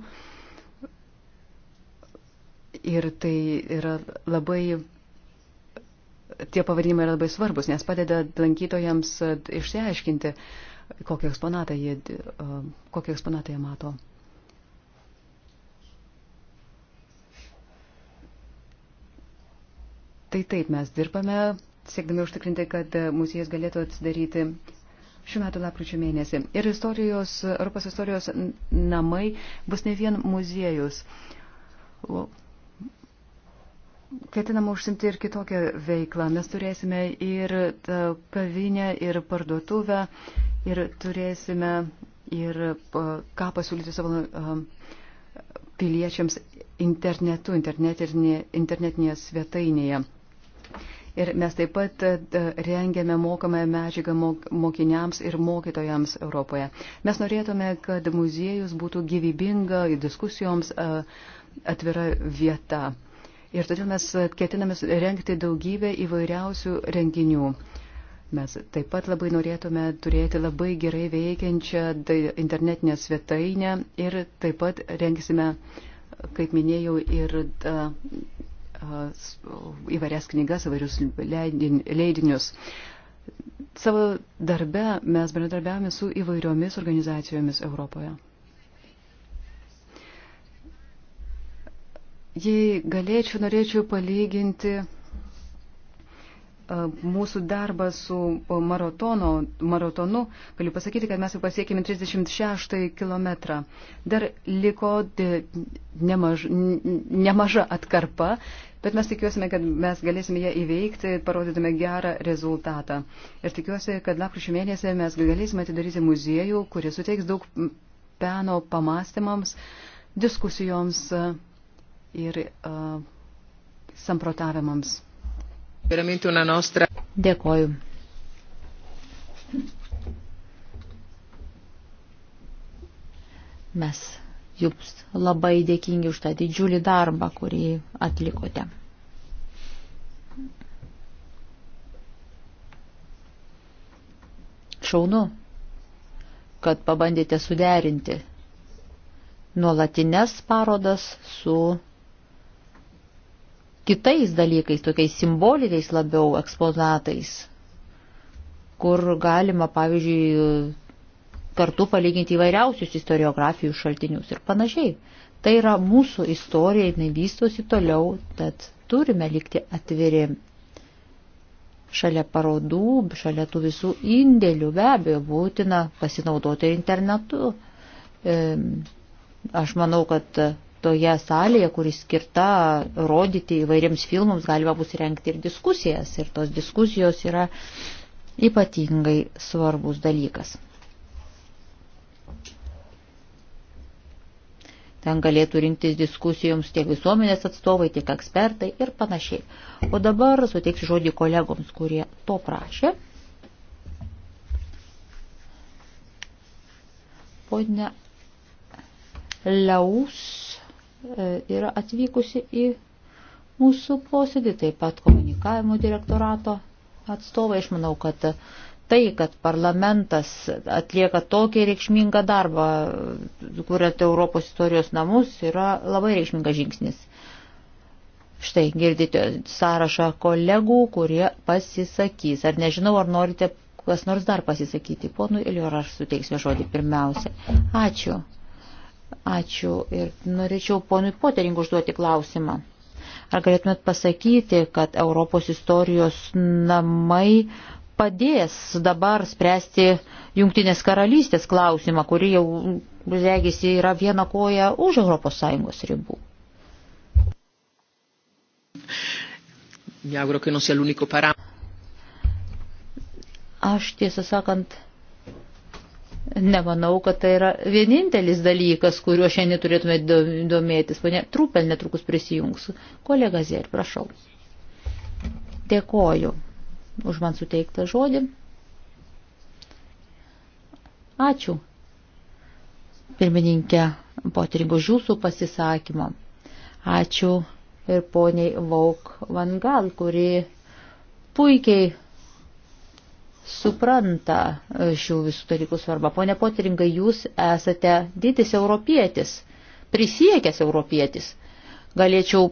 Ir tai yra labai tie pavadinimai yra labai svarbus, nes padeda lankytojams išsiaiškinti, kokią eksponatą jie, kokią eksponatą jie mato. Tai taip mes dirbame, siekdami užtikrinti, kad muziejus galėtų atsidaryti šių metų lapkričio mėnesį. Ir istorijos, Europos istorijos namai bus ne vien muziejus. Ketinama užsimti ir kitokią veiklą. Mes turėsime ir e, kavinę, ir parduotuvę, ir turėsime ir e, ką pasiūlyti savo e, piliečiams internetu, internetinėje svetainėje. Ir mes taip pat e, rengiame mokamąją medžiagą mokiniams ir mokytojams Europoje. Mes norėtume, kad muziejus būtų gyvybinga diskusijoms e, atvira vieta. Ir todėl mes ketiname rengti daugybę įvairiausių renginių. Mes taip pat labai norėtume turėti labai gerai veikiančią internetinę svetainę ir taip pat rengsime, kaip minėjau, ir e, įvairias knygas, įvairius leidinius. Savo darbe mes bendradarbiavame su įvairiomis organizacijomis Europoje. Jei galėčiau, norėčiau palyginti mūsų darbą su maratono, maratonu, galiu pasakyti, kad mes jau pasiekėme 36 kilometrą. Dar liko e, nemaž, nemaža atkarpa, bet mes tikiuosime, kad mes galėsime ją įveikti, parodytume gerą rezultatą. Ir tikiuosi, kad lapkričio mėnesį mes galėsime atidaryti muziejų, kuris suteiks daug peno pamastymams, diskusijoms e, ir uh, samprotavimams. Dėkoju. Mes jums labai dėkingi už tą didžiulį darbą, kurį atlikote. Šaunu, kad pabandėte suderinti nuolatines parodas su kitais dalykais, tokiais simboliniais labiau eksponatais, kur galima, pavyzdžiui, kartu palyginti įvairiausius istoriografijų šaltinius ir panašiai. Tai yra mūsų istorija, jinai vystosi toliau, tad turime likti atviri. Šalia parodų, šalia tų visų indėlių be abejo būtina pasinaudoti ir internetu. Aš manau, kad toje salėje, kuris skirta rodyti įvairiems filmams, galima bus renkti ir diskusijas. Ir tos diskusijos yra ypatingai svarbus dalykas. Ten galėtų rinktis diskusijoms tiek visuomenės atstovai, tiek ekspertai ir panašiai. O dabar suteiksiu žodį kolegoms, kurie to prašė. Pone Leus E, yra atvykusi į mūsų posėdį, taip pat komunikavimo direktorato atstovai. Aš manau, kad tai, kad parlamentas atlieka tokį reikšmingą darbą, kuriant Europos istorijos namus, yra labai reikšmingas žingsnis. Štai girdite sąrašą kolegų, kurie pasisakys. Ar nežinau, ar norite kas nors dar pasisakyti. Ponui Elior, aš suteiksiu žodį pirmiausia. Ačiū. Ačiū ir norėčiau ponui Potering užduoti klausimą. Ar galėtumėt pasakyti, kad Europos istorijos namai padės dabar spręsti Junktinės karalystės klausimą, kuri jau, regisi, yra viena koja už ES ribų? Aš tiesą sakant, Nemanau, kad tai yra vienintelis dalykas, kuriuo šiandien turėtume domėtis. Pane Trupel netrukus prisijungs. Kolega Zer, prašau. Dėkoju už man suteiktą žodį. Ačiū. Pirmininkė, potirinko jūsų pasisakymo. Ačiū ir poniai Vauk Vangal, kuri puikiai supranta e, šių visų dalykų svarbą. Pone Potiringai, jūs esate didis europietis, prisiekęs europietis. Galėčiau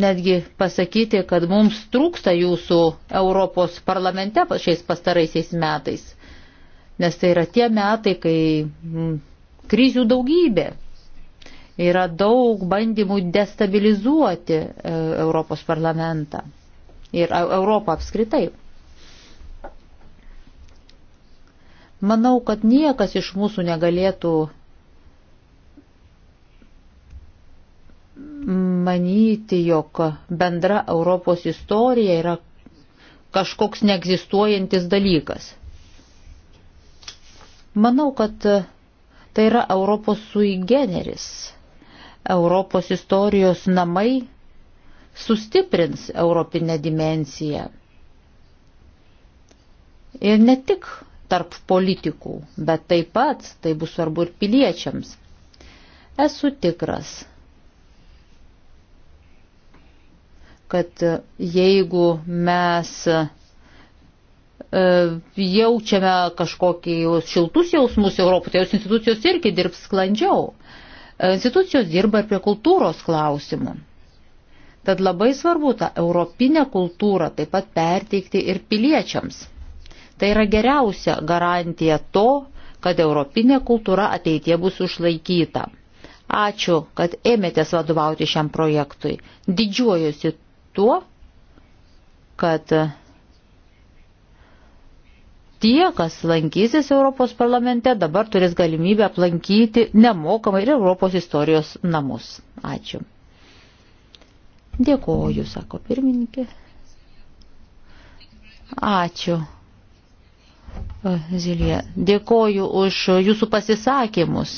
netgi pasakyti, kad mums trūksta jūsų Europos parlamente šiais pastaraisiais metais, nes tai yra tie metai, kai krizių daugybė. Yra daug bandymų destabilizuoti e, Europos parlamentą ir Europą apskritai. Manau, kad niekas iš mūsų negalėtų manyti, jog bendra Europos istorija yra kažkoks neegzistuojantis dalykas. Manau, kad tai yra Europos sui generis. Europos istorijos namai sustiprins europinę dimenciją. Ir ne tik tarp politikų, bet taip pat tai bus svarbu ir piliečiams. Esu tikras, kad jeigu mes e, jaučiame kažkokį šiltus jausmus Europoje, tai jos institucijos irgi dirbs sklandžiau. E, institucijos dirba ir prie kultūros klausimų. Tad labai svarbu tą europinę kultūrą taip pat perteikti ir piliečiams. Tai yra geriausia garantija to, kad europinė kultūra ateitie bus išlaikyta. Ačiū, kad ėmėtės vadovauti šiam projektui. Didžiuojusi tuo, kad tie, kas lankysis Europos parlamente, dabar turės galimybę aplankyti nemokamai ir Europos istorijos namus. Ačiū. Dėkoju, sako pirmininkė. Ačiū. Zilija, dėkoju už jūsų pasisakymus.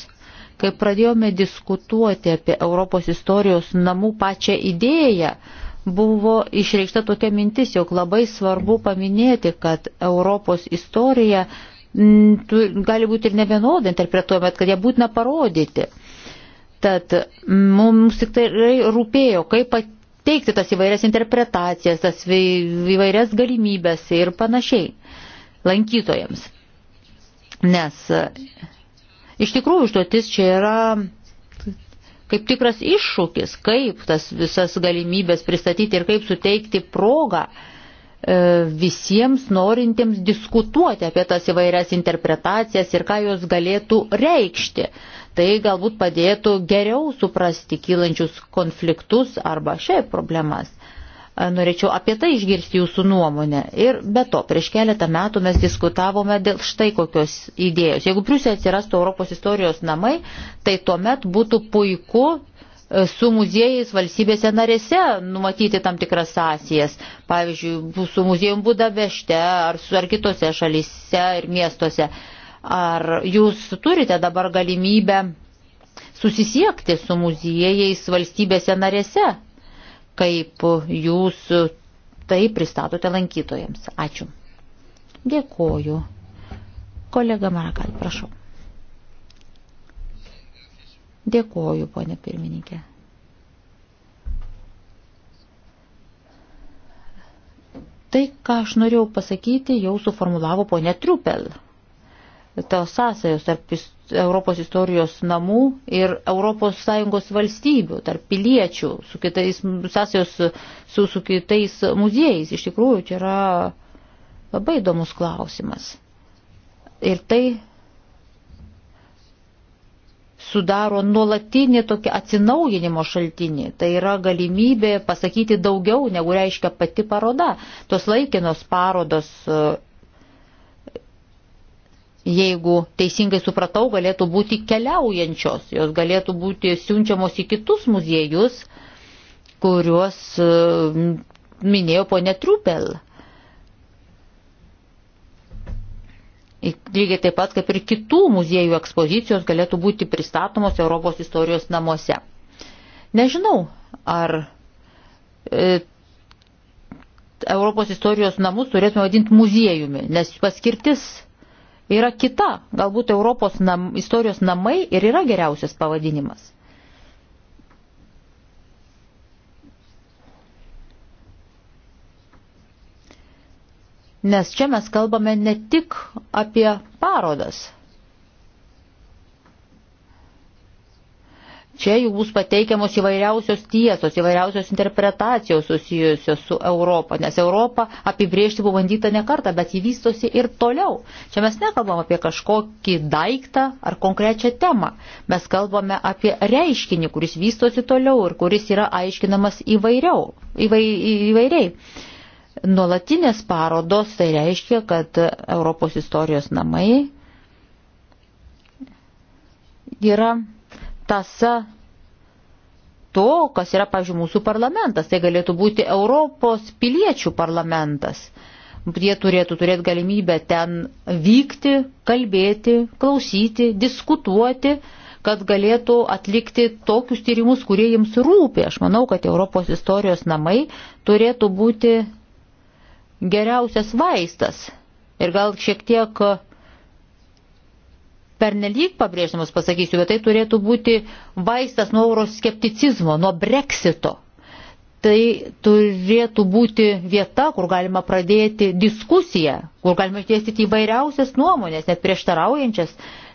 Kai pradėjome diskutuoti apie Europos istorijos namų pačią idėją, buvo išreikšta tokia mintis, jog labai svarbu paminėti, kad Europos istorija mm, gali būti ir nevienodai interpretuojama, kad ją būtina parodyti. Tad mm, mums tik tai rūpėjo, kaip pateikti tas įvairias interpretacijas, tas įvairias galimybės ir panašiai lankytojams. Nes e, iš tikrųjų užduotis čia yra kaip tikras iššūkis, kaip tas visas galimybės pristatyti ir kaip suteikti progą e, visiems norintiems diskutuoti apie tas įvairias interpretacijas ir ką jos galėtų reikšti. Tai galbūt padėtų geriau suprasti kylančius konfliktus arba šiaip problemas. Norėčiau apie tai išgirsti jūsų nuomonę. Ir be to, prieš keletą metų mes diskutavome dėl štai kokios idėjos. Jeigu Briuselė atsirastų Europos istorijos namai, tai tuomet būtų puiku e, su muziejais valstybėse narėse numatyti tam tikras sąsijas. Pavyzdžiui, su muziejum Budapešte ar, ar kitose šalyse ir miestuose. Ar jūs turite dabar galimybę susisiekti su muziejais valstybėse narėse? kaip jūs tai pristatote lankytojams. Ačiū. Dėkoju. Kolega Marakal, prašau. Dėkoju, ponė pirmininkė. Tai, ką aš norėjau pasakyti, jau suformulavo ponė Triupel. Tos sąsajos tarp Europos istorijos namų ir ES valstybių, tarp piliečių, su kitais, sąsajos su, su kitais muziejais. Iš tikrųjų, čia yra labai įdomus klausimas. Ir tai sudaro nuolatinį tokį atsinaujinimo šaltinį. Tai yra galimybė pasakyti daugiau, negu reiškia pati paroda. Tos laikinos parodos jeigu teisingai supratau, galėtų būti keliaujančios, jos galėtų būti siunčiamos į kitus muziejus, kuriuos e, minėjo ponė Trupel. Lygiai taip pat kaip ir kitų muziejų ekspozicijos galėtų būti pristatomos Europos istorijos namuose. Nežinau, ar e, Europos istorijos namus turėtume vadinti muziejumi, nes paskirtis yra kita. Galbūt Europos nam, istorijos namai ir yra geriausias pavadinimas. Nes čia mes kalbame ne tik apie parodas, Čia jau bus pateikiamos įvairiausios tiesos, įvairiausios interpretacijos susijusios su Europą, nes Europą apibriežti buvo bandyta ne kartą, bet jį vystosi ir toliau. Čia mes nekalbam apie kažkokį daiktą ar konkrečią temą, mes kalbame apie reiškinį, kuris vystosi toliau ir kuris yra aiškinamas įvairiau, įvai, įvairiai. Nuolatinės parodos tai reiškia, kad Europos istorijos namai yra tasa to, kas yra, pavyzdžiui, mūsų parlamentas. Tai galėtų būti Europos piliečių parlamentas. Jie turėtų turėti galimybę ten vykti, kalbėti, klausyti, diskutuoti, kad galėtų atlikti tokius tyrimus, kurie jiems rūpi. Aš manau, kad Europos istorijos namai turėtų būti geriausias vaistas. Ir gal šiek tiek uh, pernelyg pabrėžiamas, pasakysiu, bet tai turėtų būti vaistas nuo euroskepticizmo, nuo breksito. Tai turėtų būti vieta, kur galima pradėti diskusiją, kur galima tiesyti įvairiausias nuomonės, net prieštaraujančias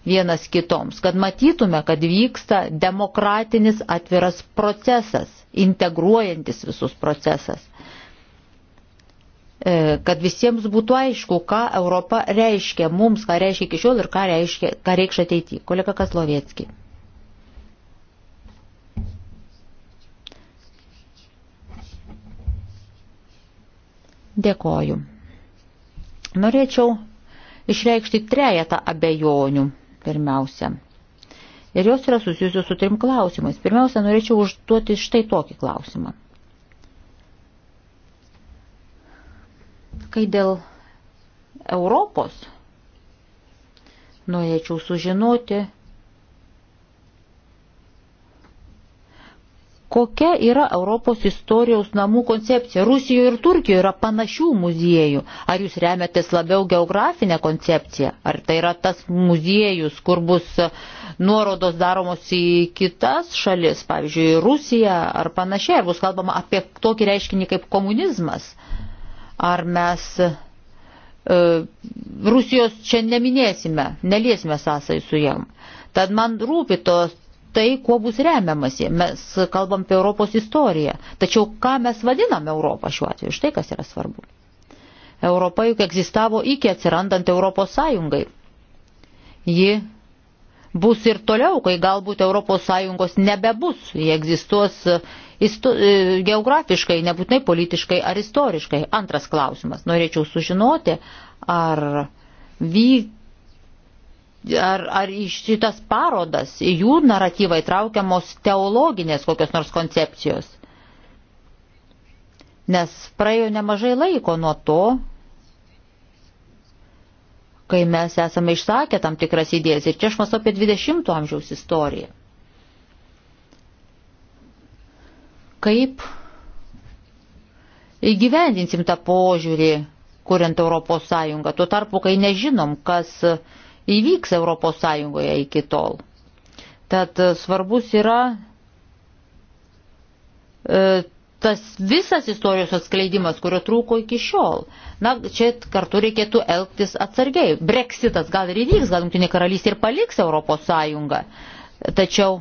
vienas kitoms, kad matytume, kad vyksta demokratinis atviras procesas, integruojantis visus procesas. E, kad visiems būtų aišku, ką Europa reiškia mums, ką reiškia iki šiol ir ką, reiškia, ką reikš ateityje. Kolega Kaslovietski. Dėkoju. Norėčiau išreikšti trejatą abejonių pirmiausia. Ir jos yra susijusios su trim klausimais. Pirmiausia, norėčiau užduoti štai tokį klausimą. Kai dėl Europos norėčiau sužinoti, kokia yra Europos istorijos namų koncepcija. Rusijoje ir Turkijoje yra panašių muziejų. Ar jūs remiatės labiau geografinę koncepciją? Ar tai yra tas muziejus, kur bus e, nuorodos daromos į kitas šalis, pavyzdžiui, Rusiją ar panašiai? Ar bus kalbama apie tokį reiškinį kaip komunizmas? Uh, Ar mes e, Rusijos čia neminėsime, neliesime sąsai su jam. Tad man rūpi tos tai, kuo bus remiamasi. Mes kalbam apie Europos istoriją. Tačiau ką mes vadiname Europą šiuo atveju? Štai kas yra svarbu. Europa juk egzistavo iki atsirandant Europos Sąjungai. Ji bus ir toliau, kai galbūt ES nebebus, jie egzistuos e, e, geografiškai, nebūtinai politiškai ar istoriškai. Antras klausimas. Norėčiau sužinoti, ar, vy, ar, ar iš šitas parodas, į jų naratyvą įtraukiamos teologinės kokios nors koncepcijos. Nes praėjo nemažai laiko nuo to, kai mes esame išsakę tam tikras idėjas. Ir čia aš mąstu apie 20-ojo amžiaus istoriją. Kaip įgyvendinsim tą požiūrį, kuriant Europos Sąjungą, tuo tarpu, kai nežinom, kas įvyks Europos Sąjungoje iki tol. Tad svarbus yra e, tas visas istorijos atskleidimas, kurio trūko iki šiol. Na, čia kartu reikėtų elgtis atsargiai. Brexitas gal ir įvyks, gal Junktinė karalystė ir paliks Europos Sąjungą. Tačiau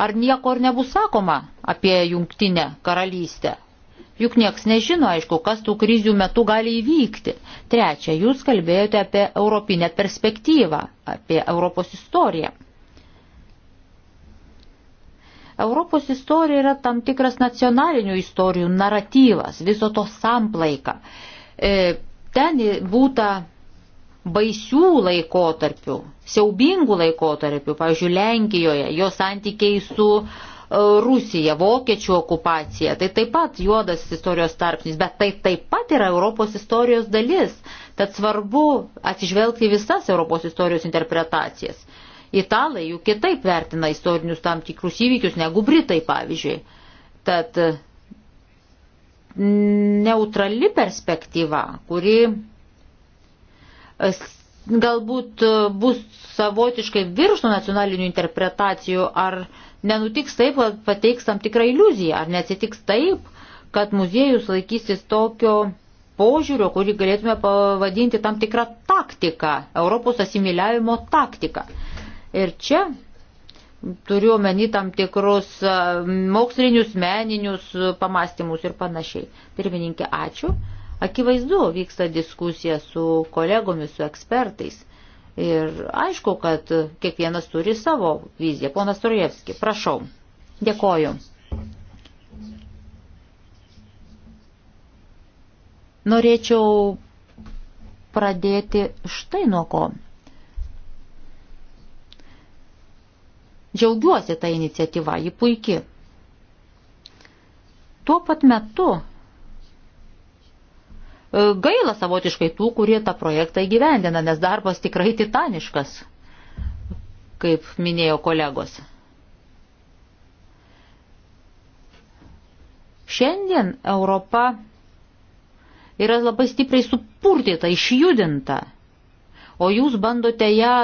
ar nieko ir nebus sakoma apie Junktinę karalystę? Juk nieks nežino, aišku, kas tų krizių metu gali įvykti. Trečia, jūs kalbėjote apie europinę perspektyvą, apie Europos istoriją. Europos istorija yra tam tikras nacionalinių istorijų naratyvas, viso to samplaika. E, ten būta baisių laikotarpių, siaubingų laikotarpių, pavyzdžiui, Lenkijoje, jo santykiai su e, Rusija, vokiečių okupacija, tai taip pat juodas istorijos tarpsnis, bet tai taip pat yra Europos istorijos dalis, tad svarbu atsižvelgti visas Europos istorijos interpretacijas. Italai juk kitaip vertina istorinius tam tikrus įvykius negu Britai, pavyzdžiui. Tad e, neutrali perspektyva, kuri e, galbūt e, bus savotiškai virš nacionalinių interpretacijų, ar nenutiks taip, kad pateiks tam tikrą iliuziją, ar neatsitiks taip, kad muziejus laikysis tokio požiūrio, kurį galėtume pavadinti tam tikrą taktiką, Europos asimiliavimo taktiką. Ir čia turiu meni tam tikrus mokslinius, meninius pamastymus ir panašiai. Pirmininkė, ačiū. Akivaizdu, vyksta diskusija su kolegomis, su ekspertais. Ir aišku, kad kiekvienas turi savo viziją. Ponas Turjevski, prašau. Dėkoju. Norėčiau pradėti štai nuo ko. Džiaugiuosi tą iniciatyvą, ji puiki. Tuo pat metu e, gaila savotiškai tų, kurie tą projektą įgyvendina, nes darbas tikrai titaniškas, kaip minėjo kolegos. Šiandien Europa yra labai stipriai supurtyta, išjudinta, o jūs bandote ją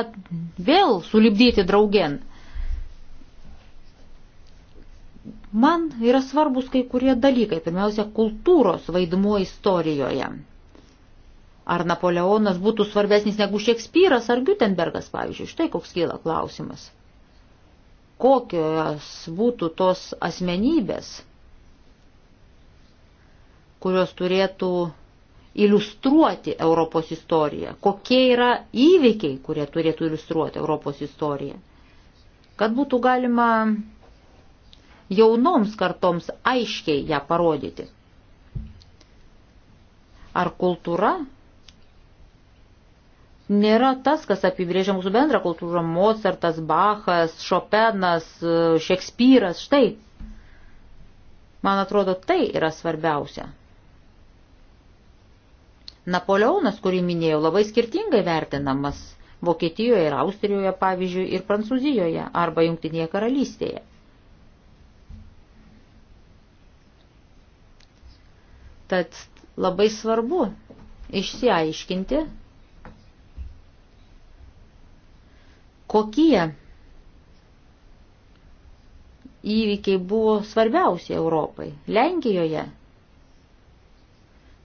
vėl sulibdyti draugen. Man yra svarbus kai kurie dalykai, pirmiausia, kultūros vaidmuo istorijoje. Ar Napoleonas būtų svarbesnis negu Šekspyras ar Gutenbergas, pavyzdžiui, štai koks kyla klausimas. Kokios būtų tos asmenybės, kurios turėtų iliustruoti Europos istoriją, kokie yra įvykiai, kurie turėtų iliustruoti Europos istoriją, kad būtų galima jaunoms kartoms aiškiai ją parodyti. Ar kultūra nėra tas, kas apibrėžia mūsų bendrą kultūrą - Mozartas, Bachas, Šopenas, Šekspyras, štai. Man atrodo, tai yra svarbiausia. Napoleonas, kurį minėjau, labai skirtingai vertinamas Vokietijoje ir Austrijoje, pavyzdžiui, ir Prancūzijoje arba Junktinėje karalystėje. Tad labai svarbu išsiaiškinti, kokie įvykiai buvo svarbiausi Europai. Lenkijoje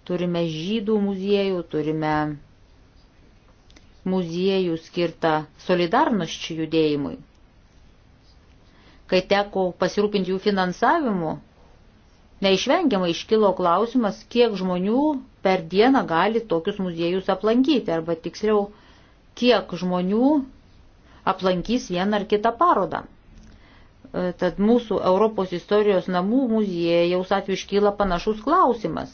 turime žydų muziejų, turime muziejų skirtą solidarnoščių judėjimui. Kai teko pasirūpinti jų finansavimu, neišvengiamai iškilo klausimas, kiek žmonių per dieną gali tokius muziejus aplankyti, arba tiksliau, kiek žmonių aplankys vieną ar kitą parodą. E, tad mūsų Europos istorijos namų muziejaus atveju iškyla panašus klausimas.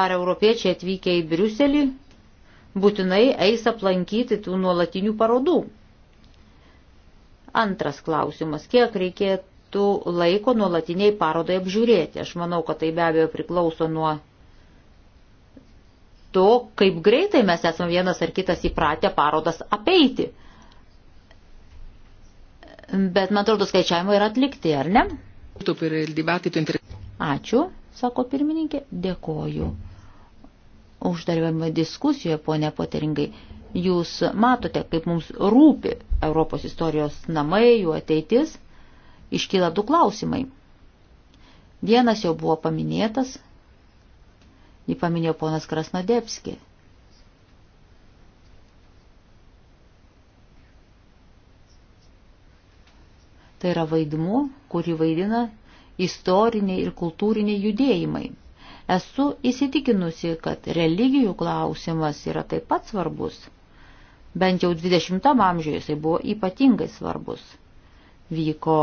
Ar europiečiai atvykę į Briuselį būtinai eis aplankyti tų nuolatinių parodų? Antras klausimas, kiek reikėtų reiktų laiko nuolatiniai parodai apžiūrėti. Aš manau, kad tai be abejo priklauso nuo to, kaip greitai mes esame vienas ar kitas įpratę parodas apeiti. Bet, man atrodo, skaičiavimai yra atlikti, ar ne? Ačiū, sako pirmininkė, dėkoju. Uždarbiavimo diskusijoje, ponė Poteringai, jūs matote, kaip mums rūpi Europos istorijos namai, jų ateitis iškyla du klausimai. Vienas jau buvo paminėtas, jį paminėjo ponas Krasnodepski. Tai yra vaidmuo, kurį vaidina istoriniai ir kultūriniai judėjimai. Esu įsitikinusi, kad religijų klausimas yra taip pat svarbus. Bent jau 20 amžiuje jisai buvo ypatingai svarbus. Vyko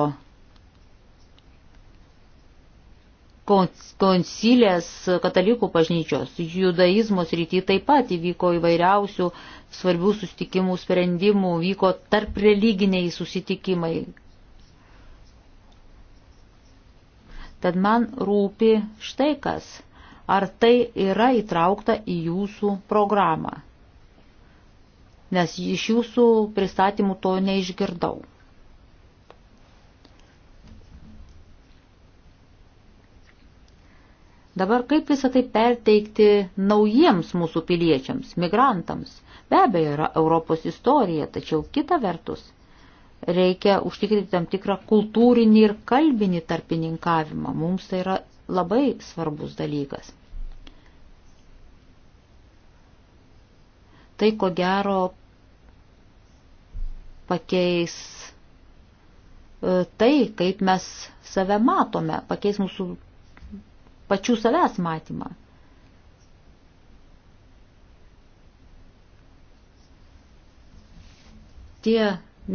koncilės katalikų bažnyčios, judaizmo srity taip pat įvyko įvairiausių svarbių susitikimų, sprendimų, vyko tarp religiniai susitikimai. Tad man rūpi štai kas, ar tai yra įtraukta į jūsų programą, nes iš jūsų pristatymų to neišgirdau. Dabar kaip visą tai perteikti naujiems mūsų piliečiams, migrantams? Be abejo, yra Europos istorija, tačiau kita vertus reikia užtikrinti tam tikrą kultūrinį ir kalbinį tarpininkavimą. Mums tai yra labai svarbus dalykas. Tai ko gero pakeis e, tai, kaip mes save matome, pakeis mūsų pačių savęs matymą. Tie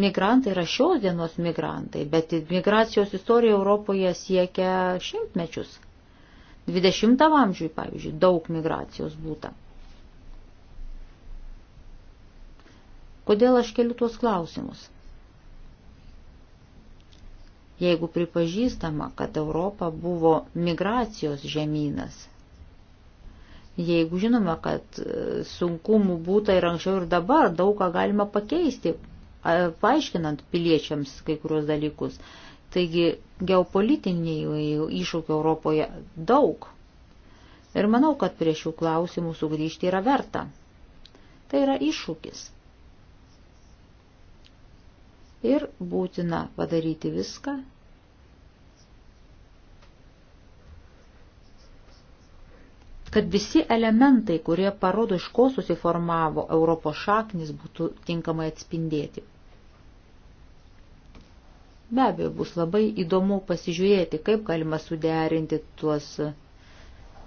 migrantai yra šios dienos migrantai, bet migracijos istorija Europoje siekia šimtmečius. 20 amžiui, pavyzdžiui, daug migracijos būta. Kodėl aš keliu tuos klausimus? jeigu pripažįstama, kad Europa buvo migracijos žemynas. Jeigu žinome, kad e, sunkumų būta ir anksčiau ir dabar, daug ką galima pakeisti, paaiškinant piliečiams kai kurios dalykus. Taigi geopolitiniai iššūkiai Europoje daug. Ir manau, kad prie šių klausimų sugrįžti yra verta. Tai yra iššūkis ir būtina padaryti viską, kad visi elementai, kurie parodo, iš ko susiformavo Europos šaknis, būtų tinkamai atspindėti. Be abejo, bus labai įdomu pasižiūrėti, kaip galima suderinti tuos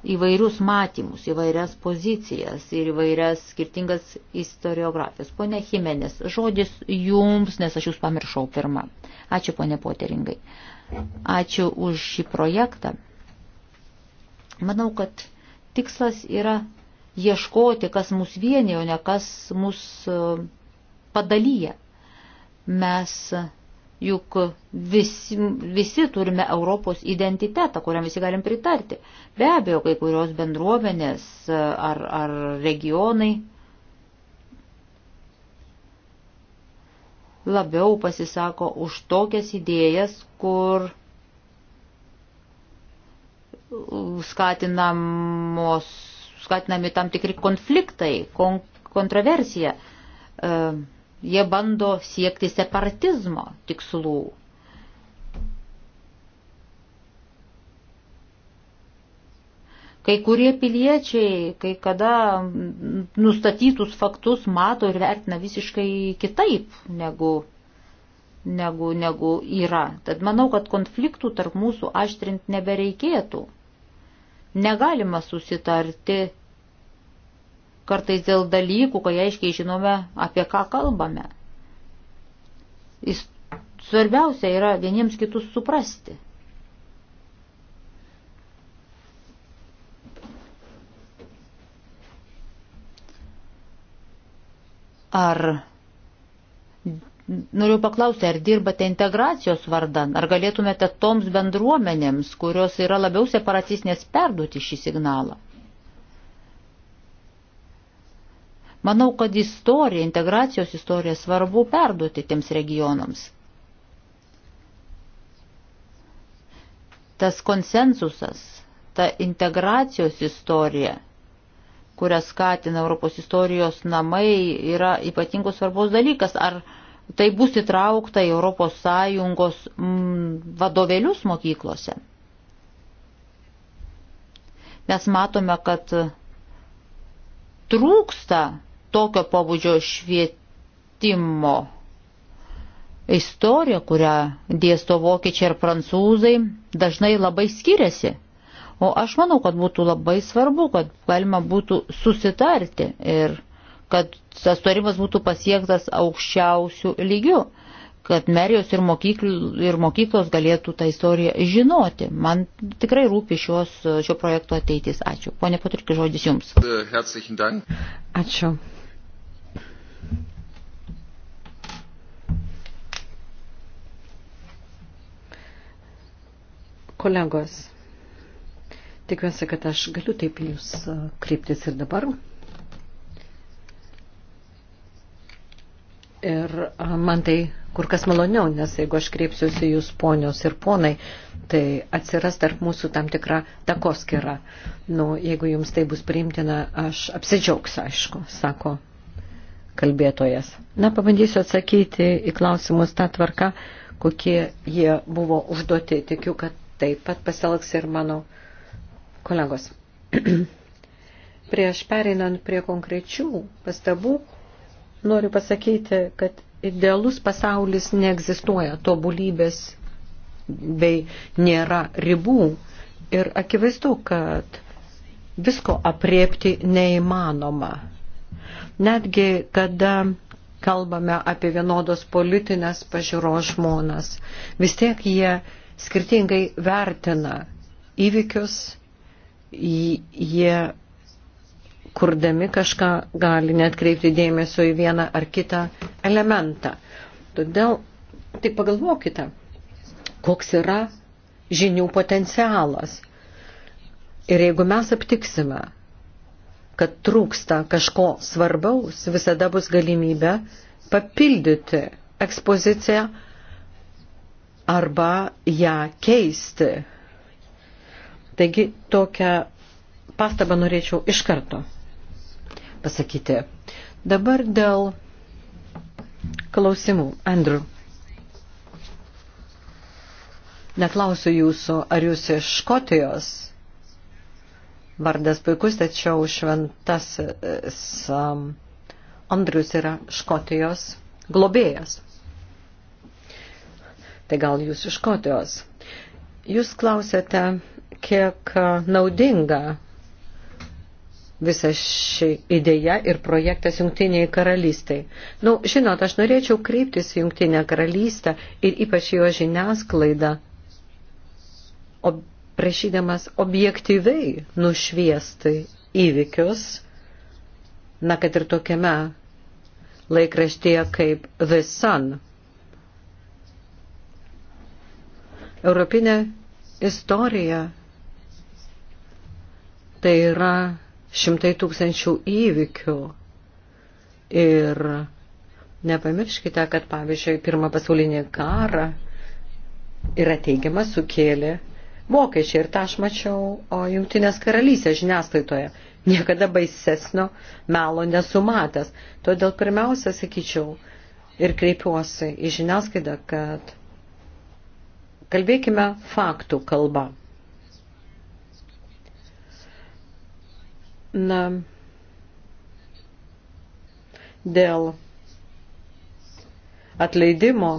įvairius matymus, įvairias pozicijas ir įvairias skirtingas istoriografijas. Pone Jimenės, žodis jums, nes aš jūs pamiršau pirmą. Ačiū, pone Poteringai. Ačiū už šį projektą. Manau, kad tikslas yra ieškoti, kas mus vienyje, o ne kas mus e, padalyja. Mes Juk visi, visi turime Europos identitetą, kuriam visi galim pritarti. Be abejo, kai kurios bendruomenės e, ar, ar regionai labiau pasisako už tokias idėjas, kur skatinamos, skatinami tam tikri konfliktai, kon, kontroversija. E, Jie bando siekti separatizmo tikslų. Kai kurie piliečiai, kai kada nustatytus faktus mato ir vertina visiškai kitaip, negu, negu, negu yra. Tad manau, kad konfliktų tarp mūsų aštrinti nebereikėtų. Negalima susitarti kartais dėl dalykų, kai aiškiai žinome, apie ką kalbame. Svarbiausia yra vieniems kitus suprasti. Ar Noriu paklausti, ar dirbate integracijos vardan, ar galėtumėte toms bendruomenėms, kurios yra labiau separatistinės, perduoti šį signalą? Manau, kad istorija, integracijos istorija svarbu perduoti tiems regionams. Tas konsensusas, ta integracijos istorija, kurią skatina Europos istorijos namai, yra ypatingos svarbos dalykas. Ar tai bus įtraukta į Europos Sąjungos mm, vadovėlius mokyklose? Mes matome, kad trūksta tokio pobūdžio švietimo istorija, kurią dėsto vokiečiai ir prancūzai, dažnai labai skiriasi. O aš manau, kad būtų labai svarbu, kad galima būtų susitarti ir kad tas tarimas būtų pasiektas aukščiausių lygių, kad merijos ir, mokyklų, ir mokyklos galėtų tą istoriją žinoti. Man tikrai rūpi šios, šio projekto ateitis. Ačiū. Pone Patrikė, žodis Jums. Ačiū. Kolegos, tikiuosi, kad aš galiu taip jūs kreiptis ir dabar. Ir man tai kur kas maloniau, nes jeigu aš kreipsiuosi jūs ponios ir ponai, tai atsiras tarp mūsų tam tikra takoskira. Nu, jeigu jums tai bus priimtina, aš apsidžiaugs, aišku, sako kalbėtojas. Na, pabandysiu atsakyti į klausimus tą tvarką, kokie jie buvo užduoti. Tikiu, kad taip pat pasielgs ir mano kolegos. Prieš pereinant prie konkrečių pastabų, noriu pasakyti, kad idealus pasaulis neegzistuoja tobulybės bei nėra ribų. Ir akivaizdu, kad visko apriepti neįmanoma. Netgi, kada kalbame apie vienodos politinės pažiūros žmonas, vis tiek jie skirtingai vertina įvykius, jie kurdami kažką gali net kreipti dėmesio į vieną ar kitą elementą. Todėl tik pagalvokite, koks yra žinių potencialas. Ir jeigu mes aptiksime, kad trūksta kažko svarbaus, visada bus galimybė papildyti ekspoziciją arba ją keisti. Taigi tokią pastabą norėčiau iš karto pasakyti. Dabar dėl klausimų. Andrew. Neklausiu jūsų, ar jūs iš Škotijos. Vardas puikus, tačiau šventasis um, Andrius yra Škotijos globėjas. Tai gal jūs iš Škotijos. Jūs klausėte, kiek naudinga visa ši idėja ir projektas Jungtiniai karalystiai. Na, nu, žinot, aš norėčiau kreiptis į Jungtinę karalystę ir ypač jo žiniasklaidą, ob, prašydamas objektyviai nušviesti įvykius, na, kad ir tokiame laikraštyje kaip The Sun Europinė istorija tai yra šimtai tūkstančių įvykių. Ir nepamirškite, kad pavyzdžiui, pirmą pasaulinį karą yra teigiama sukėlė vokiečiai. Ir tą aš mačiau o jungtinės karalystės žiniasklaidoje. Niekada baisesnio melo nesumatęs. Todėl pirmiausia, sakyčiau, ir kreipiuosi į žiniasklaidą, kad Kalbėkime faktų kalba. Na, dėl atleidimo,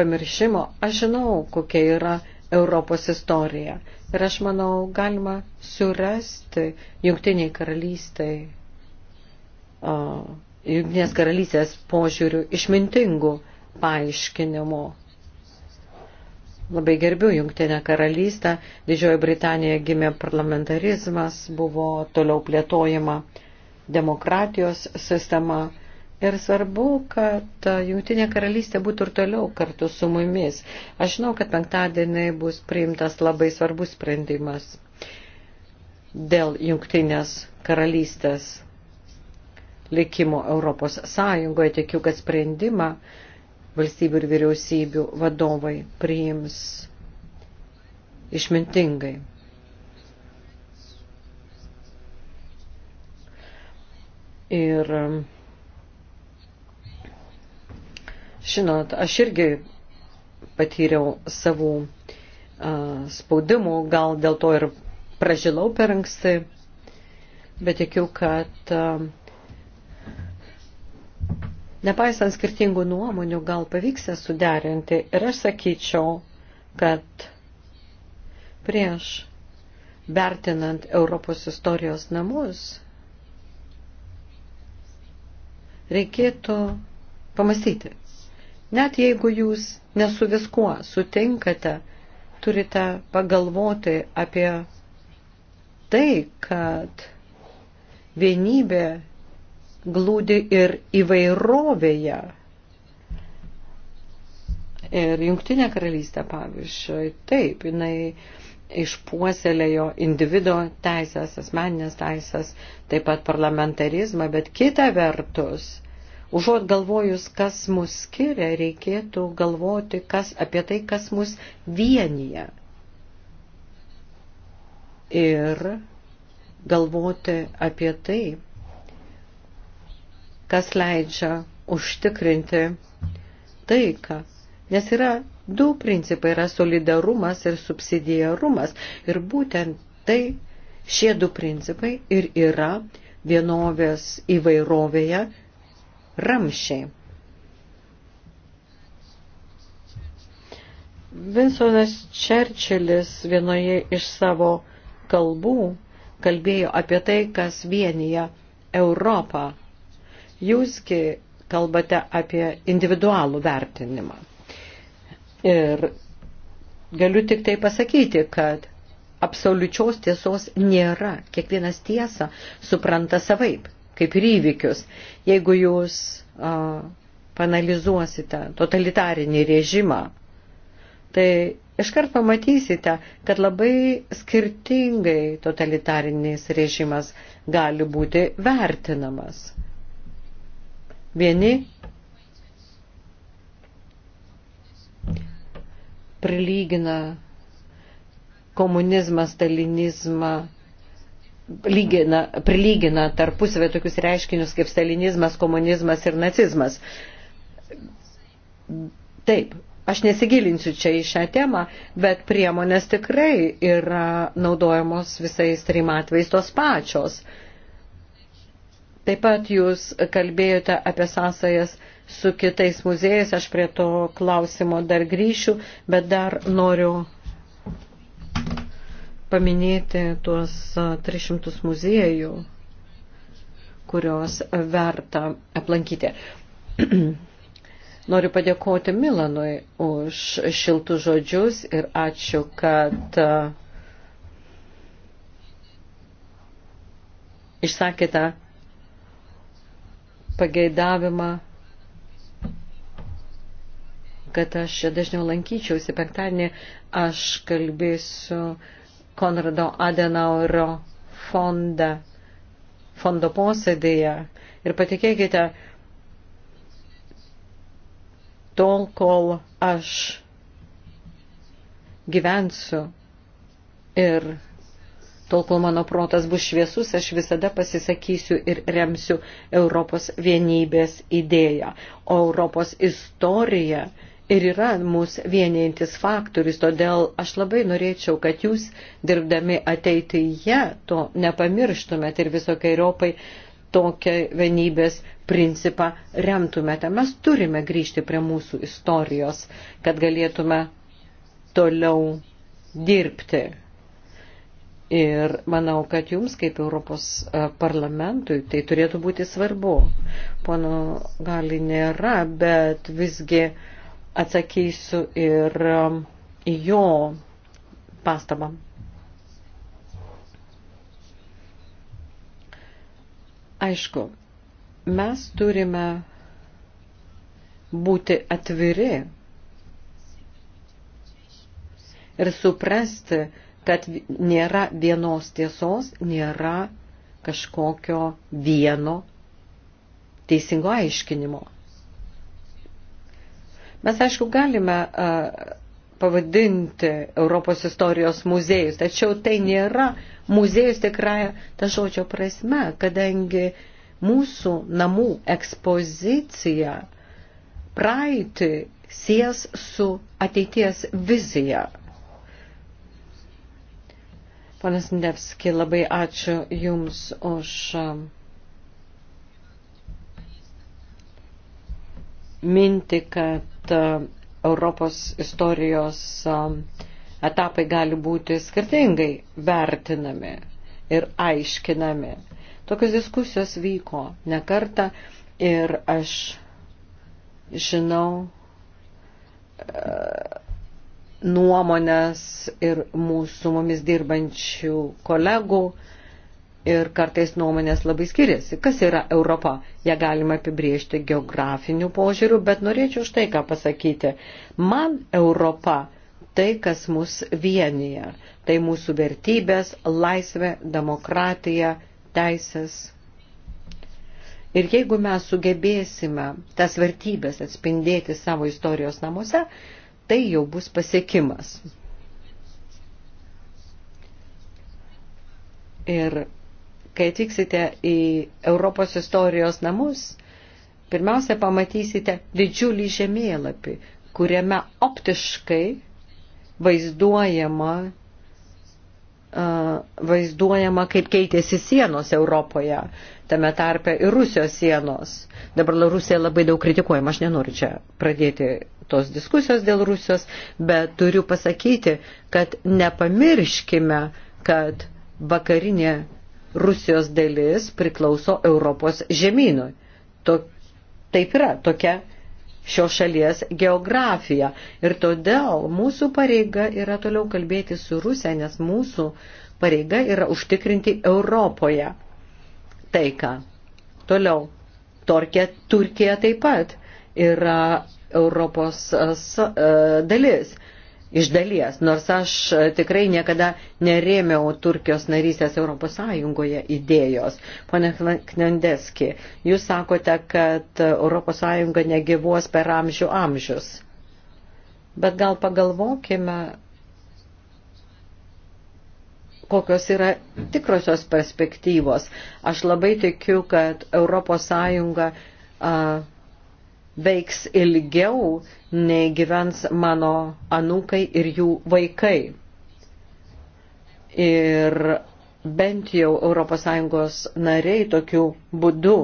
pamiršimo, aš žinau, kokia yra Europos istorija. Ir aš manau, galima surasti jungtiniai karalystai, jungtinės karalystės požiūrių išmintingų paaiškinimu. Labai gerbiu Jungtinę karalystę, Didžioji Britanija gimė parlamentarizmas, buvo toliau plėtojama demokratijos sistema. Ir svarbu, kad Jungtinė karalystė būtų ir toliau kartu su mumis. Aš žinau, kad penktadienį bus priimtas labai svarbus sprendimas dėl Jungtinės karalystės likimo Europos Sąjungoje. Tikiu, kad sprendimą valstybių ir vyriausybių vadovai priims išmintingai. Ir žinot, aš irgi patyriau savų a, spaudimų, gal dėl to ir pražilau per anksti, bet tikiu, kad a, Nepaisant skirtingų nuomonių, gal pavyks jas suderinti ir aš sakyčiau, kad prieš vertinant Europos istorijos namus reikėtų pamastyti. Net jeigu jūs nesu viskuo sutinkate, turite pagalvoti apie tai, kad vienybė glūdi ir įvairovėje. Ir jungtinė karalystė, pavyzdžiui, taip, jinai išpuoselėjo individo teisės, asmeninės teisės, taip pat parlamentarizmą, bet kita vertus, užuot galvojus, kas mus skiria, reikėtų galvoti kas, apie tai, kas mus vienyje. Ir galvoti apie tai, kas leidžia užtikrinti taiką. Nes yra du principai - yra solidarumas ir subsidijarumas. Ir būtent tai šie du principai ir yra vienovės įvairovėje ramšiai. Vinsonas Čerčilis vienoje iš savo kalbų kalbėjo apie tai, kas vienyje Europą Jūsgi kalbate apie individualų vertinimą. Ir galiu tik tai pasakyti, kad absoliučios tiesos nėra. Kiekvienas tiesą supranta savaip, kaip ir įvykius. Jeigu jūs a, panalizuosite totalitarinį režimą, tai iškart pamatysite, kad labai skirtingai totalitarinis režimas gali būti vertinamas. Vieni prilygina komunizmą, stalinizmą, lygina, prilygina tarpusavę tokius reiškinius kaip stalinizmas, komunizmas ir nacizmas. Taip, aš nesigilinsiu čia į šią temą, bet priemonės tikrai yra naudojamos visais trim atvejais tos pačios. Uh, Taip pat jūs kalbėjote apie sąsajas su kitais muziejais, aš prie to klausimo dar grįšiu, bet dar noriu paminėti tuos 300 muziejų, kurios verta aplankyti. Noriu padėkoti Milanui už šiltus žodžius ir ačiū, kad išsakėte pageidavimą, kad aš čia dažniau lankyčiausi. Penktadienį aš kalbėsiu Konrado Adenauro fondą, fondo posėdėje. Ir patikėkite, tol, kol aš gyvensiu ir Tol, kol mano protas bus šviesus, aš visada pasisakysiu ir remsiu Europos vienybės idėją. O Europos istorija ir yra mūsų vienintis faktorius, todėl aš labai norėčiau, kad jūs, dirbdami ateityje, to nepamirštumėt ir visokai Europai tokią vienybės principą remtumėte. Mes turime grįžti prie mūsų istorijos, kad galėtume toliau dirbti Ir manau, kad jums kaip Europos e, parlamentui tai turėtų būti svarbu. Pono gali nėra, bet visgi atsakysiu ir e, į jo pastabą. Aišku, mes turime būti atviri ir suprasti, kad nėra vienos tiesos, nėra kažkokio vieno teisingo aiškinimo. Mes, aišku, galime pavadinti Europos istorijos muziejus, tačiau tai nėra muziejus tikrąją tą žodžio prasme, kadangi mūsų namų ekspozicija praeitį sies su ateities vizija Panas Ndevski, labai ačiū Jums už um, mintį, kad um, Europos istorijos um, etapai gali būti skirtingai vertinami ir aiškinami. Tokios diskusijos vyko ne kartą ir aš žinau, nuomonės ir mūsų mumis dirbančių kolegų ir kartais nuomonės labai skiriasi. Kas yra Europa? Ja galima apibriežti geografinių požiūrių, bet norėčiau štai ką pasakyti. Man Europa tai, kas mus vienyje. Tai mūsų vertybės, laisvė, demokratija, teisės. Ir jeigu mes sugebėsime tas vertybės atspindėti savo istorijos namuose, tai jau bus pasiekimas. Ir kai atvyksite į Europos istorijos namus, pirmiausia pamatysite didžiulį žemėlapį, kuriame optiškai vaizduojama, uh, vaizduojama kaip keitėsi sienos Europoje tame tarpe ir Rusijos sienos. Dabar Rusija labai daug kritikuojama, aš nenoriu čia pradėti tos diskusijos dėl Rusijos, bet turiu pasakyti, kad nepamirškime, kad vakarinė Rusijos dalis priklauso Europos žemynui. To, taip yra tokia šio šalies geografija. Ir todėl mūsų pareiga yra toliau kalbėti su Rusija, nes mūsų pareiga yra užtikrinti Europoje taiką. Toliau, Torkė, Turkija taip pat yra Europos e, e, dalis. Iš dalies, nors aš e, tikrai niekada nerėmiau Turkijos narysės Europos Sąjungoje idėjos. Pone Knendeski, jūs sakote, kad Europos Sąjunga negyvuos per amžių amžius. Bet gal pagalvokime kokios yra tikrosios perspektyvos. Aš labai tikiu, kad ES veiks ilgiau, nei gyvens mano anūkai ir jų vaikai. Ir bent jau ES nariai tokiu būdu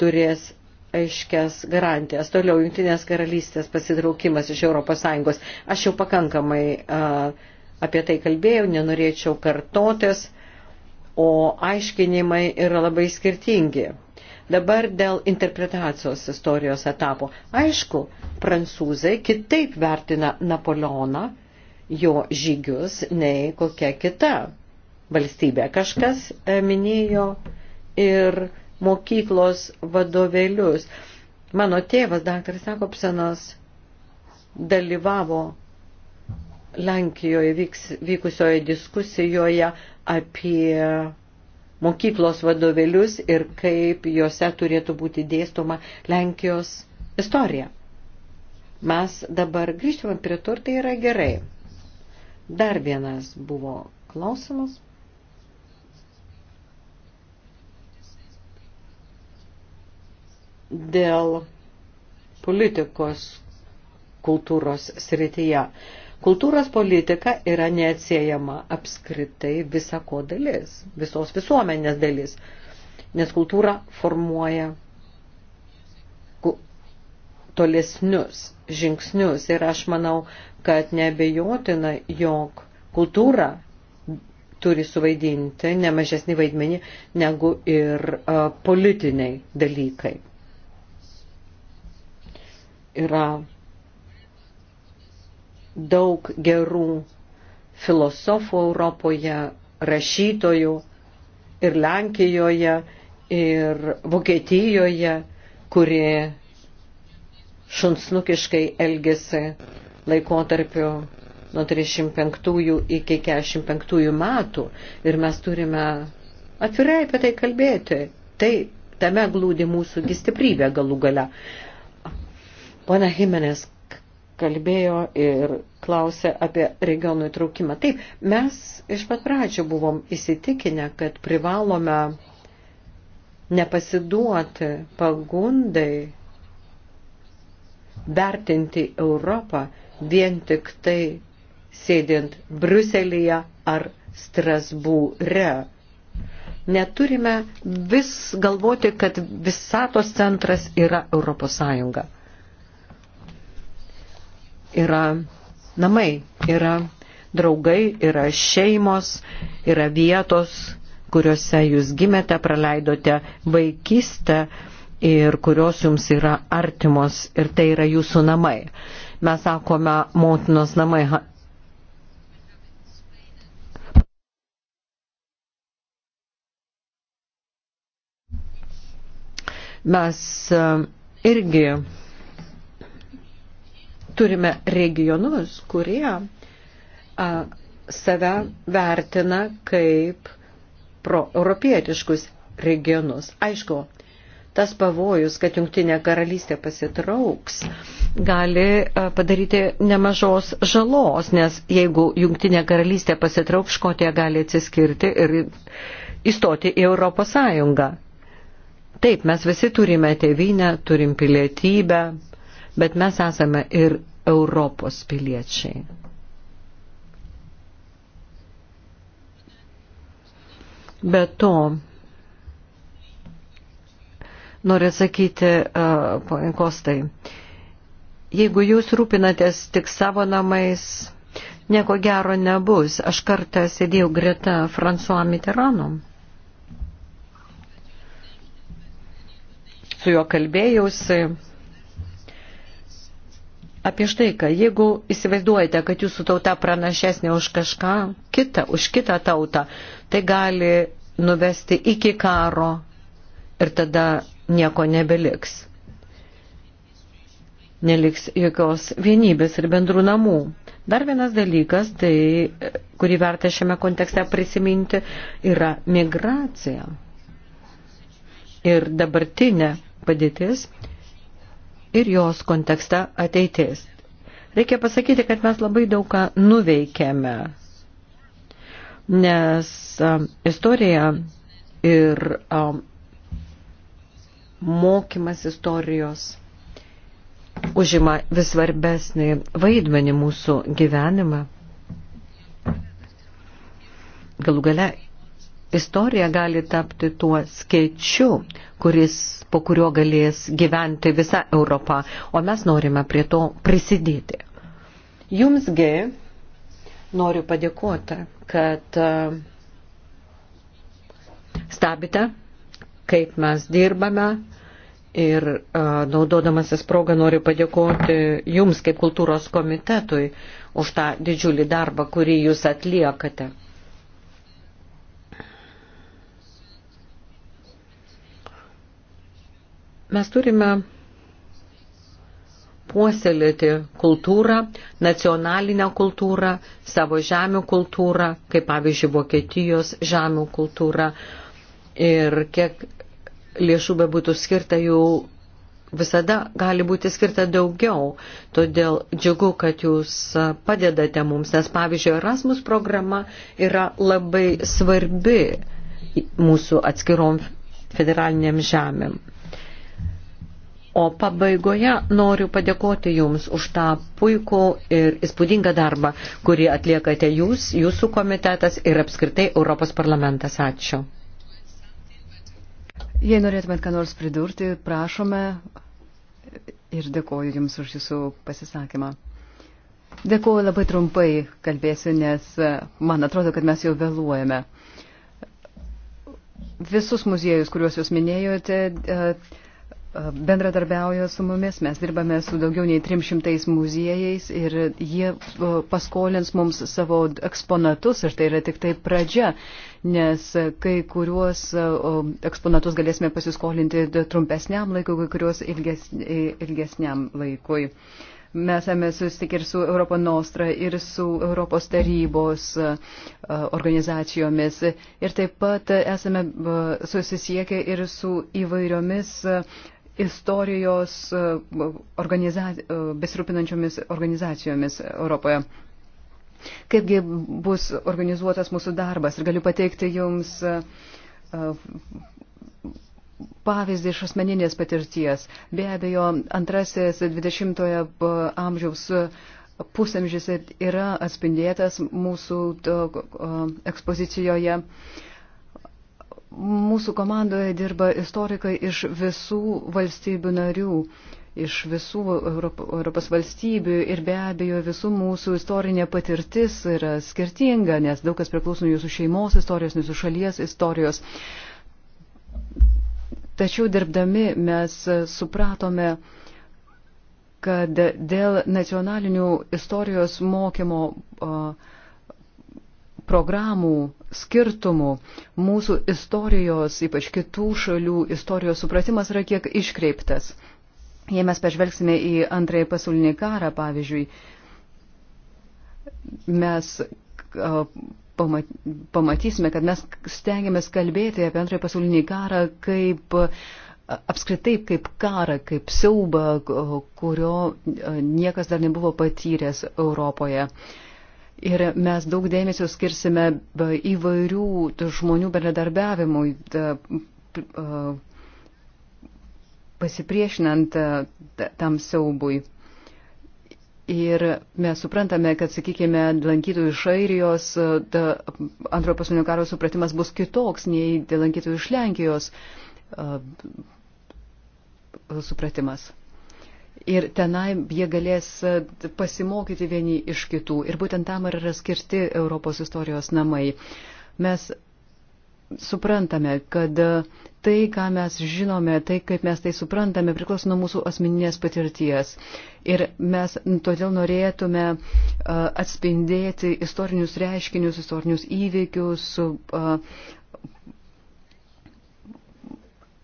turės aiškias garantijas. Toliau Junktinės karalystės pasitraukimas iš ES. Aš jau pakankamai uh, apie tai kalbėjau, nenorėčiau kartotis, o aiškinimai yra labai skirtingi. Dabar dėl interpretacijos istorijos etapo. Aišku, prancūzai kitaip vertina Napoleoną, jo žygius, nei kokia kita valstybė. Kažkas e, minėjo ir mokyklos vadovėlius. Mano tėvas, daktaras Jakobsenas, dalyvavo Lenkijoje vyks, vykusioje diskusijoje apie mokyklos vadovėlius ir kaip juose turėtų būti dėstoma Lenkijos istorija. Mes dabar grįžtame prie to ir tai yra gerai. Dar vienas buvo klausimas. Dėl politikos kultūros srityje. Kultūros politika yra neatsiejama apskritai visako dalis, visos visuomenės dalis, nes kultūra formuoja tolesnius žingsnius ir aš manau, kad nebejotina, jog kultūra turi suvaidinti nemažesnį vaidmenį negu ir politiniai dalykai. Yra daug gerų filosofų Europoje, rašytojų ir Lenkijoje, ir Vokietijoje, kurie šunsnukiškai elgėsi laikotarpiu nuo 35 iki 45 metų ir mes turime atvirai apie tai kalbėti. Tai tame glūdi mūsų stiprybė galų gale. Pana Jimenez kalbėjo ir klausė apie regionų įtraukimą. Taip, mes iš pat pradžių buvom įsitikinę, kad privalome nepasiduoti pagundai vertinti Europą vien tik tai sėdint Bruselėje ar Strasbūre. Neturime vis galvoti, kad visatos centras yra Europos Sąjunga yra namai, yra draugai, yra šeimos, yra vietos, kuriuose jūs gimėte, praleidote vaikystę ir kurios jums yra artimos ir tai yra jūsų namai. Mes sakome motinos namai. Mes e, irgi turime regionus, kurie a, save vertina kaip proeuropietiškus regionus. Aišku, tas pavojus, kad jungtinė karalystė pasitrauks, gali padaryti nemažos žalos, nes jeigu jungtinė karalystė pasitrauks, Škotija gali atsiskirti ir įstoti į Europos Sąjungą. Taip, mes visi turime tėvynę, turim pilietybę, bet mes esame ir Europos piliečiai. Be to, noriu atsakyti, uh, ponai Kostai, jeigu jūs rūpinatės tik savo namais, nieko gero nebus. Aš kartą sėdėjau greta François Mitterrando. Su juo kalbėjausi apie štai, kad jeigu įsivaizduojate, kad jūsų tauta pranašesnė už kažką kitą, už kitą tautą, tai gali nuvesti iki karo ir tada nieko nebeliks. Neliks jokios vienybės ir bendrų namų. Dar vienas dalykas, tai, kurį verta šiame kontekste prisiminti, yra migracija. Ir dabartinė padėtis ir jos kontekste ateitis. Reikia pasakyti, kad mes labai daug ką nuveikėme, nes um, istorija ir um, mokymas istorijos užima vis svarbesnį vaidmenį mūsų gyvenimą. Galų gale istorija gali tapti tuo skaičiu, kuris po kurio galės gyventi visa Europa, o mes norime prie to prisidėti. Jumsgi noriu padėkoti, kad e, stabite, kaip mes dirbame, Ir e, naudodamasis progą noriu padėkoti Jums kaip kultūros komitetui už tą didžiulį darbą, kurį Jūs atliekate. Mes turime puoselėti kultūrą, nacionalinę kultūrą, savo žemių kultūrą, kaip pavyzdžiui Vokietijos žemių kultūrą. Ir kiek lėšų be būtų skirta, jų visada gali būti skirta daugiau. Todėl džiugu, kad jūs padedate mums, nes pavyzdžiui Erasmus programa yra labai svarbi mūsų atskirom federaliniam žemėm. O pabaigoje noriu padėkoti Jums už tą puikų ir įspūdingą darbą, kurį atliekate Jūs, Jūsų komitetas ir apskritai Europos parlamentas. Ačiū. Jei norėtumėt ką nors pridurti, prašome ir dėkoju Jums už Jūsų pasisakymą. Dėkuoju labai trumpai kalbėsiu, nes e, man atrodo, kad mes jau vėluojame. Visus muziejus, kuriuos Jūs minėjote, e, bendradarbiauja su mumis, mes dirbame su daugiau nei 300 muziejais ir jie paskolins mums savo eksponatus ir tai yra tik tai pradžia, nes kai kuriuos eksponatus galėsime pasiskolinti trumpesniam laikui, kai kuriuos ilges, ilgesniam laikui. Mes esame susitikę ir su Europo Nostra, ir su Europos tarybos organizacijomis. Ir taip pat esame susisiekę ir su įvairiomis uh, istorijos e, organiza e, besirūpinančiomis organizacijomis Europoje. Kaipgi bus organizuotas mūsų darbas ir galiu pateikti jums e, pavyzdį iš asmeninės patirties. Be abejo, antrasis 20-ojo amžiaus pusamžys yra atspindėtas mūsų to, ekspozicijoje. Mūsų komandoje dirba istorikai iš visų valstybių narių, iš visų Europos valstybių ir be abejo visų mūsų istorinė patirtis yra skirtinga, nes daug kas priklauso nuo jūsų šeimos istorijos, nuo jūsų šalies istorijos. Tačiau dirbdami mes supratome, kad dėl nacionalinių istorijos mokymo uh, programų skirtumų mūsų istorijos, ypač kitų šalių istorijos supratimas yra kiek iškreiptas. Jei mes pažvelgsime į antrąjį pasaulinį karą, pavyzdžiui, mes pamatysime, kad mes stengiamės kalbėti apie antrąjį pasaulinį karą kaip apskritai kaip karą, kaip siaubą, kurio niekas dar nebuvo patyręs Europoje. Uh, Ir mes daug dėmesio skirsime įvairių žmonių bendradarbiavimui, pasipriešinant tam siaubui. Ir mes suprantame, kad, sakykime, lankytojų iš Airijos antrojo pasaulinio karo supratimas bus kitoks nei lankytojų iš Lenkijos supratimas. Ir tenai jie galės e, pasimokyti vieni iš kitų. Ir būtent tam yra skirti Europos istorijos namai. Mes suprantame, kad e, tai, ką mes žinome, tai, kaip mes tai suprantame, priklauso nuo mūsų asmeninės patirties. Ir mes todėl norėtume e, atspindėti istorinius reiškinius, istorinius įvykius,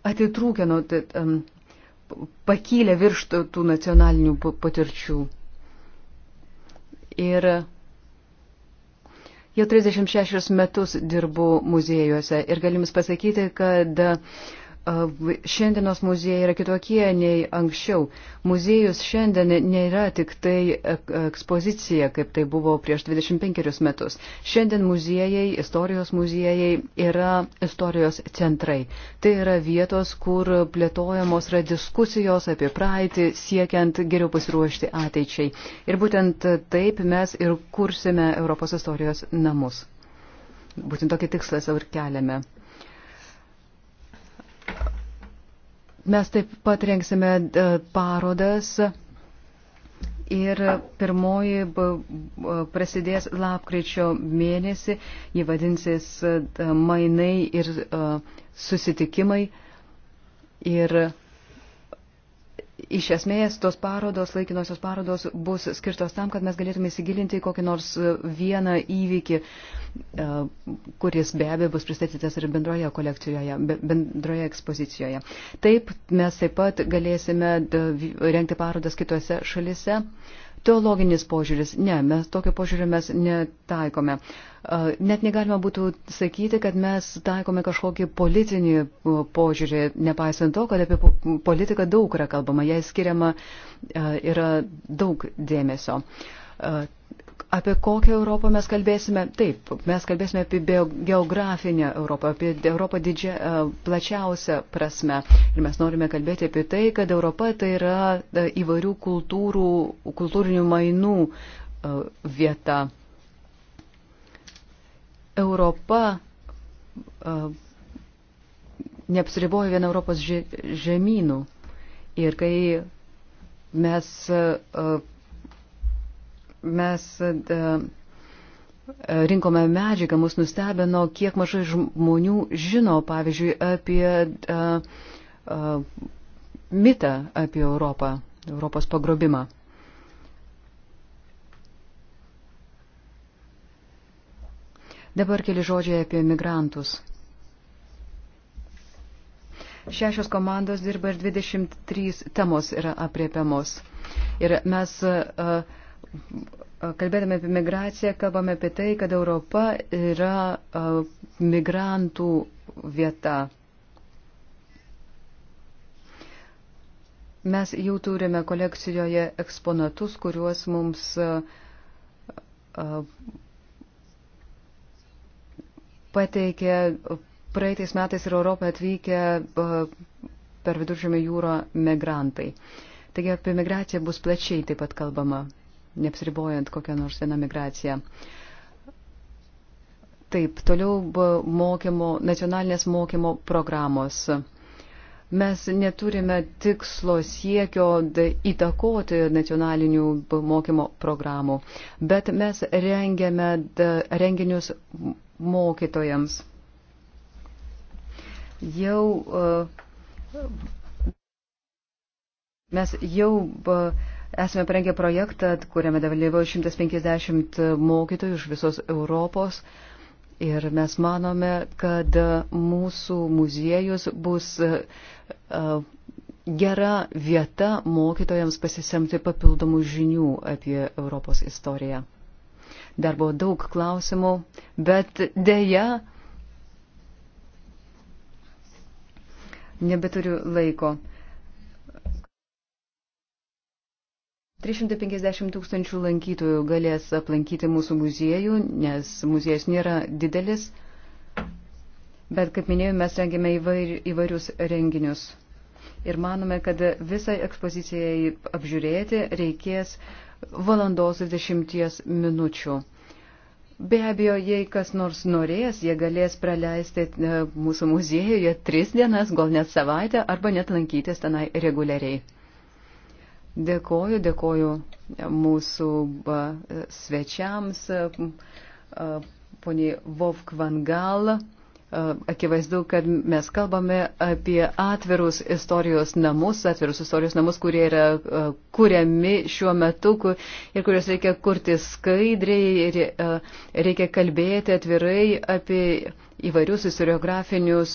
atitrūkę nuo pakylę virš tų nacionalinių patirčių. Ir jau 36 metus dirbu muziejuose ir galim pasakyti, kad šiandienos muziejai yra kitokie nei anksčiau. Muziejus šiandien nėra tik tai ekspozicija, kaip tai buvo prieš 25 metus. Šiandien muziejai, istorijos muziejai yra istorijos centrai. Tai yra vietos, kur plėtojamos yra diskusijos apie praeitį, siekiant geriau pasiruošti ateičiai. Ir būtent taip mes ir kursime Europos istorijos namus. Būtent tokį tikslą savo ir keliame. Mes taip pat rengsime e, parodas ir pirmoji prasidės lapkričio mėnesį, jį vadinsis e, mainai ir e, susitikimai. Ir iš esmės tos parodos, laikinosios parodos bus skirtos tam, kad mes galėtume įsigilinti į kokį nors e, vieną įvykį, e, kuris be abejo bus pristatytas ir bendroje kolekcijoje, bendroje ekspozicijoje. Taip, mes taip pat galėsime e, rengti parodas kitose šalise teologinis požiūris. Ne, mes tokio požiūrio mes netaikome. Net negalima būtų sakyti, kad mes taikome kažkokį politinį požiūrį, nepaisant to, kad apie politiką daug yra kalbama, jai skiriama yra daug dėmesio apie kokią Europą mes kalbėsime? Taip, mes kalbėsime apie geografinę Europą, apie Europą didžia, e, plačiausią prasme. Ir mes norime kalbėti apie tai, kad Europa tai yra e, įvairių kultūrų, kultūrinių mainų e, vieta. Europa neapsiriboja vien Europos žemynų. Ir kai mes mes e, rinkome medžiagą, mus nustebino, kiek mažai žmonių žino, pavyzdžiui, apie a, e, a, e, mitą apie Europą, Europos pagrobimą. Dabar keli žodžiai apie migrantus. Šešios komandos dirba ir 23 temos yra apriepiamos. Ir mes uh, kalbėdami apie migraciją, kalbame apie tai, kad Europa yra migrantų vieta. Mes jau turime kolekcijoje eksponatus, kuriuos mums pateikė praeitais metais ir Europą atvykę per viduržėmio jūro migrantai. Taigi apie migraciją bus plačiai taip pat kalbama neapsiribojant kokią nors vieną migraciją. Taip, toliau mokymo, nacionalinės mokymo programos. Mes neturime tikslo siekio įtakoti nacionalinių mokymo programų, bet mes rengiame renginius mokytojams. Jau, e, mes jau e, Esame parengę projektą, kuriame dalyvauja 150 mokytojų iš visos Europos. Ir mes manome, kad mūsų muziejus bus e, e, gera vieta mokytojams pasisemti papildomų žinių apie Europos istoriją. Dar buvo daug klausimų, bet dėja nebeturiu laiko. 350 tūkstančių lankytojų galės aplankyti mūsų muziejų, nes muziejus nėra didelis, bet, kaip minėjau, mes rengėme įvairius renginius. Ir manome, kad visai ekspozicijai apžiūrėti reikės valandos ir dešimties minučių. Be abejo, jei kas nors norės, jie galės praleisti e, mūsų muziejuje tris dienas, gal net savaitę, arba net lankytis tenai reguliariai. Dėkoju, dėkoju mūsų svečiams, poniai Vovk Vangal. Akivaizdu, kad mes kalbame apie atvirus istorijos namus, atvirus istorijos namus, kurie yra kuriami šiuo metu ir kuriuos reikia kurti skaidriai ir reikia kalbėti atvirai apie įvairius istoriografinius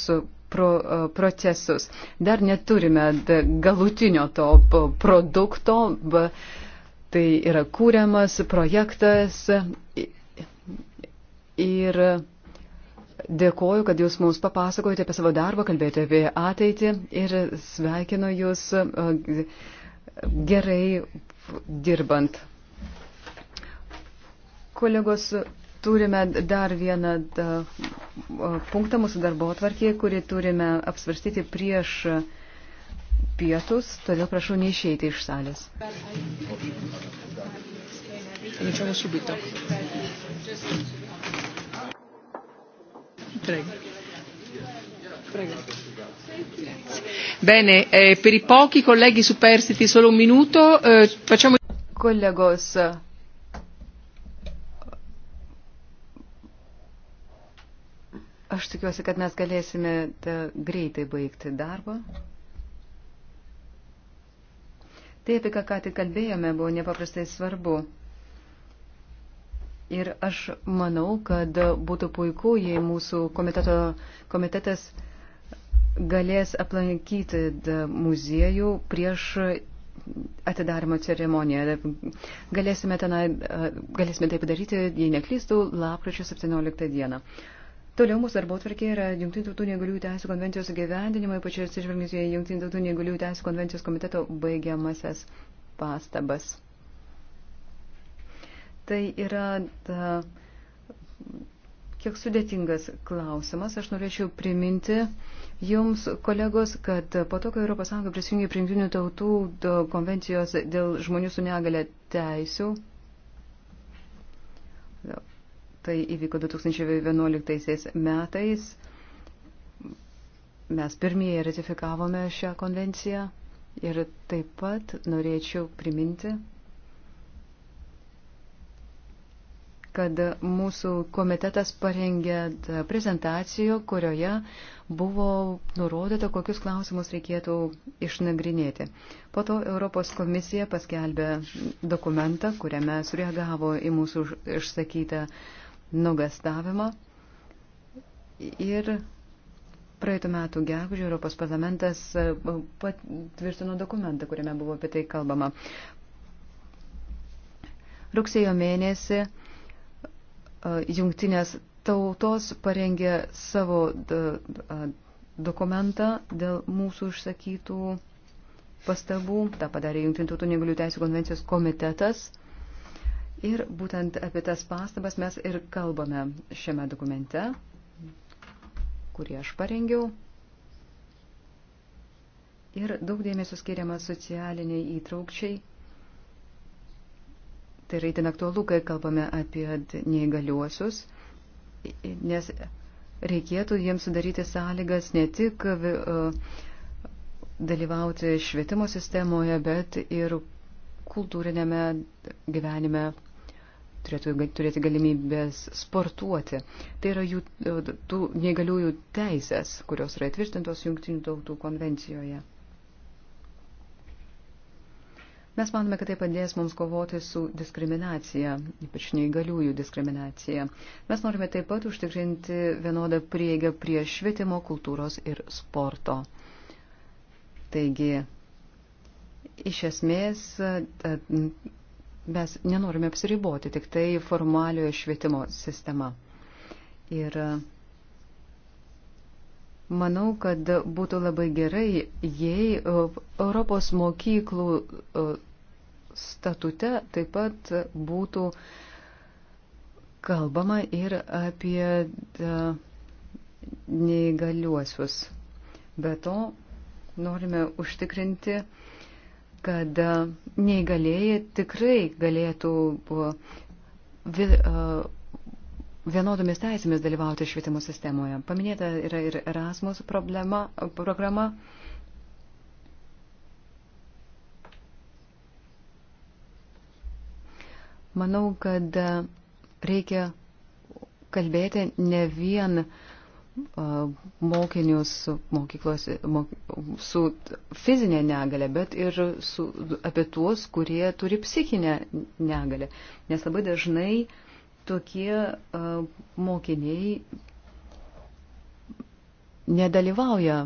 pro, e, procesus. Dar neturime galutinio to produkto, tai yra kūriamas projektas ir dėkoju, kad jūs mums papasakojate apie savo darbą, kalbėjote apie ateitį ir sveikinu jūs e, gerai dirbant. Kolegos, Turime dar vieną punktą mūsų darbo atvarkėje, kurį turime apsvarstyti prieš pietus, todėl prašau neišeiti iš salės. Iniziamo subito. Prego. Prego. Bene, eh, per i pochi colleghi superstiti solo un minuto, eh, facciamo... Collegos, Aš tikiuosi, kad mes galėsime e, greitai baigti darbą. Tai, apie ką ką tik kalbėjome, buvo nepaprastai svarbu. Ir aš manau, kad būtų puiku, jei mūsų komiteto, komitetas galės aplankyti e, muziejų prieš atidarimo ceremoniją. Galėsime, tenai, e, galėsime tai padaryti, jei neklystų, lapkričio 17 dieną. Toliau mūsų darbo tvarkė yra Junktinių tautų negaliųjų teisų konvencijos gyvendinimo, ypač atsižvelgiant į Junktinių tautų negaliųjų teisų konvencijos komiteto baigiamasias pastabas. Tai yra ta, kiek sudėtingas klausimas. Aš norėčiau priminti Jums, kolegos, kad po to, kai ES prisijungė prie Junktinių tautų konvencijos dėl žmonių su negale teisų, Tai įvyko 2011 metais. Mes pirmieji ratifikavome šią konvenciją ir taip pat norėčiau priminti, kad mūsų komitetas parengė prezentaciją, kurioje buvo nurodyta, kokius klausimus reikėtų išnagrinėti. Po to Europos komisija paskelbė dokumentą, kuriame sureagavo į mūsų išsakytą uh, nugastavimą. Ir praeitų metų gegužį Europos parlamentas e, patvirtino dokumentą, kuriame buvo apie tai kalbama. Rugsėjo mėnesį e, jungtinės tautos parengė savo dokumentą dėl mūsų užsakytų pastabų. Ta padarė Junktinių tautų negalių teisų konvencijos komitetas. Ir būtent apie tas pastabas mes ir kalbame šiame dokumente, kurį aš parengiau. Ir daug dėmesio skiriama socialiniai įtraukčiai. Tai yra įtin aktualu, kai kalbame apie neįgaliuosius, nes reikėtų jiems sudaryti sąlygas ne tik dalyvauti švietimo sistemoje, bet ir kultūrinėme gyvenime turėtų turėti galimybės sportuoti. Tai yra jų tų negaliųjų teisės, kurios yra įtvirtintos Junktinių tautų konvencijoje. Mes manome, kad tai padės mums kovoti su diskriminacija, ypač neįgaliųjų diskriminacija. Mes norime taip pat užtikrinti vienodą prieigą prie švietimo, kultūros ir sporto. Taigi, iš esmės, Mes nenorime apsiriboti tik tai formaliojo švietimo sistema. Ir e, Manau, kad būtų labai gerai, jei e, Europos mokyklų e, statute taip pat būtų kalbama ir apie neįgaliuosius. Be to, norime užtikrinti, kad e, neįgalėjai tikrai galėtų e, e, vienodomis teisėmis dalyvauti švietimo sistemoje. Paminėta yra ir Erasmus problema, programa. Manau, kad reikia kalbėti ne vien uh, mokinius mokyklos mok, su fizinė negalė, bet ir su, apie tuos, kurie turi psichinę negalę. Nes labai dažnai tokie uh, mokiniai nedalyvauja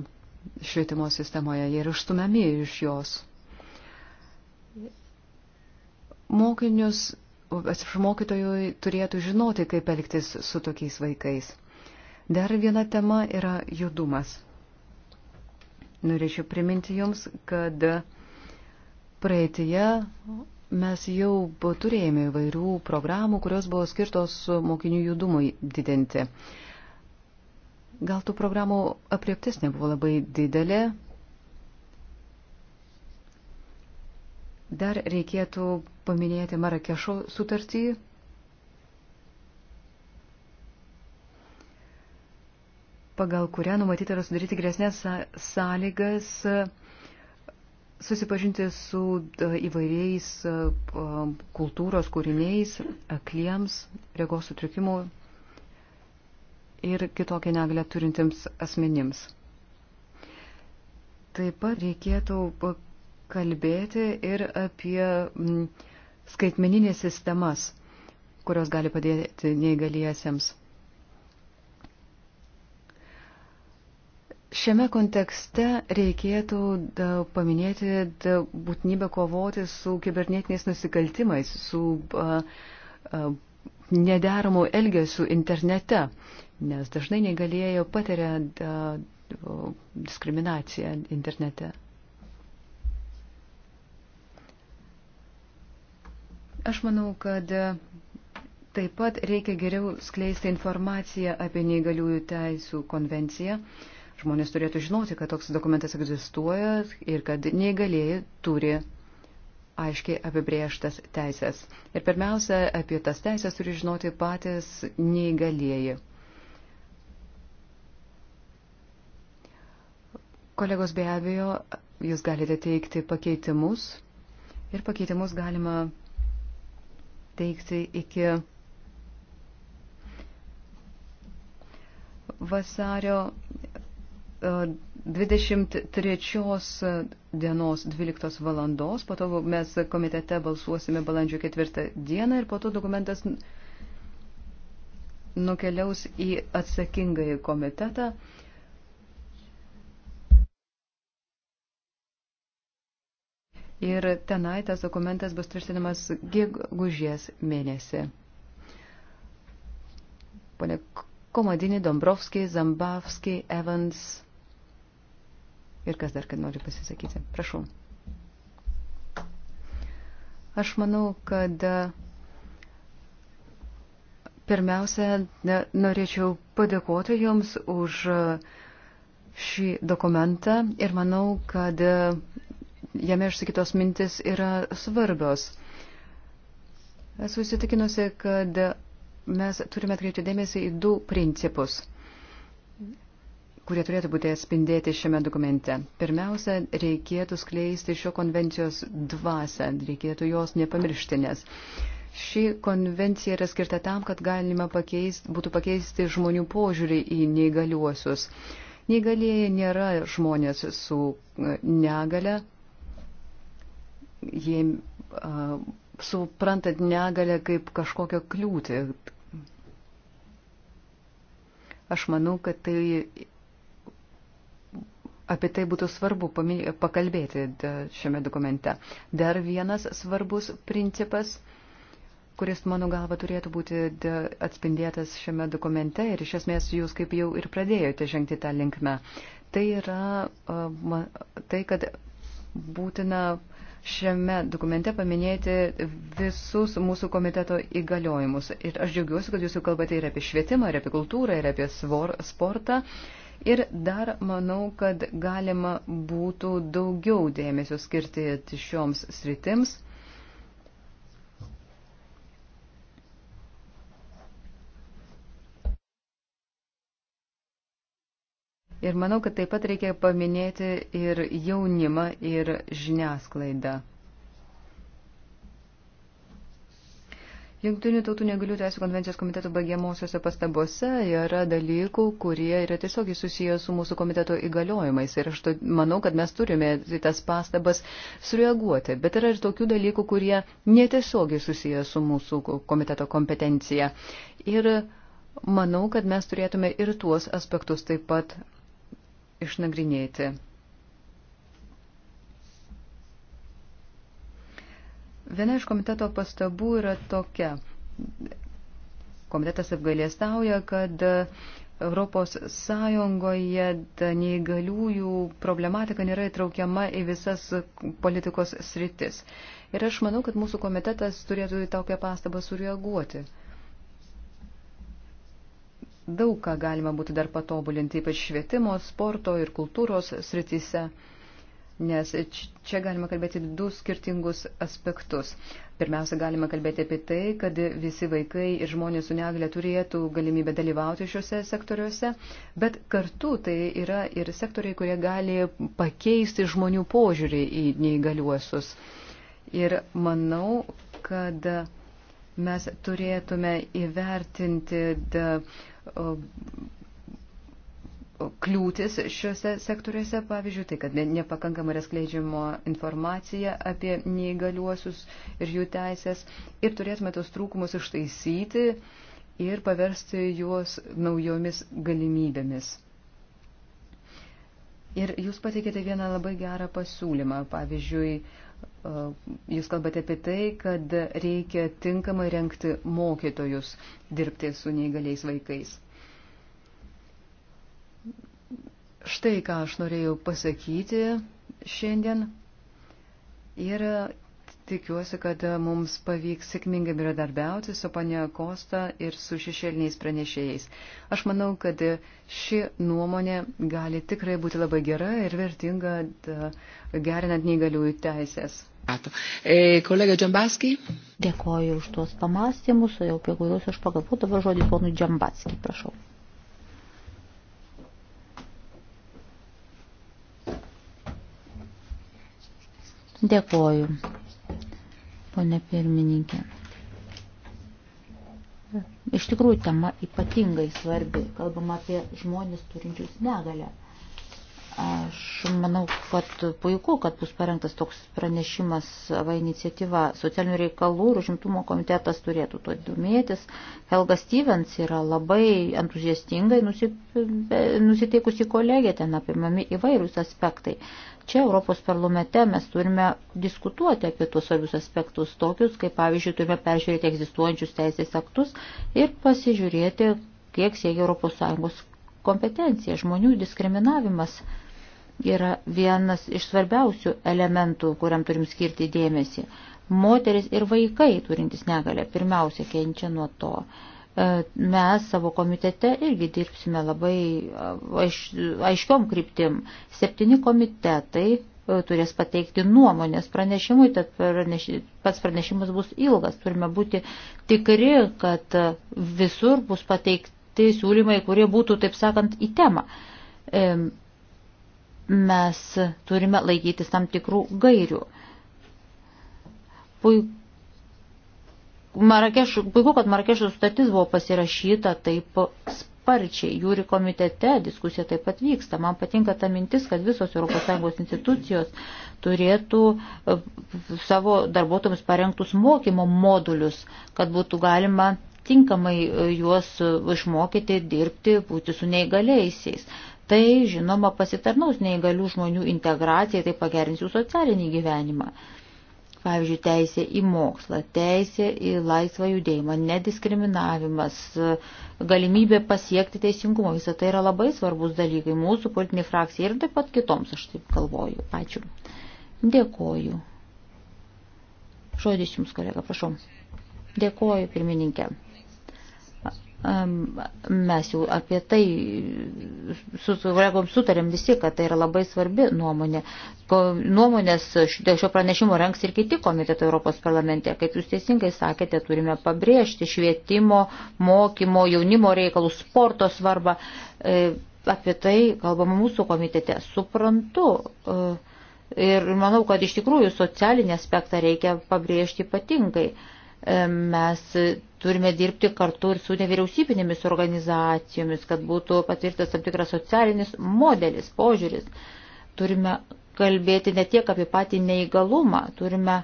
švietimo sistemoje, jie yra išstumiami iš jos. Mokinius, atsiprašau, mokytojui turėtų žinoti, kaip elgtis su tokiais vaikais. Dar viena tema yra judumas. Norėčiau priminti Jums, kad praeitie mes jau turėjome įvairių programų, kurios buvo skirtos mokinių judumui didinti. Gal tų programų apriektis nebuvo labai didelė. Dar reikėtų paminėti Marakešo sutartį, pagal kurią numatyti yra sudaryti grėsnės sąlygas e, susipažinti su e, įvairiais e, kultūros kūriniais, akliems, regos sutrikimų ir kitokią negalę turintiems asmenims. Taip pat reikėtų kalbėti ir apie skaitmeninės sistemas, kurios gali padėti neįgaliesiems. Šiame kontekste reikėtų da, paminėti da, būtinybę kovoti su kibernetiniais nusikaltimais, su a, a, nederamu elgesiu internete, nes dažnai negalėjo patiria da, da, diskriminaciją internete. Aš manau, kad taip pat reikia geriau skleisti informaciją apie neįgaliųjų teisų konvenciją. A, Žmonės turėtų žinoti, kad toks dokumentas egzistuoja ir kad neįgalėjai turi aiškiai apibrieštas teisės. Ir pirmiausia, apie tas teisės turi žinoti patys neįgalėjai. Kolegos be abejo, jūs galite teikti pakeitimus ir pakeitimus galima teikti iki vasario 23 dienos 12 valandos, po to mes komitete balsuosime balandžio 4 dieną ir po to dokumentas nukeliaus į atsakingąjį komitetą. Ir tenai tas dokumentas bus tvirtinamas gegužės mėnesį. Pone Komadini, Dombrovskiai, Zambavskiai, Evans. Ir kas dar, kad nori pasisakyti? Prašau. Aš manau, kad e, pirmiausia, norėčiau padėkoti Jums už e, šį dokumentą ir manau, kad e, jame išsakytos mintis yra svarbios. Esu įsitikinusi, kad mes turime atkreipti dėmesį į du principus – kurie turėtų būti atspindėti šiame dokumente. Pirmiausia, reikėtų skleisti šio konvencijos dvasę, reikėtų jos nepamiršti, nes ši konvencija yra skirta tam, kad galima pakeist, būtų pakeisti žmonių požiūrį į neįgaliuosius. Neįgalieji nėra žmonės su e, negale, jie uh, suprantat negalę kaip kažkokią kliūtį. Aš manau, kad tai apie tai būtų svarbu pakalbėti šiame dokumente. Dar vienas svarbus principas, kuris, mano galva, turėtų būti atspindėtas šiame dokumente ir iš esmės jūs kaip jau ir pradėjote žengti tą linkmę. Tai yra tai, kad būtina šiame dokumente paminėti visus mūsų komiteto įgaliojimus. Ir aš džiaugiuosi, kad jūs jau kalbate ir apie švietimą, ir apie kultūrą, ir apie svor, sportą. Uh, Ir dar manau, kad galima būtų daugiau dėmesio skirti šioms sritims. Ir manau, kad taip pat reikia paminėti ir jaunimą, ir žiniasklaidą. Junktinių tautų negalių teisų konvencijos komiteto baigiamosiose pastabose yra dalykų, kurie yra tiesiogiai susiję su mūsų komiteto įgaliojimais. Ir aš to, manau, kad mes turime į tas pastabas sureaguoti. Bet yra ir tokių dalykų, kurie netiesiogiai susiję su mūsų komiteto kompetencija. Ir manau, kad mes turėtume ir tuos aspektus taip pat išnagrinėti. Viena iš komiteto pastabų yra tokia. Komitetas apgailėstauja, kad Europos Sąjungoje neįgaliųjų problematika nėra įtraukiama į visas politikos sritis. Ir aš manau, kad mūsų komitetas turėtų į tokią pastabą sureaguoti daug ką galima būtų dar patobulinti, ypač švietimo, sporto ir kultūros srityse nes čia galima kalbėti du skirtingus aspektus. Pirmiausia, galima kalbėti apie tai, kad visi vaikai ir žmonės su negale turėtų galimybę dalyvauti šiuose sektoriuose, bet kartu tai yra ir sektoriai, kurie gali pakeisti žmonių požiūrį į neįgaliuosius. Ir manau, kad mes turėtume įvertinti da, kliūtis šiuose sektoriuose, pavyzdžiui, tai, kad nepakankama yra skleidžiamo informacija apie neįgaliuosius ir jų teisės ir turėtume tos trūkumus ištaisyti ir paversti juos naujomis galimybėmis. Ir jūs pateikėte vieną labai gerą pasiūlymą. Pavyzdžiui, jūs kalbate apie tai, kad reikia tinkamai renkti mokytojus dirbti su neįgaliais vaikais. Štai ką aš norėjau pasakyti šiandien ir tikiuosi, kad mums pavyks sėkmingai bendradarbiauti su panė Kosta ir su šešėliniais pranešėjais. Aš manau, kad ši nuomonė gali tikrai būti labai gera ir vertinga gerinant neįgaliųjų teisės. Ato. E, kolega Džambaski. Dėkoju už tuos pamastymus, o jau prie kuriuos aš pagalvoju, dabar žodį ponui Džambatski, prašau. Dėkoju, ponė pirmininkė. Iš tikrųjų, tema ypatingai svarbi. Kalbam apie žmonės turinčius negalę. Aš manau, kad puiku, kad bus parengtas toks pranešimas va iniciatyva. Socialinių reikalų ir užimtumo komitetas turėtų to domėtis. Helga Stevens yra labai entuziastingai nusiteikusi kolegė, ten apimami įvairūs aspektai. Čia Europos parlamente mes turime diskutuoti apie tuos svarbius aspektus, tokius, kaip pavyzdžiui, turime peržiūrėti egzistuojančius teisės aktus ir pasižiūrėti, kiek siekia ES kompetencija, žmonių diskriminavimas yra vienas iš svarbiausių elementų, kuriam turim skirti dėmesį. Moteris ir vaikai turintys negalę pirmiausia kenčia nuo to. E, mes savo komitete irgi dirbsime labai e, aiš, aiškiom kryptim. Septyni komitetai e, turės pateikti nuomonės pranešimui, tad praneš, pats pranešimas bus ilgas. Turime būti tikri, kad visur bus pateikti siūlymai, kurie būtų, taip sakant, į temą mes turime laikytis tam tikrų gairių. Puiku. Marakeš, puiku, kad Marakešo sutartis buvo pasirašyta taip sparčiai. Jūri komitete diskusija taip pat vyksta. Man patinka ta mintis, kad visos ES institucijos turėtų e, savo darbuotojams parengtus mokymo modulius, kad būtų galima tinkamai e, juos e, išmokyti, dirbti, būti su neįgalėjaisiais. Tai, žinoma, pasitarnaus neįgalių žmonių integracijai, tai pagerins jų socialinį gyvenimą. Pavyzdžiui, teisė į mokslą, teisė į laisvą judėjimą, nediskriminavimas, galimybė pasiekti teisingumo, visą tai yra labai svarbus dalykai mūsų politiniai frakcijai ir taip pat kitoms, aš taip galvoju. Ačiū. Dėkoju. Žodis jums, kolega, prašau. Dėkoju, pirmininkė. Mes jau apie tai su kolegom sutarėm visi, kad tai yra labai svarbi nuomonė. Nuomonės dėl šio pranešimo renks ir kiti komitetai Europos parlamente. Kaip jūs teisingai sakėte, turime pabrėžti švietimo, mokymo, jaunimo reikalų, sporto svarbą. E, apie tai kalbama mūsų komitete. Suprantu. E, ir manau, kad iš tikrųjų socialinį aspektą reikia pabrėžti ypatingai mes turime dirbti kartu ir su nevyriausybinėmis organizacijomis, kad būtų patvirtas tam tikras socialinis modelis, požiūris. Turime kalbėti ne tiek apie patį neįgalumą, turime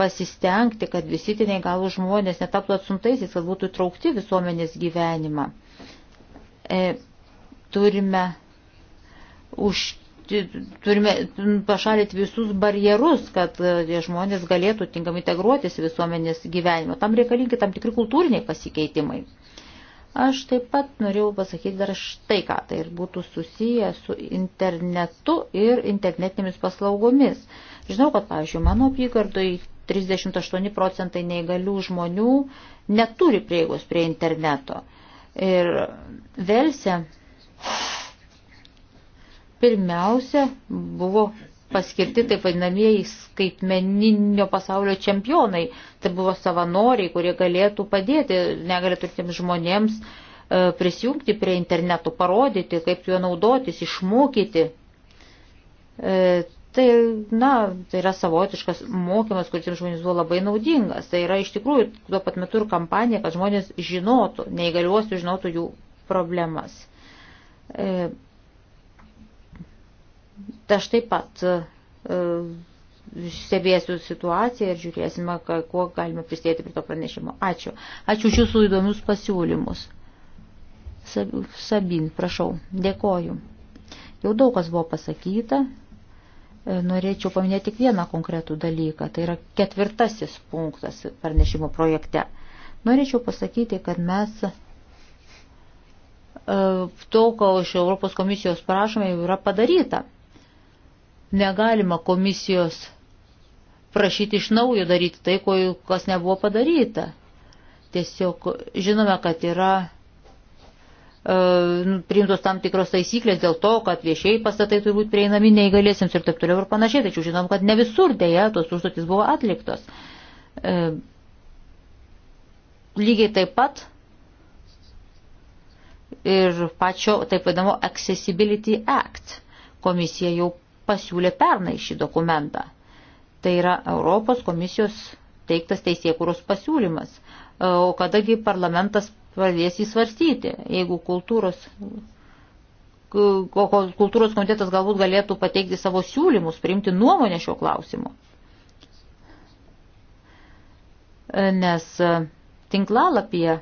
pasistengti, kad visi tie neįgalų žmonės netaptų atsumtaisiais, kad būtų traukti visuomenės gyvenimą. E, turime už turime pašalinti visus barjerus, kad e, tie žmonės galėtų tinkamai integruotis visuomenės gyvenimo. Tam reikalingi tam tikri kultūriniai pasikeitimai. Aš taip pat norėjau pasakyti dar štai ką, tai ir būtų susiję su internetu ir internetinėmis paslaugomis. Žinau, kad, pavyzdžiui, mano apygardoj 38 procentai neįgalių žmonių neturi prieigos prie interneto. Ir Velse Pirmiausia, buvo paskirti taip vadinamieji skaitmeninio pasaulio čempionai. Tai buvo savanoriai, kurie galėtų padėti negalėtutiems žmonėms e, prisijungti prie internetų, parodyti, kaip juo naudotis, išmokyti. E, tai, na, tai yra savotiškas mokymas, kuris tiems žmonėms buvo labai naudingas. Tai yra iš tikrųjų tuo pat metu ir kampanija, kad žmonės žinotų, neįgaliuosių žinotų jų problemas. E, Aš taip pat e, e, stebėsiu situaciją ir žiūrėsime, kuo galime prisidėti prie to pranešimo. Ačiū. Ačiū už jūsų įdomius pasiūlymus. Sabin, prašau, dėkoju. Jau daug kas buvo pasakyta. E, norėčiau paminėti tik vieną konkretų dalyką. Tai yra ketvirtasis punktas pranešimo projekte. Norėčiau pasakyti, kad mes to, ko iš Europos komisijos prašome, jau yra padaryta. Negalima komisijos prašyti iš naujo daryti tai, ko kas nebuvo padaryta. Tiesiog žinome, kad yra e, nu, priimtos tam tikros taisyklės dėl to, kad viešiai pastatai turi būti prieinami neįgalėsiams ir taip toliau ir panašiai, tačiau žinom, kad ne visur dėja tos užduotis buvo atliktos. E, lygiai taip pat ir pačio taip vadinamo Accessibility Act komisija jau pasiūlė pernai šį dokumentą. Tai yra Europos komisijos teiktas teisėkūros pasiūlymas. E, o kadagi parlamentas pradės įsvarstyti, jeigu kultūros, kultūros komitetas galbūt galėtų pateikti savo siūlymus, priimti nuomonę šio klausimu. E, nes e, tinklalapyje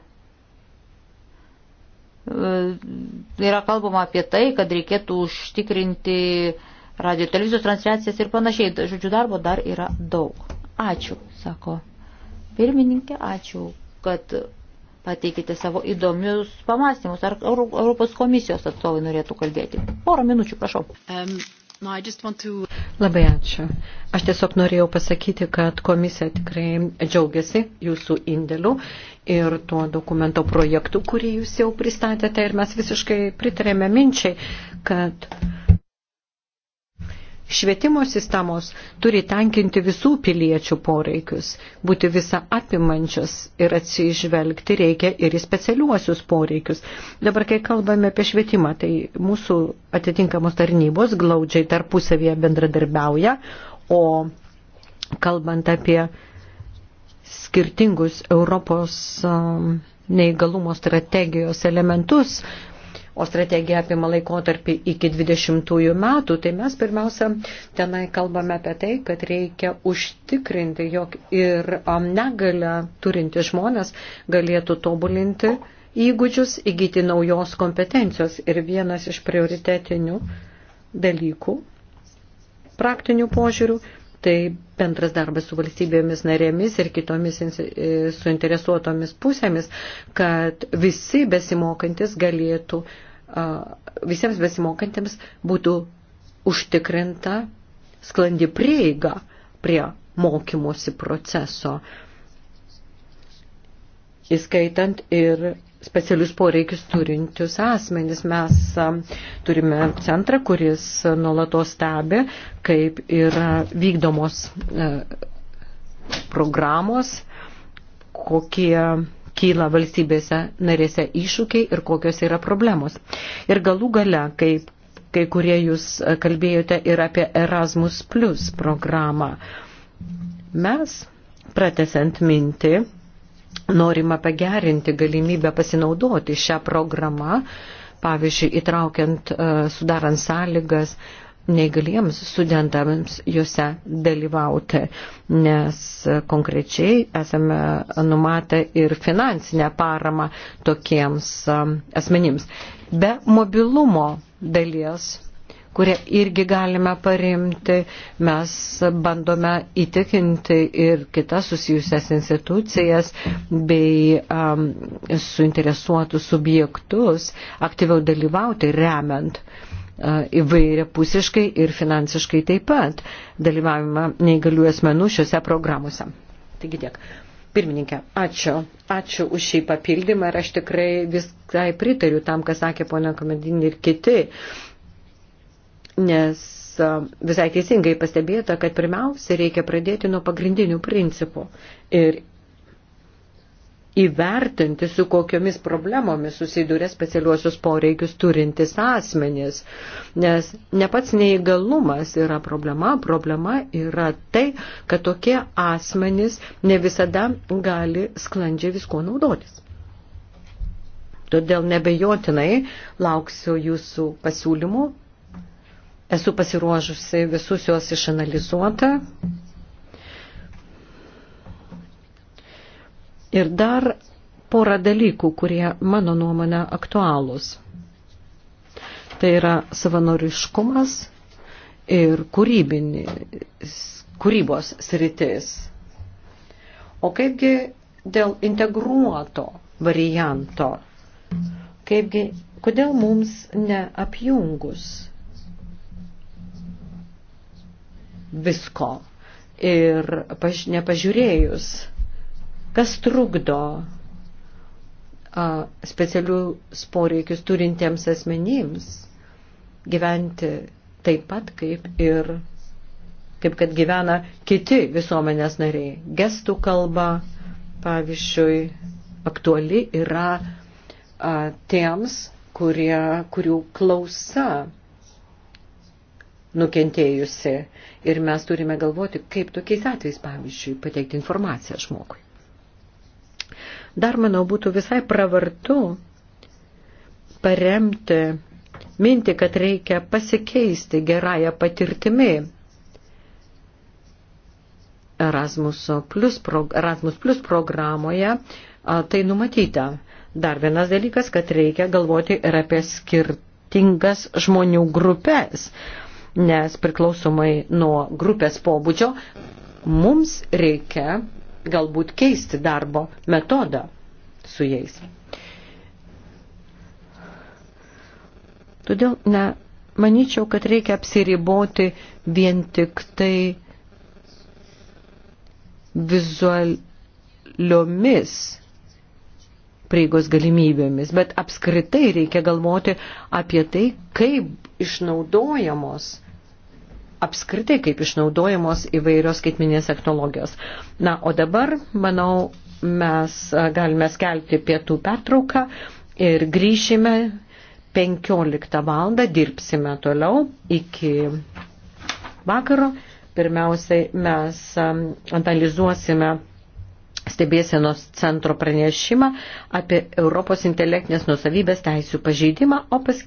yra kalbama apie tai, kad reikėtų užtikrinti uh, radio televizijos transliacijas ir panašiai. Žodžiu, darbo dar yra daug. Ačiū, sako pirmininkė, ačiū, kad pateikite savo įdomius pamastymus. Ar Europos komisijos atstovai norėtų kalbėti? Porą minučių, prašau. Um. No, to... Labai ačiū. Aš tiesiog norėjau pasakyti, kad komisija tikrai džiaugiasi jūsų indėliu ir tuo dokumento projektu, kurį jūs jau pristatėte ir mes visiškai pritarėme minčiai, kad uh, Švietimo sistemos turi tenkinti visų piliečių poreikius, būti visa apimančios ir atsižvelgti reikia ir į specialiuosius poreikius. Dabar, kai kalbame apie švietimą, tai mūsų atitinkamos tarnybos glaudžiai tarpusavėje bendradarbiauja, o kalbant apie skirtingus Europos um, neįgalumo strategijos elementus, o strategija apima laikotarpį iki 20 metų, tai mes pirmiausia tenai kalbame apie tai, kad reikia užtikrinti, jog ir um, negalę turinti žmonės galėtų tobulinti įgūdžius, įgyti naujos kompetencijos. Ir vienas iš prioritetinių dalykų, praktinių požiūrių, tai bendras darbas su valstybėmis narėmis ir kitomis e, suinteresuotomis pusėmis, kad visi besimokantis galėtų visiems besimokantiems būtų užtikrinta sklandi prieiga prie mokymosi proceso, įskaitant ir specialius poreikius turintius asmenys. Mes turime centrą, kuris nuolatos stebi, kaip yra vykdomos programos, kokie kyla valstybėse narėse iššūkiai ir kokios yra problemos. Ir galų gale, kaip kai kurie jūs kalbėjote ir apie Erasmus Plus programą, mes, pratesant mintį, norima pagerinti galimybę pasinaudoti šią programą, pavyzdžiui, įtraukiant, e, sudarant sąlygas neįgaliems studentams juose dalyvauti, nes konkrečiai esame numatę ir finansinę paramą tokiems um, asmenims. Be mobilumo dalies kurią irgi galime parimti, mes bandome įtikinti ir kitas susijusias institucijas bei um, suinteresuotus subjektus aktyviau dalyvauti remiant uh, E, įvairiapusiškai ir finansiškai taip pat dalyvavimą neįgalių asmenų šiuose programuose. Taigi tiek. Pirmininkė, ačiū. Ačiū už šį papildymą ir aš tikrai visai pritariu tam, ką sakė ponia Komedinė ir kiti, nes e, visai teisingai pastebėta, kad pirmiausia reikia pradėti nuo pagrindinių principų ir įvertinti, su kokiomis problemomis susiduria specialiuosius poreikius turintis asmenys. Nes ne pats neįgalumas yra problema, problema yra tai, kad tokie asmenys ne visada gali sklandžiai visko naudotis. Todėl nebejotinai lauksiu jūsų pasiūlymų. Esu pasiruošusi visus juos išanalizuoti Ir dar porą dalykų, kurie mano nuomonė aktualūs. Tai yra savanoriškumas ir kūrybinis, kūrybos sritis. O kaipgi dėl integruoto varianto? Kaipgi, kodėl mums neapjungus visko ir paž, nepažiūrėjus? Kas trukdo specialius poreikius turintiems asmenims gyventi taip pat kaip ir kaip kad gyvena kiti visuomenės nariai. Gestų kalba, pavyzdžiui, aktuali yra a, tiems, kurie, kurių klausa nukentėjusi. Ir mes turime galvoti, kaip tokiais atvejais, pavyzdžiui, pateikti informaciją žmogui. Dar, manau, būtų visai pravartu paremti mintį, kad reikia pasikeisti gerąją patirtimį Erasmus plus, Erasmus plus programoje tai numatyta. Dar vienas dalykas, kad reikia galvoti ir apie skirtingas žmonių grupės, nes priklausomai nuo grupės pobūdžio mums reikia galbūt keisti darbo metodą su jais. Todėl ne, manyčiau, kad reikia apsiriboti vien tik tai vizualiomis prieigos galimybėmis, bet apskritai reikia galvoti apie tai, kaip išnaudojamos apskritai, kaip išnaudojamos įvairios skaitminės technologijos. Na, o dabar, manau, mes galime skelbti pietų pertrauką ir grįšime 15 valandą, dirbsime toliau iki vakaro. Pirmiausiai mes analizuosime stebėsenos centro pranešimą apie Europos intelektinės nusavybės teisų pažeidimą, o paskui